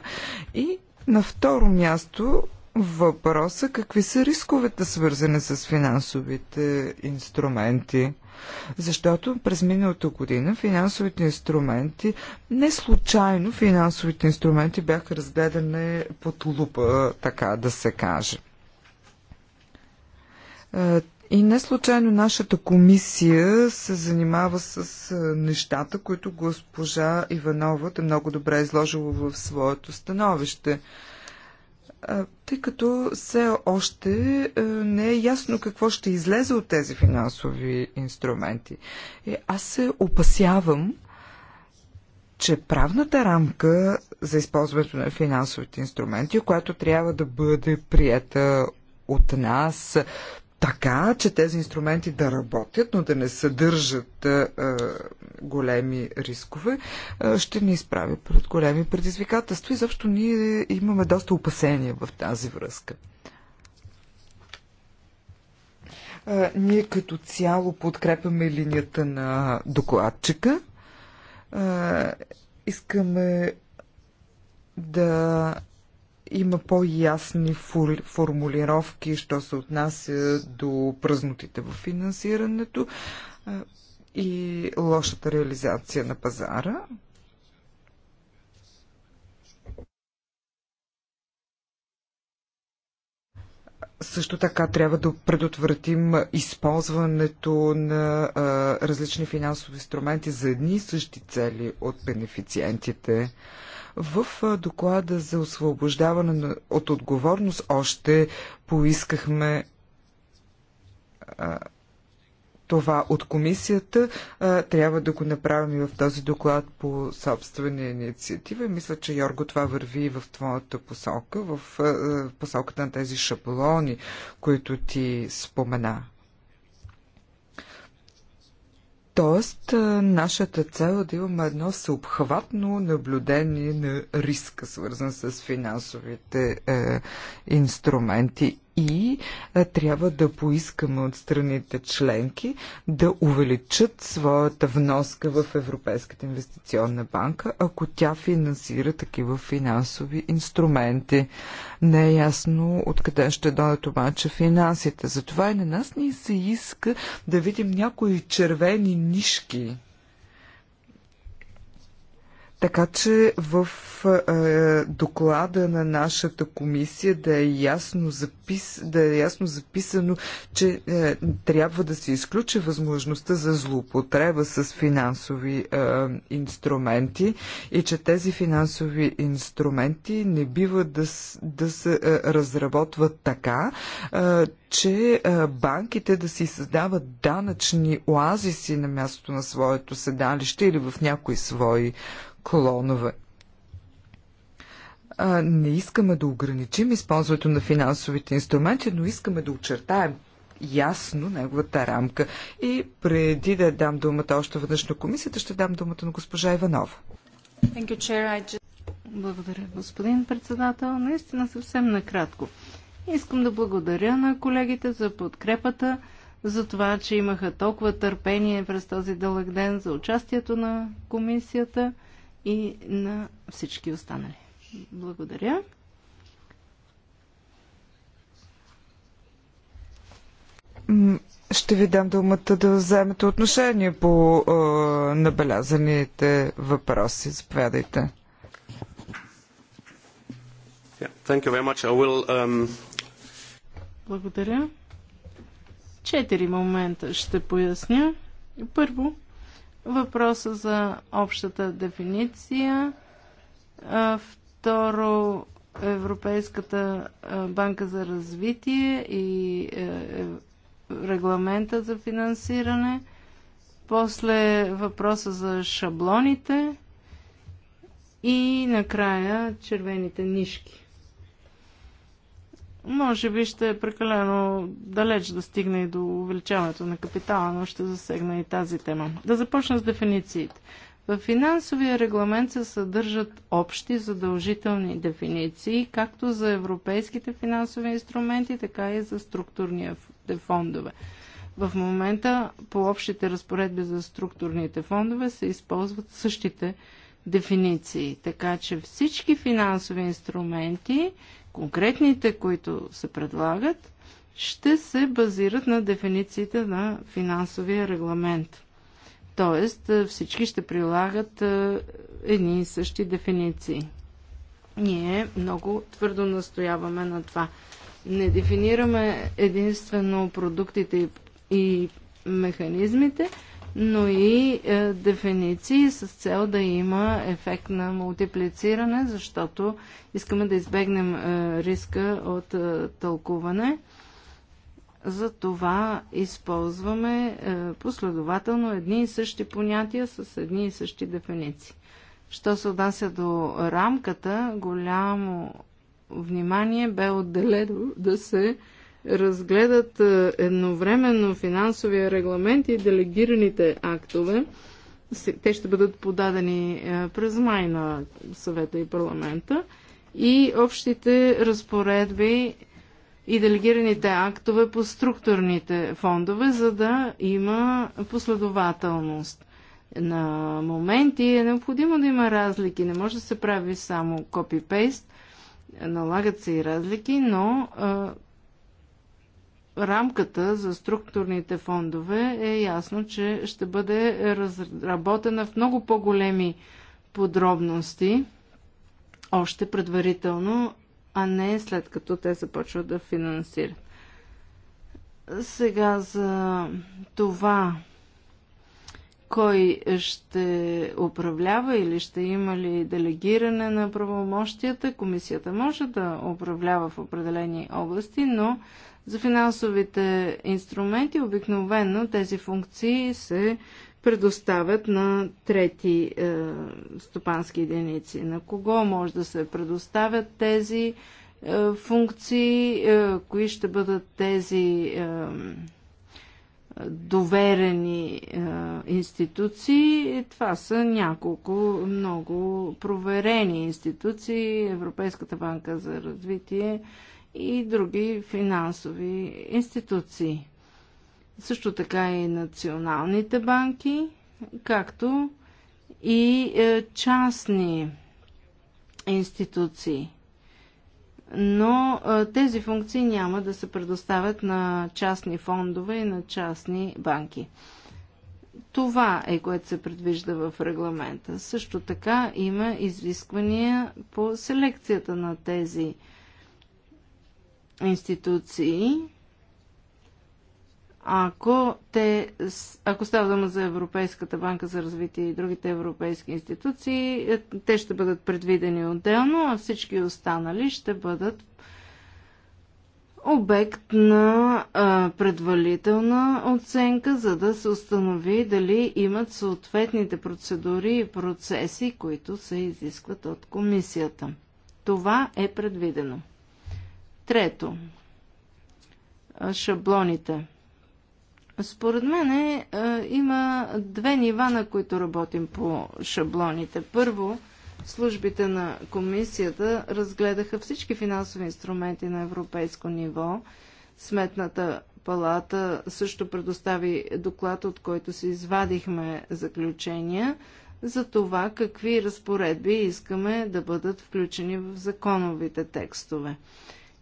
и на второ място въпроса какви са рисковете свързани с финансовите инструменти. Защото през миналата година финансовите инструменти, не случайно финансовите инструменти бяха разгледани под лупа, така да се каже. Е, и не случайно нашата комисия се занимава с е, нещата, които госпожа Иванова е много добре е изложила в своето становище тъй като все още не е ясно какво ще излезе от тези финансови инструменти. И аз се опасявам, че правната рамка за използването на финансовите инструменти, която трябва да бъде прията от нас така, че тези инструменти да работят, но да не съдържат а, големи рискове, а, ще ни изправи пред големи предизвикателства и защо ние имаме доста опасения в тази връзка. А, ние като цяло подкрепяме линията на докладчика. А, искаме да има по-ясни формулировки, що се отнася до празнотите в финансирането и лошата реализация на пазара. Също така трябва да предотвратим използването на а, различни финансови инструменти за едни и същи цели от бенефициентите. В доклада за освобождаване от отговорност още поискахме това от комисията. Трябва да го направим и в този доклад по собствена инициатива. Мисля, че Йорго това върви в твоята посока, в посоката на тези шаблони, които ти спомена. Тоест, нашата цел е да имаме едно съобхватно наблюдение на риска, свързан с финансовите е, инструменти и а, трябва да поискаме от страните членки да увеличат своята вноска в Европейската инвестиционна банка, ако тя финансира такива финансови инструменти. Не е ясно откъде ще дойдат обаче финансите. Затова и на нас ни се иска да видим някои червени нишки така че в е, доклада на нашата комисия да е ясно, запис, да е ясно записано, че е, трябва да се изключи възможността за злоупотреба с финансови е, инструменти и че тези финансови инструменти не бива да, да се е, разработват така, е, че е, банките да си създават данъчни оазиси на мястото на своето седалище или в някои свои клонове. Не искаме да ограничим използването на финансовите инструменти, но искаме да очертаем ясно неговата рамка. И преди да дам думата още веднъж на комисията, ще дам думата на госпожа Иванова. Благодаря, господин председател. Наистина съвсем накратко. Искам да благодаря на колегите за подкрепата, за това, че имаха толкова търпение през този дълъг ден, за участието на комисията – и на всички останали. Благодаря. Ще ви дам думата да вземете отношение по е, набелязаните въпроси. Заповядайте. Yeah, will, um... Благодаря. Четири момента ще поясня. Първо, Въпроса за общата дефиниция. Второ, Европейската банка за развитие и е, е, регламента за финансиране. После въпроса за шаблоните. И накрая червените нишки. Може би ще е прекалено далеч да стигне и до увеличаването на капитала, но ще засегна и тази тема. Да започна с дефинициите. В финансовия регламент се съдържат общи задължителни дефиниции, както за европейските финансови инструменти, така и за структурните фондове. В момента по общите разпоредби за структурните фондове се използват същите дефиниции, така че всички финансови инструменти конкретните, които се предлагат, ще се базират на дефинициите на финансовия регламент. Тоест е, всички ще прилагат е, едни и същи дефиниции. Ние много твърдо настояваме на това. Не дефинираме единствено продуктите и механизмите, но и е, дефиниции с цел да има ефект на мултиплициране, защото искаме да избегнем е, риска от е, тълкуване. За това използваме е, последователно едни и същи понятия с едни и същи дефиниции. Що се отнася до рамката, голямо внимание бе отделено да се разгледат е, едновременно финансовия регламент и делегираните актове. Те ще бъдат подадени е, през май на съвета и парламента. И общите разпоредби и делегираните актове по структурните фондове, за да има последователност. На моменти е необходимо да има разлики. Не може да се прави само копипейст. Налагат се и разлики, но е, рамката за структурните фондове е ясно, че ще бъде разработена в много по-големи подробности, още предварително, а не след като те започват да финансират. Сега за това, кой ще управлява или ще има ли делегиране на правомощията. Комисията може да управлява в определени области, но за финансовите инструменти обикновено тези функции се предоставят на трети е, стопански единици. На кого може да се предоставят тези е, функции, е, кои ще бъдат тези е, доверени е, институции. Това са няколко много проверени институции. Европейската банка за развитие, и други финансови институции. Също така и националните банки, както и е, частни институции. Но е, тези функции няма да се предоставят на частни фондове и на частни банки. Това е което се предвижда в регламента. Също така има изисквания по селекцията на тези институции, ако, те, ако става дума за Европейската банка за развитие и другите европейски институции, е, те ще бъдат предвидени отделно, а всички останали ще бъдат обект на а, предварителна оценка, за да се установи дали имат съответните процедури и процеси, които се изискват от комисията. Това е предвидено. Трето, шаблоните. Според мен е, има две нива, на които работим по шаблоните. Първо, службите на комисията разгледаха всички финансови инструменти на европейско ниво. Сметната палата също предостави доклад, от който се извадихме заключения за това какви разпоредби искаме да бъдат включени в законовите текстове.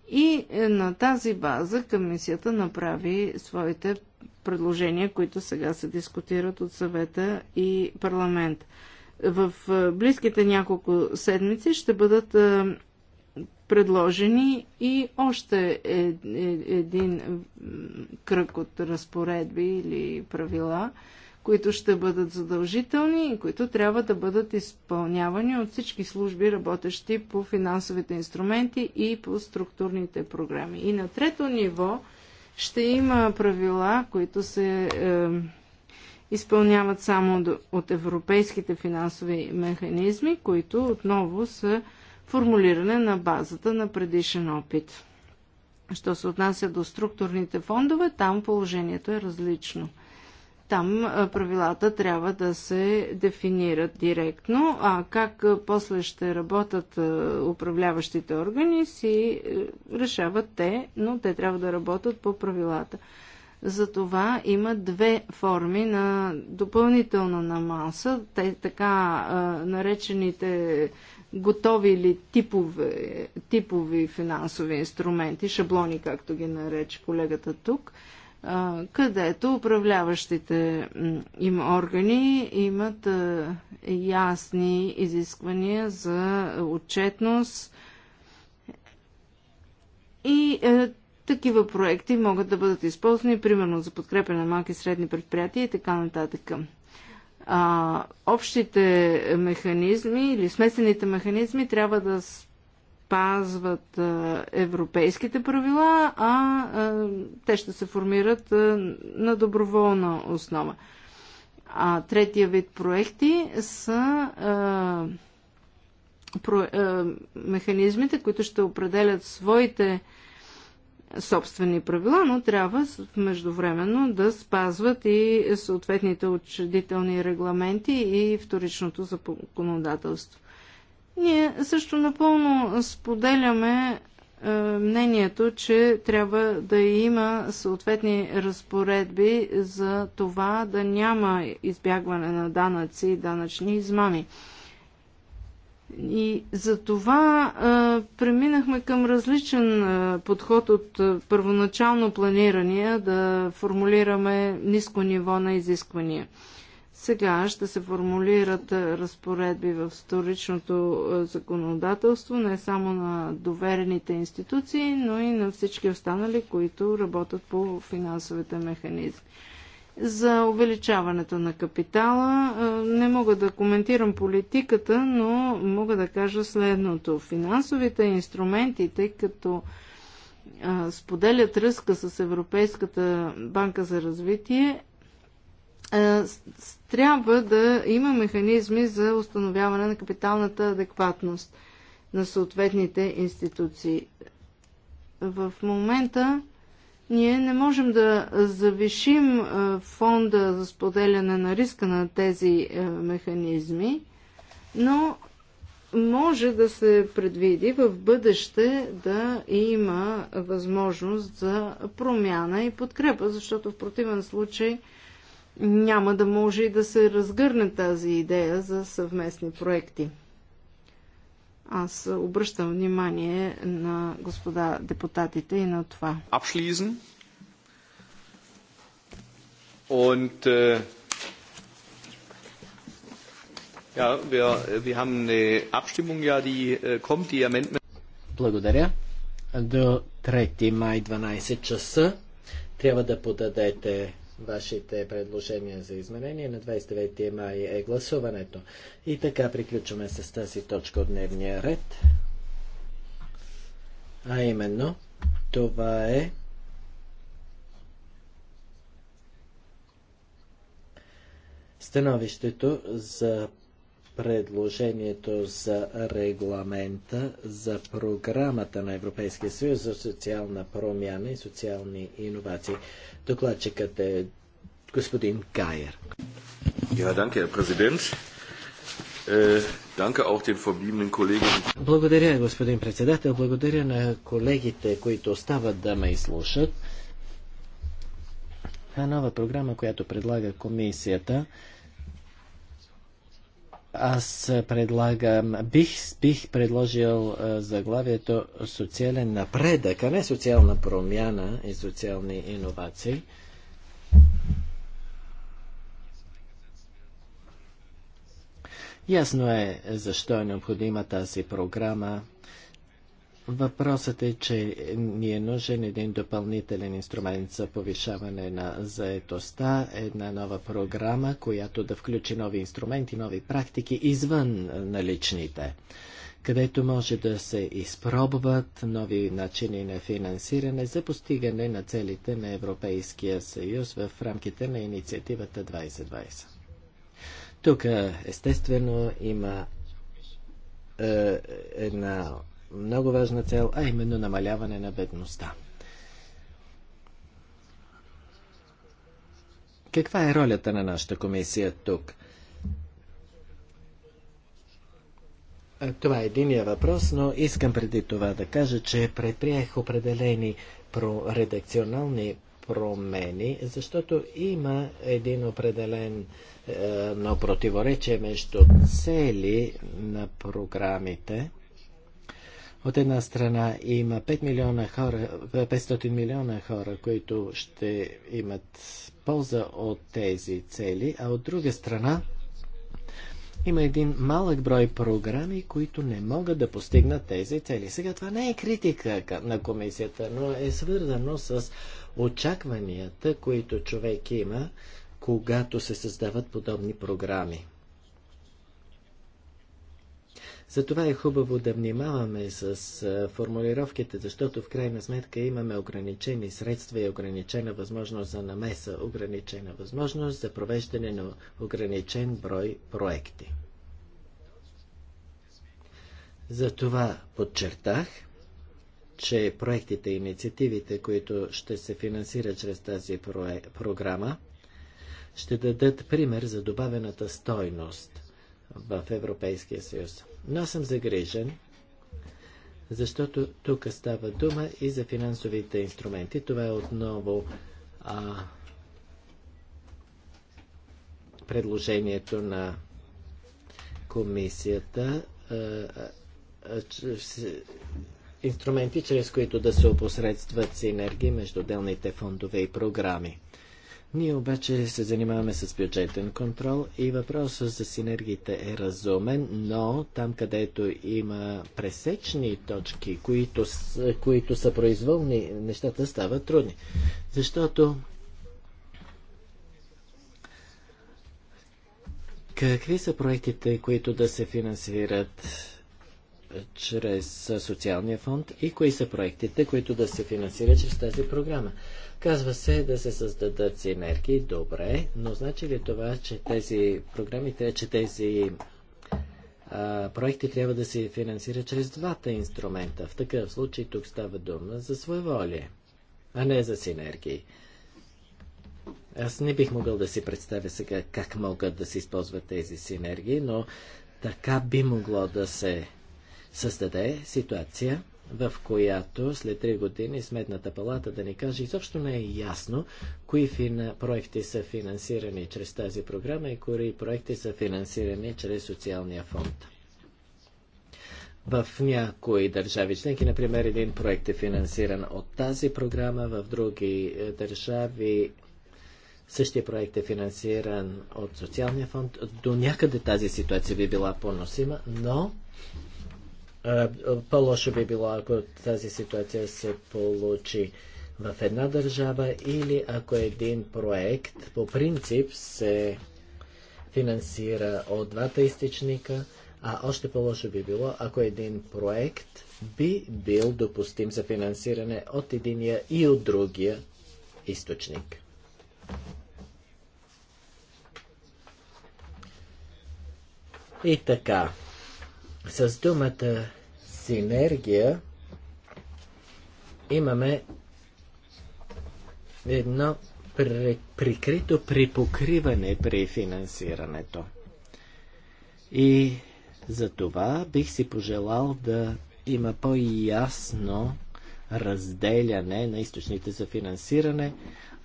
И е, на тази база комисията направи своите предложения, които сега се дискутират от съвета и парламент. В е, близките няколко седмици ще бъдат е, предложени и още един кръг от разпоредби или правила – които ще бъдат задължителни и които трябва да бъдат изпълнявани от всички служби, работещи по финансовите инструменти и по структурните програми. И на трето ниво ще има правила, които се е, изпълняват само от европейските финансови механизми, които отново са формулиране на базата на предишен опит. Що се отнася до структурните фондове, там положението е различно – там правилата трябва да се дефинират директно, а как после ще работят управляващите органи си е, решават те, но те трябва да работят по правилата. Затова има две форми на допълнителна намаса, те така наречените готови или типови, типови финансови инструменти, шаблони, както ги нарече колегата тук – където управляващите им органи имат ясни изисквания за отчетност и е, такива проекти могат да бъдат използвани, примерно за подкрепа на малки и средни предприятия и така нататък. общите механизми или смесените механизми трябва да спазват европейските правила, а те ще се формират на доброволна основа. А третия вид проекти са про, механизмите, които ще определят своите собствени правила, но трябва междувременно да спазват и съответните учредителни регламенти и вторичното законодателство. Ние също напълно споделяме е, мнението, че трябва да има съответни разпоредби за това да няма избягване на данъци и данъчни измами. И за това е, преминахме към различен е, подход от първоначално планирания да формулираме ниско ниво на изисквания. Сега ще се формулират разпоредби в вторичното законодателство, не само на доверените институции, но и на всички останали, които работят по финансовите механизми. За увеличаването на капитала не мога да коментирам политиката, но мога да кажа следното. Финансовите инструменти, тъй като споделят ръска с Европейската банка за развитие, е, трябва да има механизми за установяване на капиталната адекватност на съответните институции. В момента ние не можем да завишим е, фонда за споделяне на риска на тези е, механизми, но може да се предвиди в бъдеще да има възможност за промяна и подкрепа, защото в противен случай няма да може и да се разгърне тази идея за съвместни проекти. Аз обръщам внимание на господа депутатите и на това. Абшлизен. Und äh, ja, wir, wir haben eine Abstimmung, ja, die äh, kommt, die Amendment. Благодаря. До 3 май 12 часа трябва да подадете вашите предложения за изменение. На 29 май е гласуването. И така приключваме с тази точка от дневния ред. А именно, това е становището за предложението за регламента за програмата на Европейския съюз за социална промяна и социални иновации. Докладчикът е господин Гайер. Ja, danke, Herr Präsident. Äh, danke auch den verbliebenen Kollegen. Благодаря, господин председател. Благодаря на колегите, които остават да ме изслушат. Та нова програма, която предлага комисията, аз предлагам, бих, бих предложил заглавието социален напредък, а не социална промяна и социални иновации. Ясно е защо е необходима тази програма. Въпросът е, че ни е нужен един допълнителен инструмент за повишаване на заетостта, една нова програма, която да включи нови инструменти, нови практики извън наличните, където може да се изпробват нови начини на финансиране за постигане на целите на Европейския съюз в рамките на инициативата 2020. Тук естествено има е, една много важна цел, а именно намаляване на бедността. Каква е ролята на нашата комисия тук? Това е единия въпрос, но искам преди това да кажа, че предприех определени редакционални промени, защото има един определен е, но противоречие между цели на програмите от една страна има 5 милиона хора, 500 е, милиона хора, които ще имат полза от тези цели, а от друга страна има един малък брой програми, които не могат да постигнат тези цели. Сега това не е критика на комисията, но е свързано с очакванията, които човек има, когато се създават подобни програми. Затова е хубаво да внимаваме с формулировките, защото в крайна сметка имаме ограничени средства и ограничена възможност за намеса, ограничена възможност за провеждане на ограничен брой проекти. Затова подчертах, че проектите и инициативите, които ще се финансират чрез тази програма, ще дадат пример за добавената стойност в Европейския съюз. Но съм загрижен, защото тук става дума и за финансовите инструменти. Това е отново а, предложението на комисията. инструменти, чрез които да се опосредстват синергии между отделните фондове и програми. Ние обаче се занимаваме с бюджетен контрол и въпросът за синергиите е разумен, но там където има пресечни точки, които, които са произволни, нещата стават трудни. Защото какви са проектите, които да се финансират чрез социалния фонд и кои са проектите, които да се финансират чрез тази програма? Казва се да се създадат синерги добре, но значи ли това, че тези програми, че тези а, проекти трябва да се финансират чрез двата инструмента? В такъв случай тук става дума за своеволие, а не за синергии. Аз не бих могъл да си представя сега как могат да се използват тези синергии, но така би могло да се създаде ситуация, в която след 3 години Сметната палата да ни каже, изобщо не е ясно, кои фина... проекти са финансирани чрез тази програма и кои проекти са финансирани чрез социалния фонд. В някои държави членки, например, един проект е финансиран от тази програма, в други е, държави същия проект е финансиран от социалния фонд. До някъде тази ситуация би била поносима, но по-лошо би било, ако тази ситуация се получи в една държава или ако един проект по принцип се финансира от двата източника, а още по-лошо би било, ако един проект би бил допустим за финансиране от единия и от другия източник. И така, с думата синергия имаме едно прикрито припокриване при финансирането. И за това бих си пожелал да има по-ясно разделяне на източните за финансиране,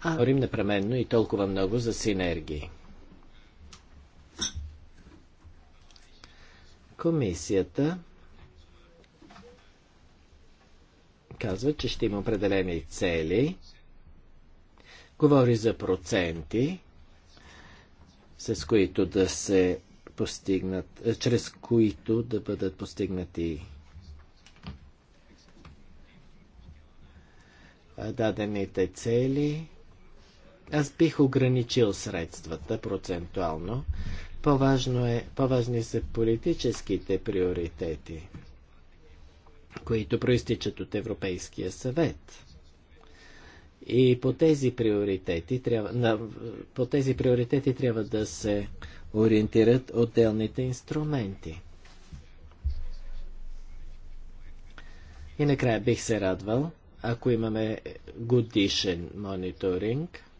а говорим непременно и толкова много за синергии. Комисията казва, че ще има определени цели, говори за проценти, с които да се постигнат, е, чрез които да бъдат постигнати е, дадените цели. Аз бих ограничил средствата процентуално, по-важно е, по-важни са политическите приоритети, които проистичат от Европейския съвет. И по тези приоритети трябва, на, по тези приоритети трябва да се ориентират отделните инструменти. И накрая бих се радвал, ако имаме годишен мониторинг –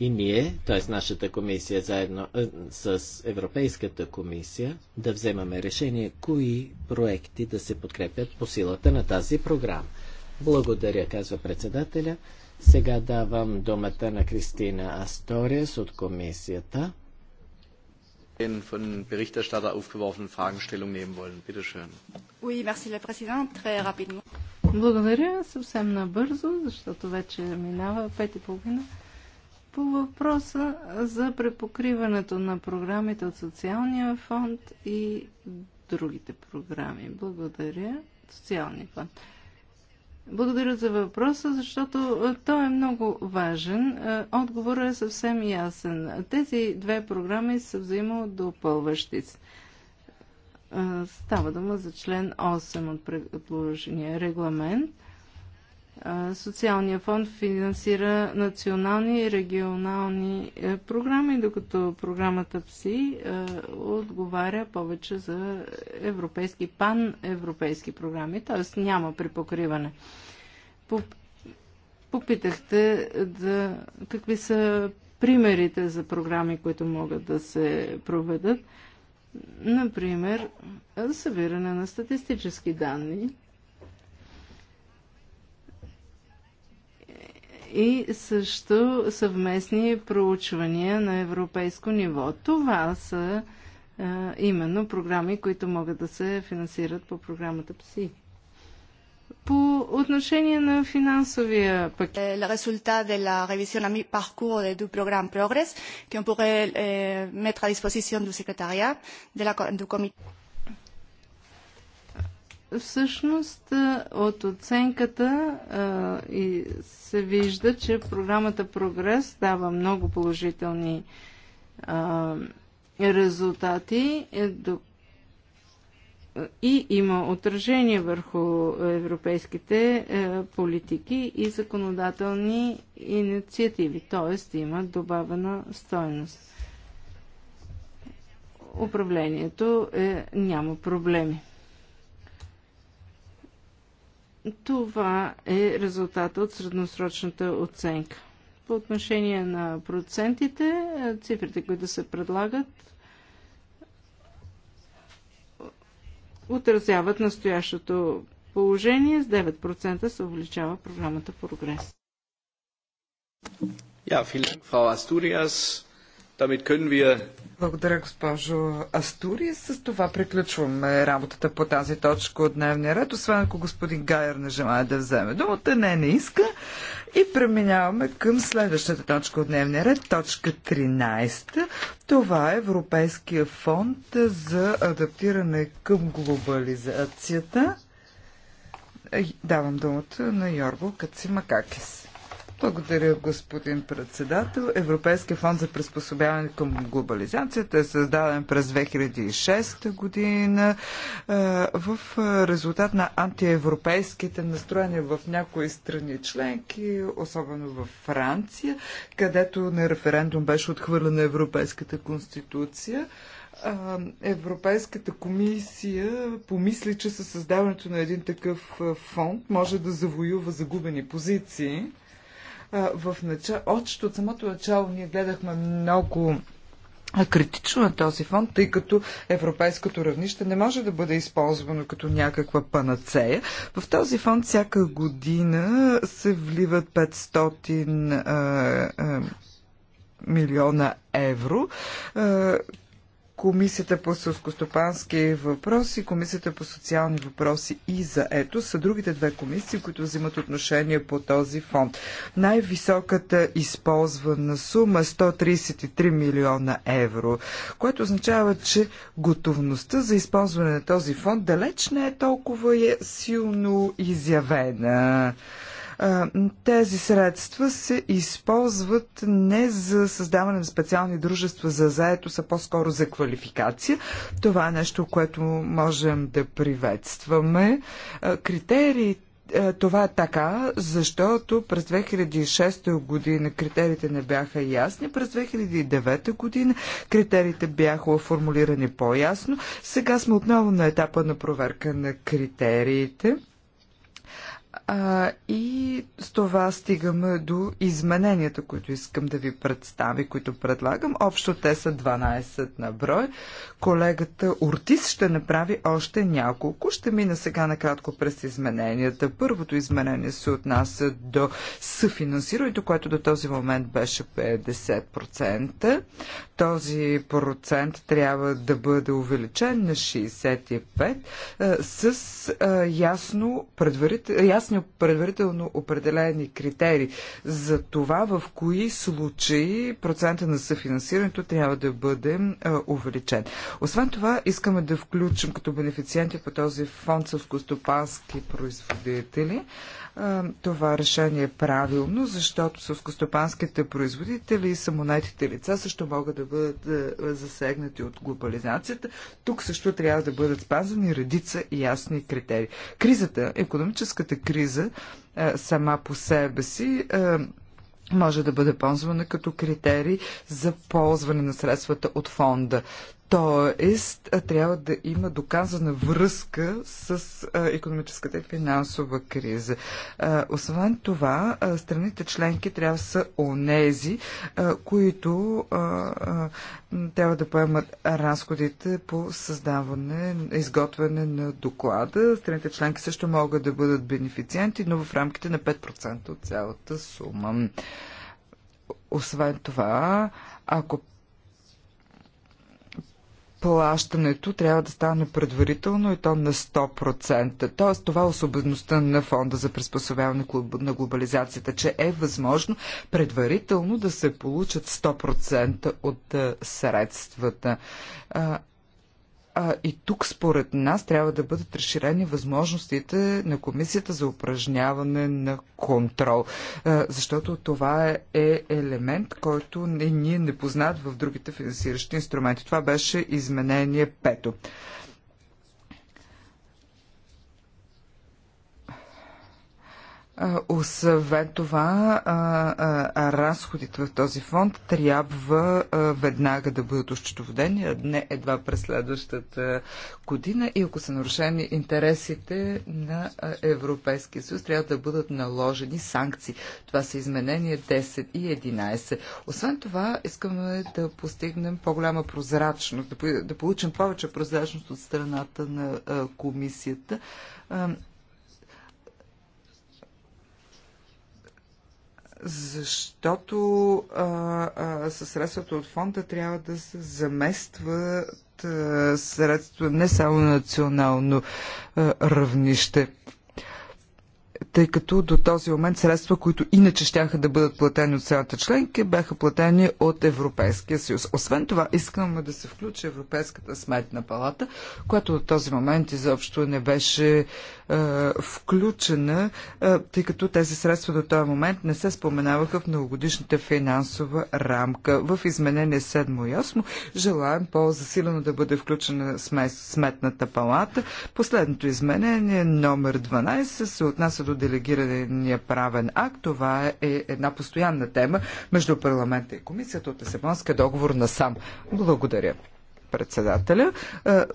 и ние, т.е. нашата комисия заедно е, с Европейската комисия, да вземаме решение кои проекти да се подкрепят по силата на тази програма. Благодаря, казва председателя. Сега давам думата на Кристина Асторис от комисията. Благодаря съвсем набързо, защото вече минава пет и половина. По въпроса за препокриването на програмите от социалния фонд и другите програми. Благодаря. Социалния фонд. Благодаря за въпроса, защото той е много важен. Е, отговорът е съвсем ясен. Тези две програми са взаимо е, Става дума за член 8 от предложения регламент – Социалния фонд финансира национални и регионални е, програми, докато програмата ПСИ е, отговаря повече за европейски, пан-европейски програми, т.е. няма припокриване. Попитахте да, какви са примерите за програми, които могат да се проведат. Например, събиране на статистически данни – и също съвместни проучвания на европейско ниво. Това са а, е, именно програми, които могат да се финансират по програмата ПСИ. По отношение на финансовия пакет. Е, Le résultat de la révision à mi-parcours du programme Progress, qu'on pourrait euh, mettre à disposition du secrétariat de la, du comité всъщност от оценката а, и се вижда, че програмата Прогрес дава много положителни а, резултати е, и има отражение върху европейските а, е, политики и законодателни инициативи, т.е. има добавена стойност. Управлението е, няма проблеми. Това е резултата от средносрочната оценка. По отношение на процентите, е, цифрите, които се предлагат, отразяват настоящото положение. С 9% се увеличава програмата Прогрес. Ja, vielen Dank, Frau Asturias. Благодаря, госпожо Астури. С това приключваме работата по тази точка от дневния ред, освен ако господин Гайер не желая да вземе думата. Не, не иска. И преминаваме към следващата точка от дневния ред, точка 13. Това е Европейския фонд за адаптиране към глобализацията. Давам думата на Йорго Кацимакакис. Благодаря, господин председател. Европейския фонд за приспособяване към глобализацията е създаден през 2006 година е, в резултат на антиевропейските настроения в някои страни членки, особено в Франция, където на референдум беше отхвърлена Европейската конституция. Е, Европейската комисия помисли, че със създаването на един такъв е, фонд може да завоюва загубени позиции в начало, от самото начало ние гледахме много критично на този фонд, тъй като европейското равнище не може да бъде използвано като някаква панацея. В този фонд всяка година се вливат 500 милиона евро, Комисията по сълскостопански въпроси, Комисията по социални въпроси и за ето са другите две комисии, които взимат отношение по този фонд. Най-високата използвана сума 133 е милиона евро, което означава, че готовността за използване на този фонд далеч не е толкова е силно изявена. Тези средства се използват не за създаване на специални дружества за заето, а по-скоро за квалификация. Това е нещо, което можем да приветстваме. Критерии това е така, защото през 2006 година критериите не бяха ясни, през 2009 година критериите бяха формулирани по-ясно. Сега сме отново на етапа на проверка на критериите. А, и с това стигаме до измененията, които искам да ви представя, които предлагам. Общо те са 12 на брой. Колегата Ортис ще направи още няколко. Ще мина сега накратко през измененията. Първото изменение се отнася до съфинансирането, което до този момент беше 50%. Този процент трябва да бъде увеличен на 65% с ясно предварително ясни предварително определени критерии за това в кои случаи процента на съфинансирането трябва да бъде увеличен. Освен това, искаме да включим като бенефициенти по този фонд селскостопански производители това решение е правилно, защото сълскостопанските производители и самонетите лица също могат да бъдат е, засегнати от глобализацията. Тук също трябва да бъдат спазвани редица и ясни критерии. Кризата, економическата криза е, сама по себе си е, може да бъде ползвана като критерий за ползване на средствата от фонда. Тоест, трябва да има доказана връзка с економическата и финансова криза. Освен това, страните членки трябва да са онези, които трябва да поемат разходите по създаване, изготвяне на доклада. Страните членки също могат да бъдат бенефициенти, но в рамките на 5% от цялата сума. Освен това, ако плащането трябва да стане предварително и то на 100%. Тоест това е особеността на фонда за приспособяване на глобализацията, че е възможно предварително да се получат 100% от средствата. А, и тук, според нас, трябва да бъдат разширени възможностите на комисията за упражняване на контрол. А, защото това е елемент, който не, ние не познат в другите финансиращи инструменти. Това беше изменение пето. Освен това, разходите в този фонд трябва веднага да бъдат ощетоводени, а не едва през следващата година. И ако са нарушени интересите на Европейския съюз, трябва да бъдат наложени санкции. Това са изменения 10 и 11. Освен това, искаме да постигнем по-голяма прозрачност, да получим повече прозрачност от страната на комисията защото а, а, със средствата от фонда трябва да се заместват а, средства не само на национално а, равнище тъй като до този момент средства, които иначе щяха да бъдат платени от страната членки, бяха платени от Европейския съюз. Освен това, искаме да се включи Европейската сметна палата, която до този момент изобщо не беше е, включена, е, тъй като тези средства до този момент не се споменаваха в многогодишната финансова рамка. В изменение 7 и 8 желаем по-засилено да бъде включена сметната палата. Последното изменение, номер 12, се отнася до делегирания правен акт, това е една постоянна тема между парламента и комисията от Есебонска договор на сам. Благодаря, председателя.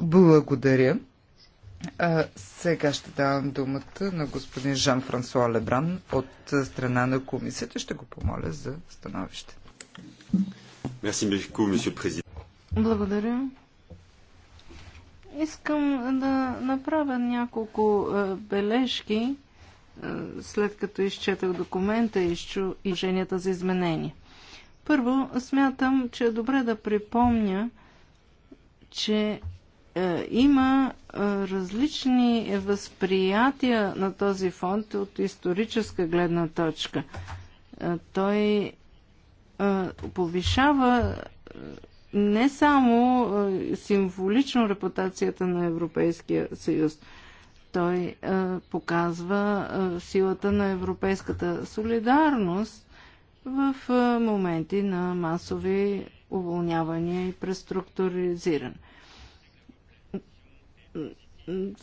Благодаря. Сега ще давам думата на господин Жан-Франсуа Лебран от страна на комисията. Ще го помоля за становище. Благодаря. Искам да направя няколко е, бележки след като изчетах документа и изчу изженията за изменение. Първо, смятам, че е добре да припомня, че е, има е, различни възприятия на този фонд от историческа гледна точка. Е, той е, повишава е, не само е, символично репутацията на Европейския съюз – той а, е, показва а, е, силата на европейската солидарност в а, е, моменти на масови уволнявания и преструктуризиране.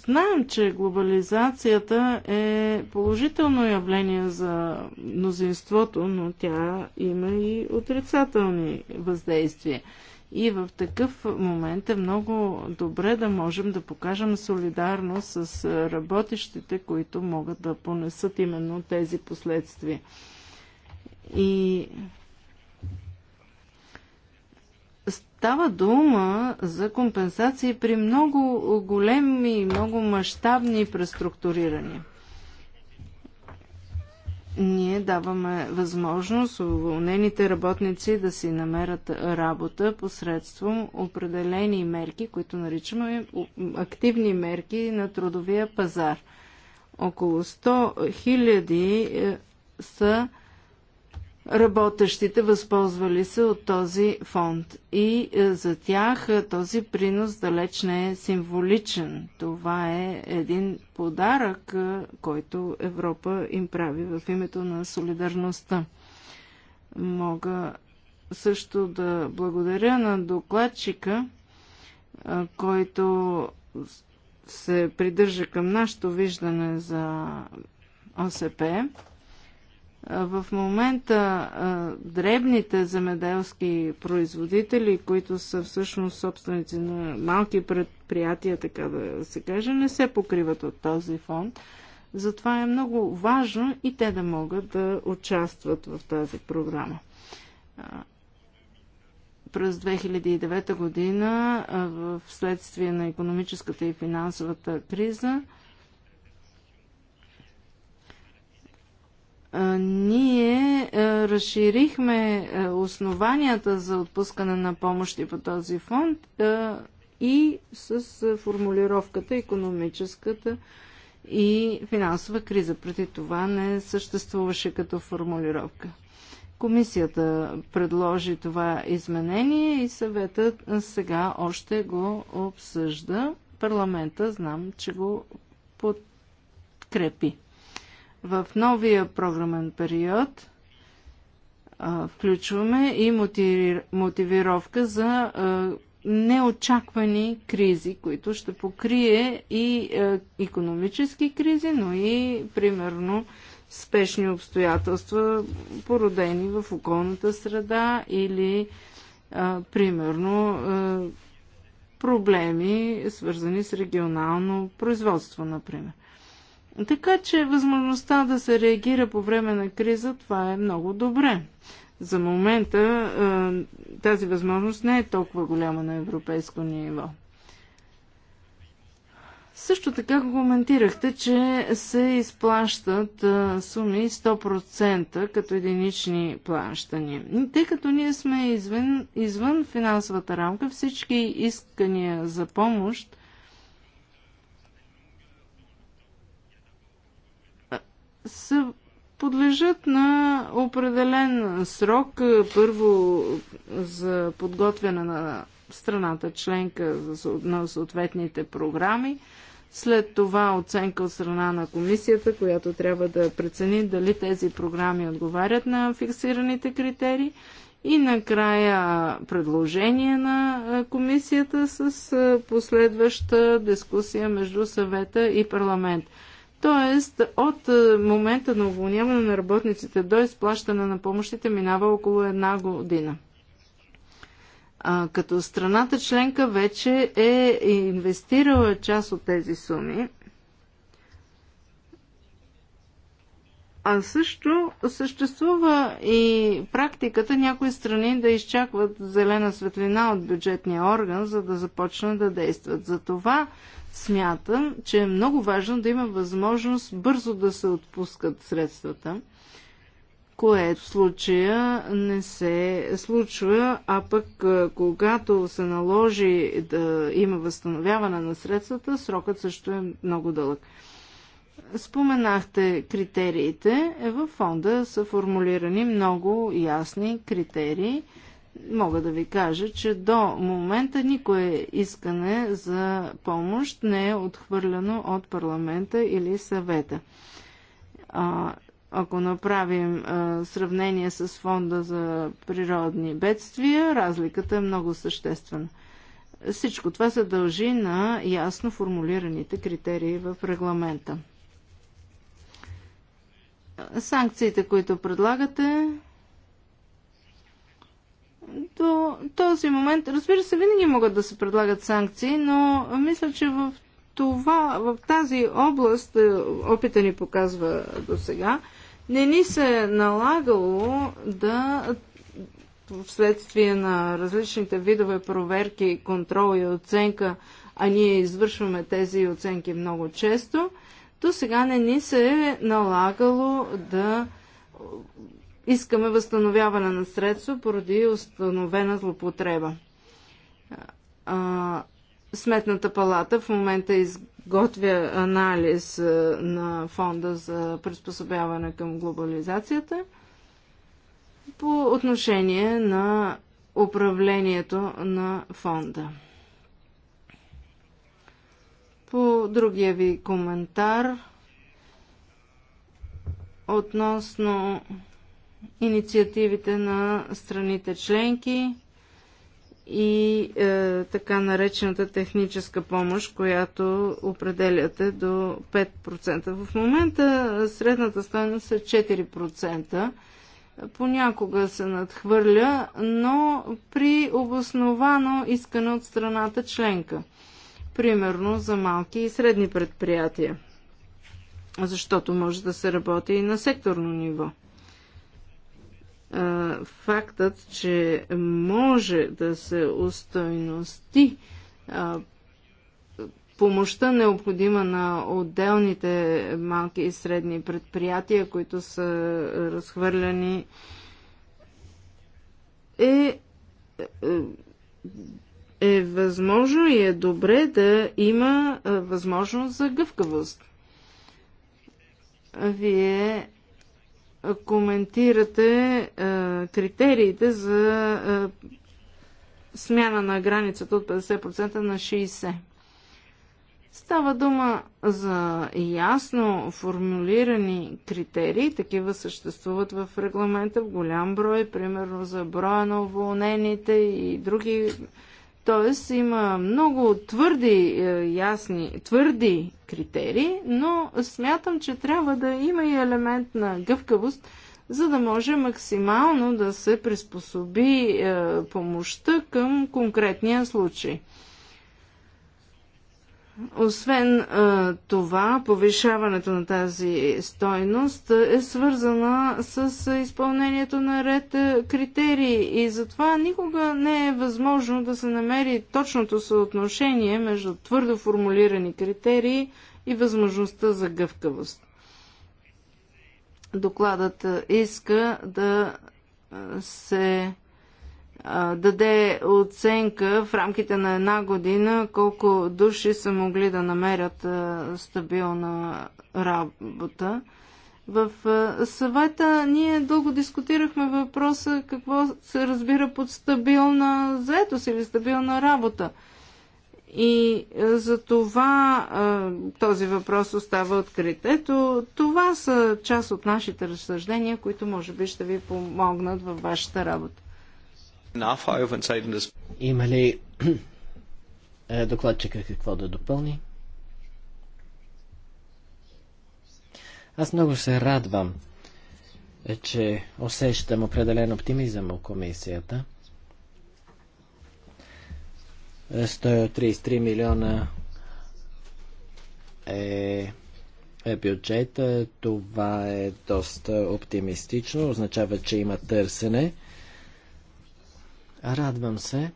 Знаем, че глобализацията е положително явление за мнозинството, но тя има и отрицателни въздействия. И в такъв момент е много добре да можем да покажем солидарност с работещите, които могат да понесат именно тези последствия. И става дума за компенсации при много големи и много мащабни преструктурирания ние даваме възможност уволнените работници да си намерят работа посредством определени мерки, които наричаме активни мерки на трудовия пазар. Около 100 000 е, са работещите, възползвали се от този фонд. И е, за тях е, този принос далеч не е символичен. Това е един подарък, е, който Европа им прави в името на солидарността. Мога също да благодаря на докладчика, който се придържа към нашето виждане за ОСП в момента дребните земеделски производители, които са всъщност собственици на малки предприятия, така да се каже, не се покриват от този фонд. Затова е много важно и те да могат да участват в тази програма. През 2009 година, в следствие на економическата и финансовата криза, ние е, разширихме е, основанията за отпускане на помощи по този фонд е, и с формулировката економическата и финансова криза. Преди това не съществуваше като формулировка. Комисията предложи това изменение и съветът сега още го обсъжда. Парламента знам, че го подкрепи. В новия програмен период включваме и мотивировка за неочаквани кризи, които ще покрие и економически кризи, но и примерно спешни обстоятелства, породени в околната среда или примерно проблеми, свързани с регионално производство, например. Така че възможността да се реагира по време на криза, това е много добре. За момента тази възможност не е толкова голяма на европейско ниво. Също така коментирахте, че се изплащат суми 100% като единични плащания. Тъй като ние сме извън, извън финансовата рамка, всички искания за помощ са подлежат на определен срок. Първо за подготвяне на страната членка на съответните програми. След това оценка от страна на комисията, която трябва да прецени дали тези програми отговарят на фиксираните критерии. И накрая предложение на комисията с последваща дискусия между съвета и парламент. Тоест, от е, момента на уволняване на работниците до изплащане на помощите минава около една година. А, като страната членка вече е инвестирала част от тези суми, а също съществува и практиката някои страни да изчакват зелена светлина от бюджетния орган, за да започнат да действат. Затова това смятам, че е много важно да има възможност бързо да се отпускат средствата, което в случая не се случва, а пък когато се наложи да има възстановяване на средствата, срокът също е много дълъг. Споменахте критериите. Е, в фонда са формулирани много ясни критерии – мога да ви кажа, че до момента никое искане за помощ не е отхвърлено от парламента или съвета. А, ако направим а, сравнение с фонда за природни бедствия, разликата е много съществена. Всичко това се дължи на ясно формулираните критерии в регламента. Санкциите, които предлагате, до този момент, разбира се, винаги могат да се предлагат санкции, но мисля, че в това, в тази област, е, опита ни показва до сега, не ни се е налагало да вследствие на различните видове проверки, контрол и оценка, а ние извършваме тези оценки много често, до сега не ни се е налагало да искаме възстановяване на средства поради установена злопотреба. Сметната палата в момента изготвя анализ на фонда за приспособяване към глобализацията по отношение на управлението на фонда. По другия ви коментар относно инициативите на страните членки и е, така наречената техническа помощ, която определяте до 5%. В момента средната стойност е 4%. Понякога се надхвърля, но при обосновано искане от страната членка. Примерно за малки и средни предприятия. Защото може да се работи и на секторно ниво фактът, че може да се устойности помощта необходима на отделните малки и средни предприятия, които са разхвърляни, е, е, е възможно и е добре да има възможност за гъвкавост. Вие коментирате а, е, критериите за а, е, смяна на границата от 50% на 60%. Става дума за ясно формулирани критерии, такива съществуват в регламента в голям брой, примерно за броя на уволнените и други т.е. има много твърди, е, ясни, твърди критерии, но смятам, че трябва да има и елемент на гъвкавост, за да може максимално да се приспособи е, помощта към конкретния случай. Освен а, това, повишаването на тази стойност е свързана с изпълнението на ред критерии и затова никога не е възможно да се намери точното съотношение между твърдо формулирани критерии и възможността за гъвкавост. Докладът иска да се даде оценка в рамките на една година колко души са могли да намерят стабилна работа. В съвета ние дълго дискутирахме въпроса какво се разбира под стабилна заетост или стабилна работа. И за това този въпрос остава открит. Ето, това са част от нашите разсъждения, които може би ще ви помогнат във вашата работа. Има ли е, докладчика какво да допълни? Аз много се радвам, е, че усещам определен оптимизъм у комисията. 133 е, милиона е, е бюджета. Това е доста оптимистично. Означава, че има търсене. Радвам се,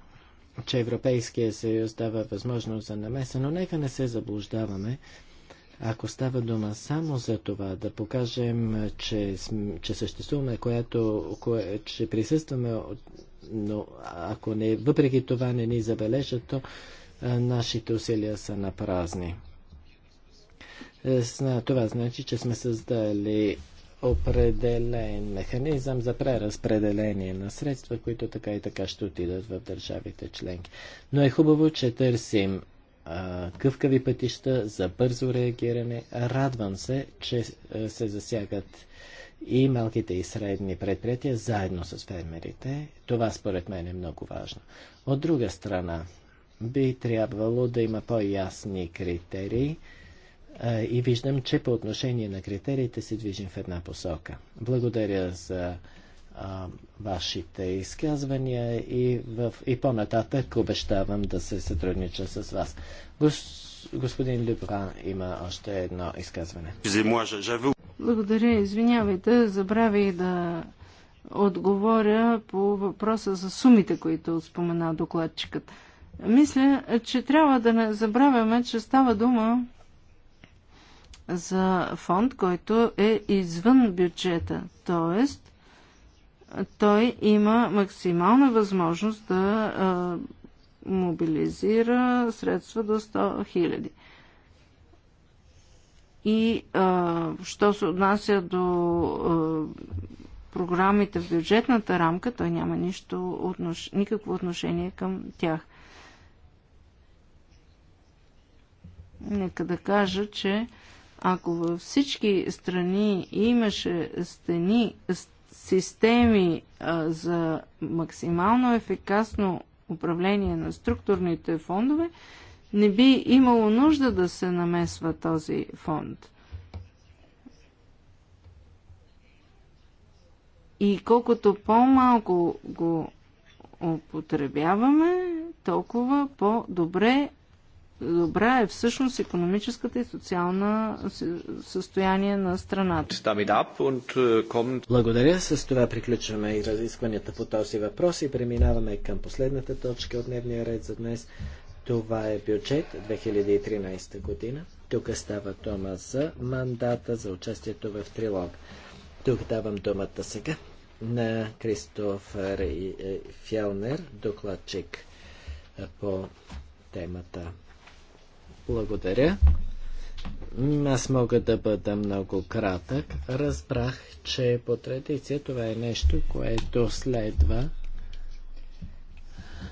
че Европейския съюз дава възможност за намеса, но нека не се заблуждаваме. Ако става дума само за това, да покажем, че, че съществуваме, което, кое, че присъстваме, но ако не, въпреки това не ни забележат, то а, нашите усилия са на празни. Е, това значи, че сме създали определен механизъм за преразпределение на средства, които така и така ще отидат в държавите членки. Но е хубаво, че търсим къвкави пътища за бързо реагиране. Радвам се, че а, се засягат и малките и средни предприятия заедно с фермерите. Това според мен е много важно. От друга страна, би трябвало да има по-ясни критерии, и виждам, че по отношение на критериите се движим в една посока. Благодаря за а, вашите изказвания и, в, и по-нататък обещавам да се сътруднича с вас. Гос, господин Любран има още едно изказване. Благодаря. Извинявайте, и да отговоря по въпроса за сумите, които спомена докладчикът. Мисля, че трябва да не забравяме, че става дума за фонд, който е извън бюджета. Тоест, той има максимална възможност да а, мобилизира средства до 100 хиляди. И а, що се отнася до а, програмите в бюджетната рамка, той няма нищо, отнош... никакво отношение към тях. Нека да кажа, че ако във всички страни имаше стени, системи а, за максимално ефикасно управление на структурните фондове, не би имало нужда да се намесва този фонд. И колкото по-малко го употребяваме, толкова по-добре добра е всъщност економическата и социална състояние на страната. Äh, Благодаря. С това приключваме и разискванията по този въпрос и преминаваме към последната точка от дневния ред за днес. Това е бюджет 2013 година. Тук става дума за мандата за участието в трилог. Тук давам думата сега на Кристофър Фелнер, докладчик по темата. Благодаря. Аз мога да бъда много кратък. Разбрах, че по традиция това е нещо, което следва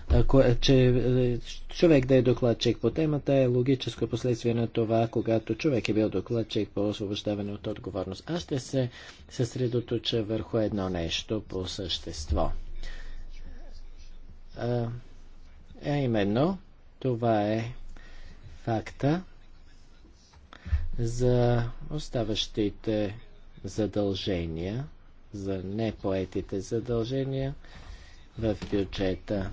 ако, че е, човек да е докладчик по темата е логическо последствие на това, когато човек е бил докладчик по освобождаване от отговорност. Аз ще се съсредоточа върху едно нещо по същество. А а именно, това е факта за оставащите задължения, за непоетите задължения в бюджета.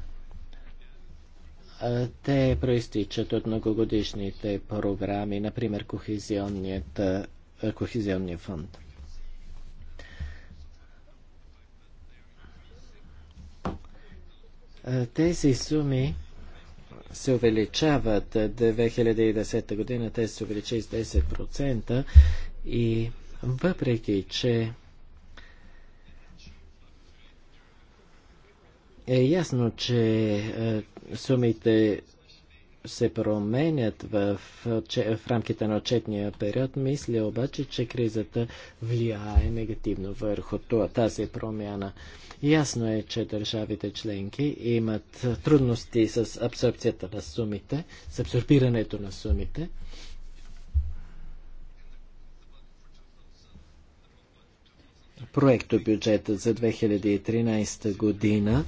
Те проистичат от многогодишните програми, например Кохезионния фонд. Тези суми се увеличават. 2010 е, година те се увеличи с 10% и въпреки, че е ясно, че е, сумите се променят в, в рамките на отчетния период, мисля обаче, че кризата влияе негативно върху тази промяна. Ясно е, че държавите членки имат трудности с абсорбцията на сумите, с абсорбирането на сумите. Проекто бюджета за 2013 година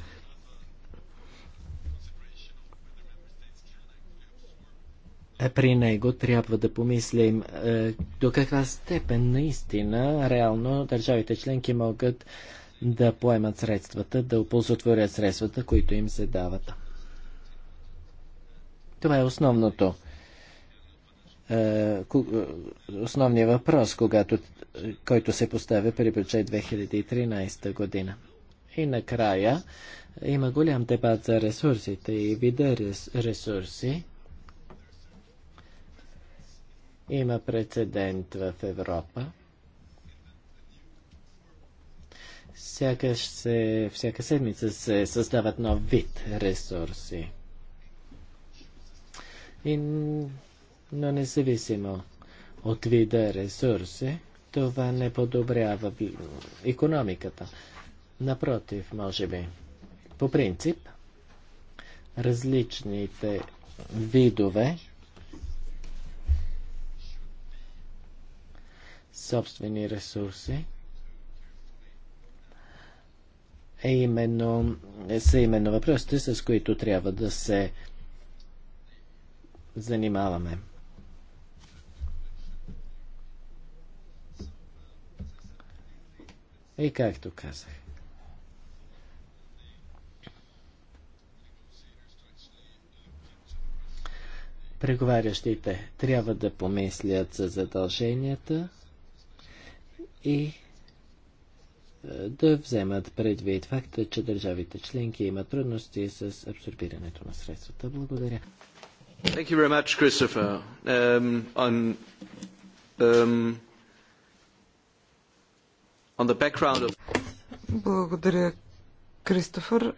Е при него трябва да помислим е, до каква степен наистина реално държавите членки могат да поемат средствата, да оползотворят средствата, които им се дават. Това е основното. Е, е основният въпрос, когато, който се поставя при бюджет 2013 година. И накрая има голям дебат за ресурсите и вида ресурси. Има прецедент в Европа. Сякаш се, всяка седмица се създават нов вид ресурси. И, но независимо от вида ресурси, това не подобрява економиката. Напротив, може би. По принцип, различните видове собствени ресурси е именно, са именно въпросите, с които трябва да се занимаваме. И както казах, преговарящите трябва да помислят за задълженията, и е, да вземат предвид факта, че държавите членки имат трудности с абсорбирането на средствата. Благодаря. Thank you very much, Christopher. Um, on, um, on the background of... Благодаря, Кристофър.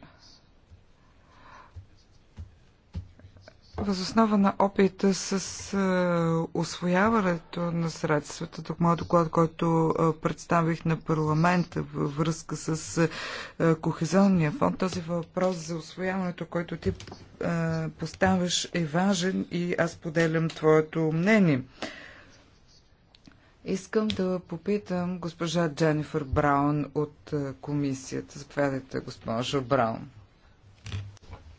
Възоснова на опита с а, е, освояването на средствата, тук моят доклад, който а, е, представих на парламента във връзка с а, е, Кохезонния фонд, този въпрос за освояването, който ти а, поставяш е важен и аз поделям твоето мнение. Искам да попитам госпожа Дженнифър Браун от комисията. Заповядайте, госпожа Браун.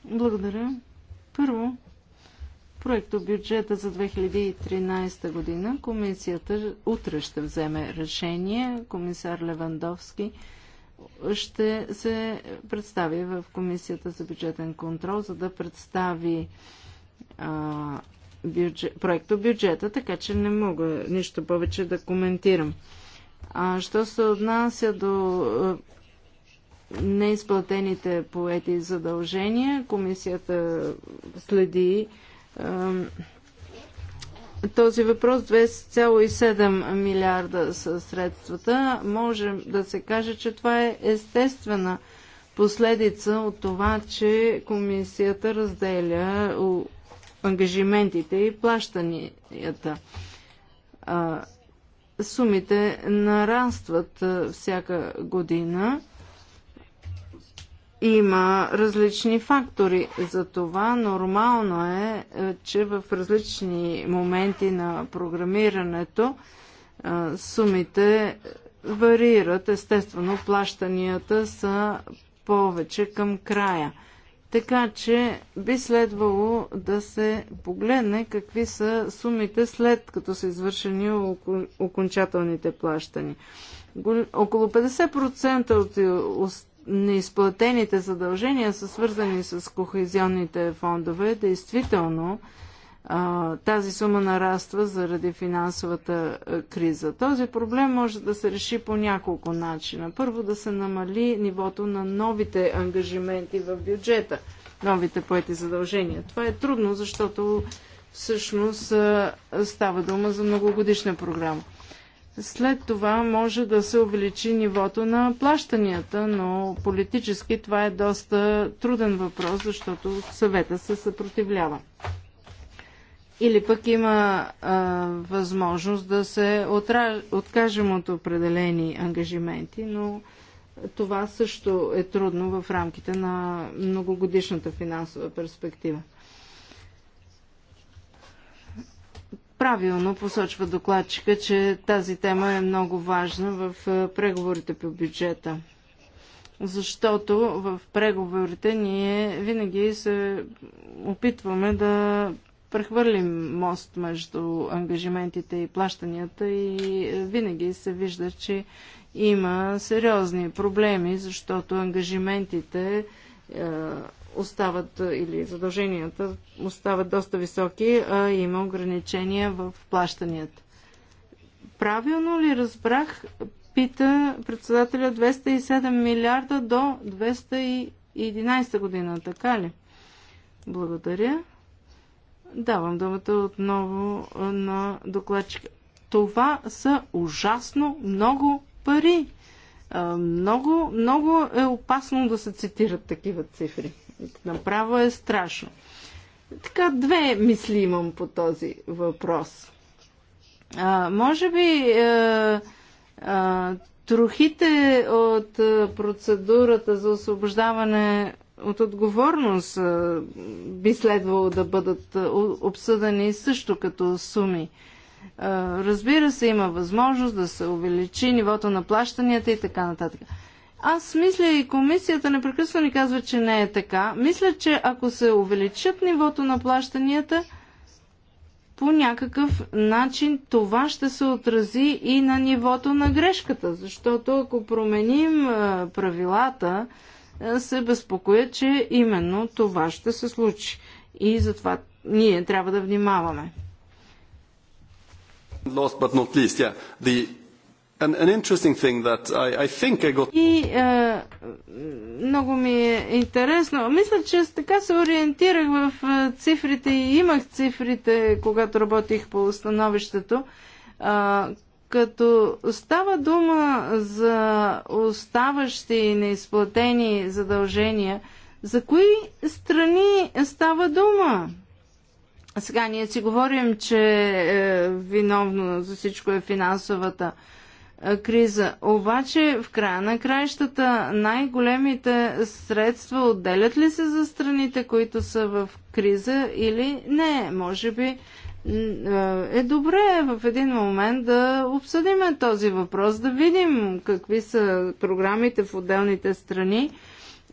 Благодаря. Първо, проекто бюджета за 2013 година. Комисията утре ще вземе решение. Комисар Левандовски ще се представи в Комисията за бюджетен контрол, за да представи а, бюджет, проекто бюджета, така че не мога нищо повече да коментирам. А що се отнася до неизплатените поети задължения, комисията следи този въпрос 2,7 милиарда са средствата. Може да се каже, че това е естествена последица от това, че комисията разделя ангажиментите и плащанията. Сумите нарастват всяка година има различни фактори за това. Нормално е, е че в различни моменти на програмирането е, сумите варират. Естествено, плащанията са повече към края. Така че би следвало да се погледне какви са сумите след като са извършени окончателните плащания. Около 50% от неизплатените задължения са свързани с кохезионните фондове. Действително, тази сума нараства заради финансовата криза. Този проблем може да се реши по няколко начина. Първо да се намали нивото на новите ангажименти в бюджета, новите поети задължения. Това е трудно, защото всъщност става дума за многогодишна програма. След това може да се увеличи нивото на плащанията, но политически това е доста труден въпрос, защото съвета се съпротивлява. Или пък има а, възможност да се отра... откажем от определени ангажименти, но това също е трудно в рамките на многогодишната финансова перспектива. Правилно посочва докладчика, че тази тема е много важна в е, преговорите по бюджета. Защото в преговорите ние винаги се опитваме да прехвърлим мост между ангажиментите и плащанията и е, винаги се вижда, че има сериозни проблеми, защото ангажиментите е, остават или задълженията остават доста високи, а има ограничения в плащанията. Правилно ли разбрах, пита председателя 207 милиарда до 211 година, така ли? Благодаря. Давам думата отново на докладчика. Това са ужасно много пари. Много, много е опасно да се цитират такива цифри направо е страшно. Така, две мисли имам по този въпрос. А, може би а, е, а, е, трохите от е, процедурата за освобождаване от отговорност би следвало да бъдат обсъдени също като суми. Разбира се, има възможност да се увеличи нивото на плащанията и така нататък. Аз мисля и комисията непрекъснато ни казва, че не е така. Мисля, че ако се увеличат нивото на плащанията, по някакъв начин това ще се отрази и на нивото на грешката, защото ако променим правилата, се безпокоя, че именно това ще се случи. И затова ние трябва да внимаваме. Last but not least, yeah, the и е, много ми е интересно. Мисля, че така се ориентирах в е, цифрите и имах цифрите, когато работих по установището. Е, като става дума за оставащи и неизплатени задължения, за кои страни става дума? Сега ние си говорим, че е, виновно за всичко е финансовата е, криза. Обаче в края на краищата най-големите средства отделят ли се за страните, които са в криза или не? Може би е, е добре в един момент да обсъдим този въпрос, да видим какви са програмите в отделните страни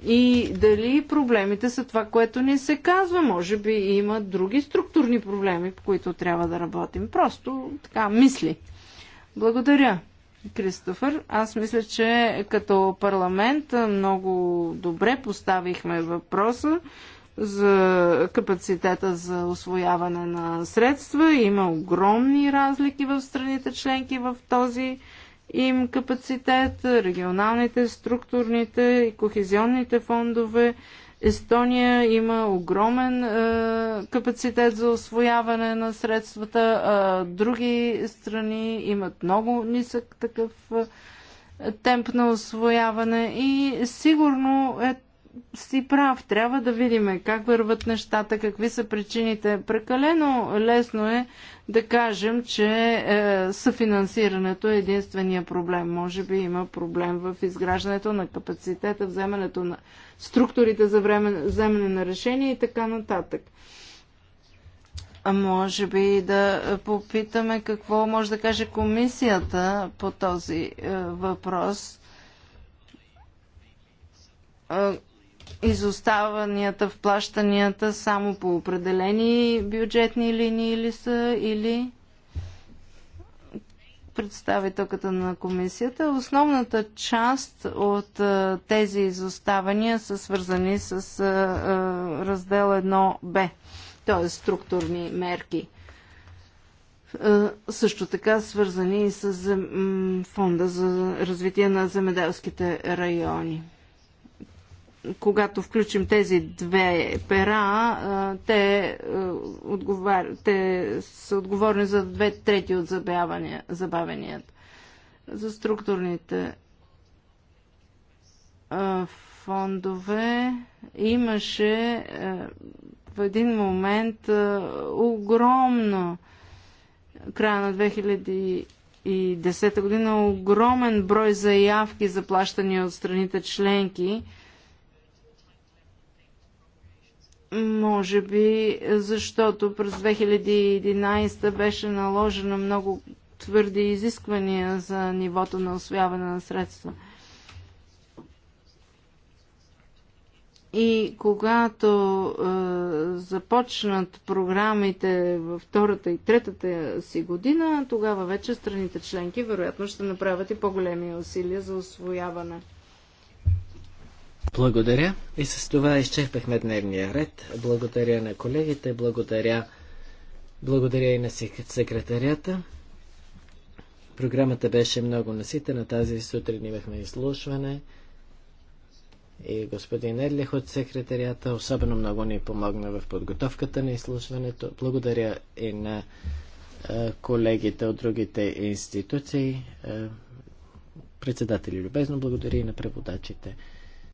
и дали проблемите са това, което ни се казва. Може би има други структурни проблеми, по които трябва да работим. Просто така мисли. Благодаря. Кристофър. Аз мисля, че като парламент много добре поставихме въпроса за капацитета за освояване на средства. Има огромни разлики в страните членки в този им капацитет. Регионалните, структурните и кохезионните фондове Естония има огромен е, капацитет за освояване на средствата, а други страни имат много нисък такъв е, темп на освояване и сигурно е си прав. Трябва да видим как върват нещата, какви са причините. Прекалено лесно е да кажем, че е, съфинансирането е единствения проблем. Може би има проблем в изграждането на капацитета, вземането на структурите за време, вземане на решения и така нататък. А може би да попитаме какво може да каже комисията по този е, въпрос изоставанията в плащанията само по определени бюджетни линии ли са или представителката на комисията. Основната част от тези изоставания са свързани с раздел 1Б, т.е. структурни мерки. Също така свързани и с фонда за развитие на земеделските райони когато включим тези две пера, те, отговар... те са отговорни за две трети от забавяния... забавенията. За структурните фондове имаше в един момент огромно края на 2000 2010 година огромен брой заявки за плащания от страните членки Може би, защото през 2011 беше наложено много твърди изисквания за нивото на освояване на средства. И когато е, започнат програмите във втората и третата си година, тогава вече страните членки вероятно ще направят и по-големи усилия за освояване. Благодаря. И с това изчерпахме дневния ред. Благодаря на колегите, благодаря, благодаря и на секретарията. Програмата беше много наситена. Тази сутрин имахме изслушване и господин Едлих от секретарията особено много ни помогна в подготовката на изслушването. Благодаря и на колегите от другите институции. Председатели любезно благодаря и на преводачите.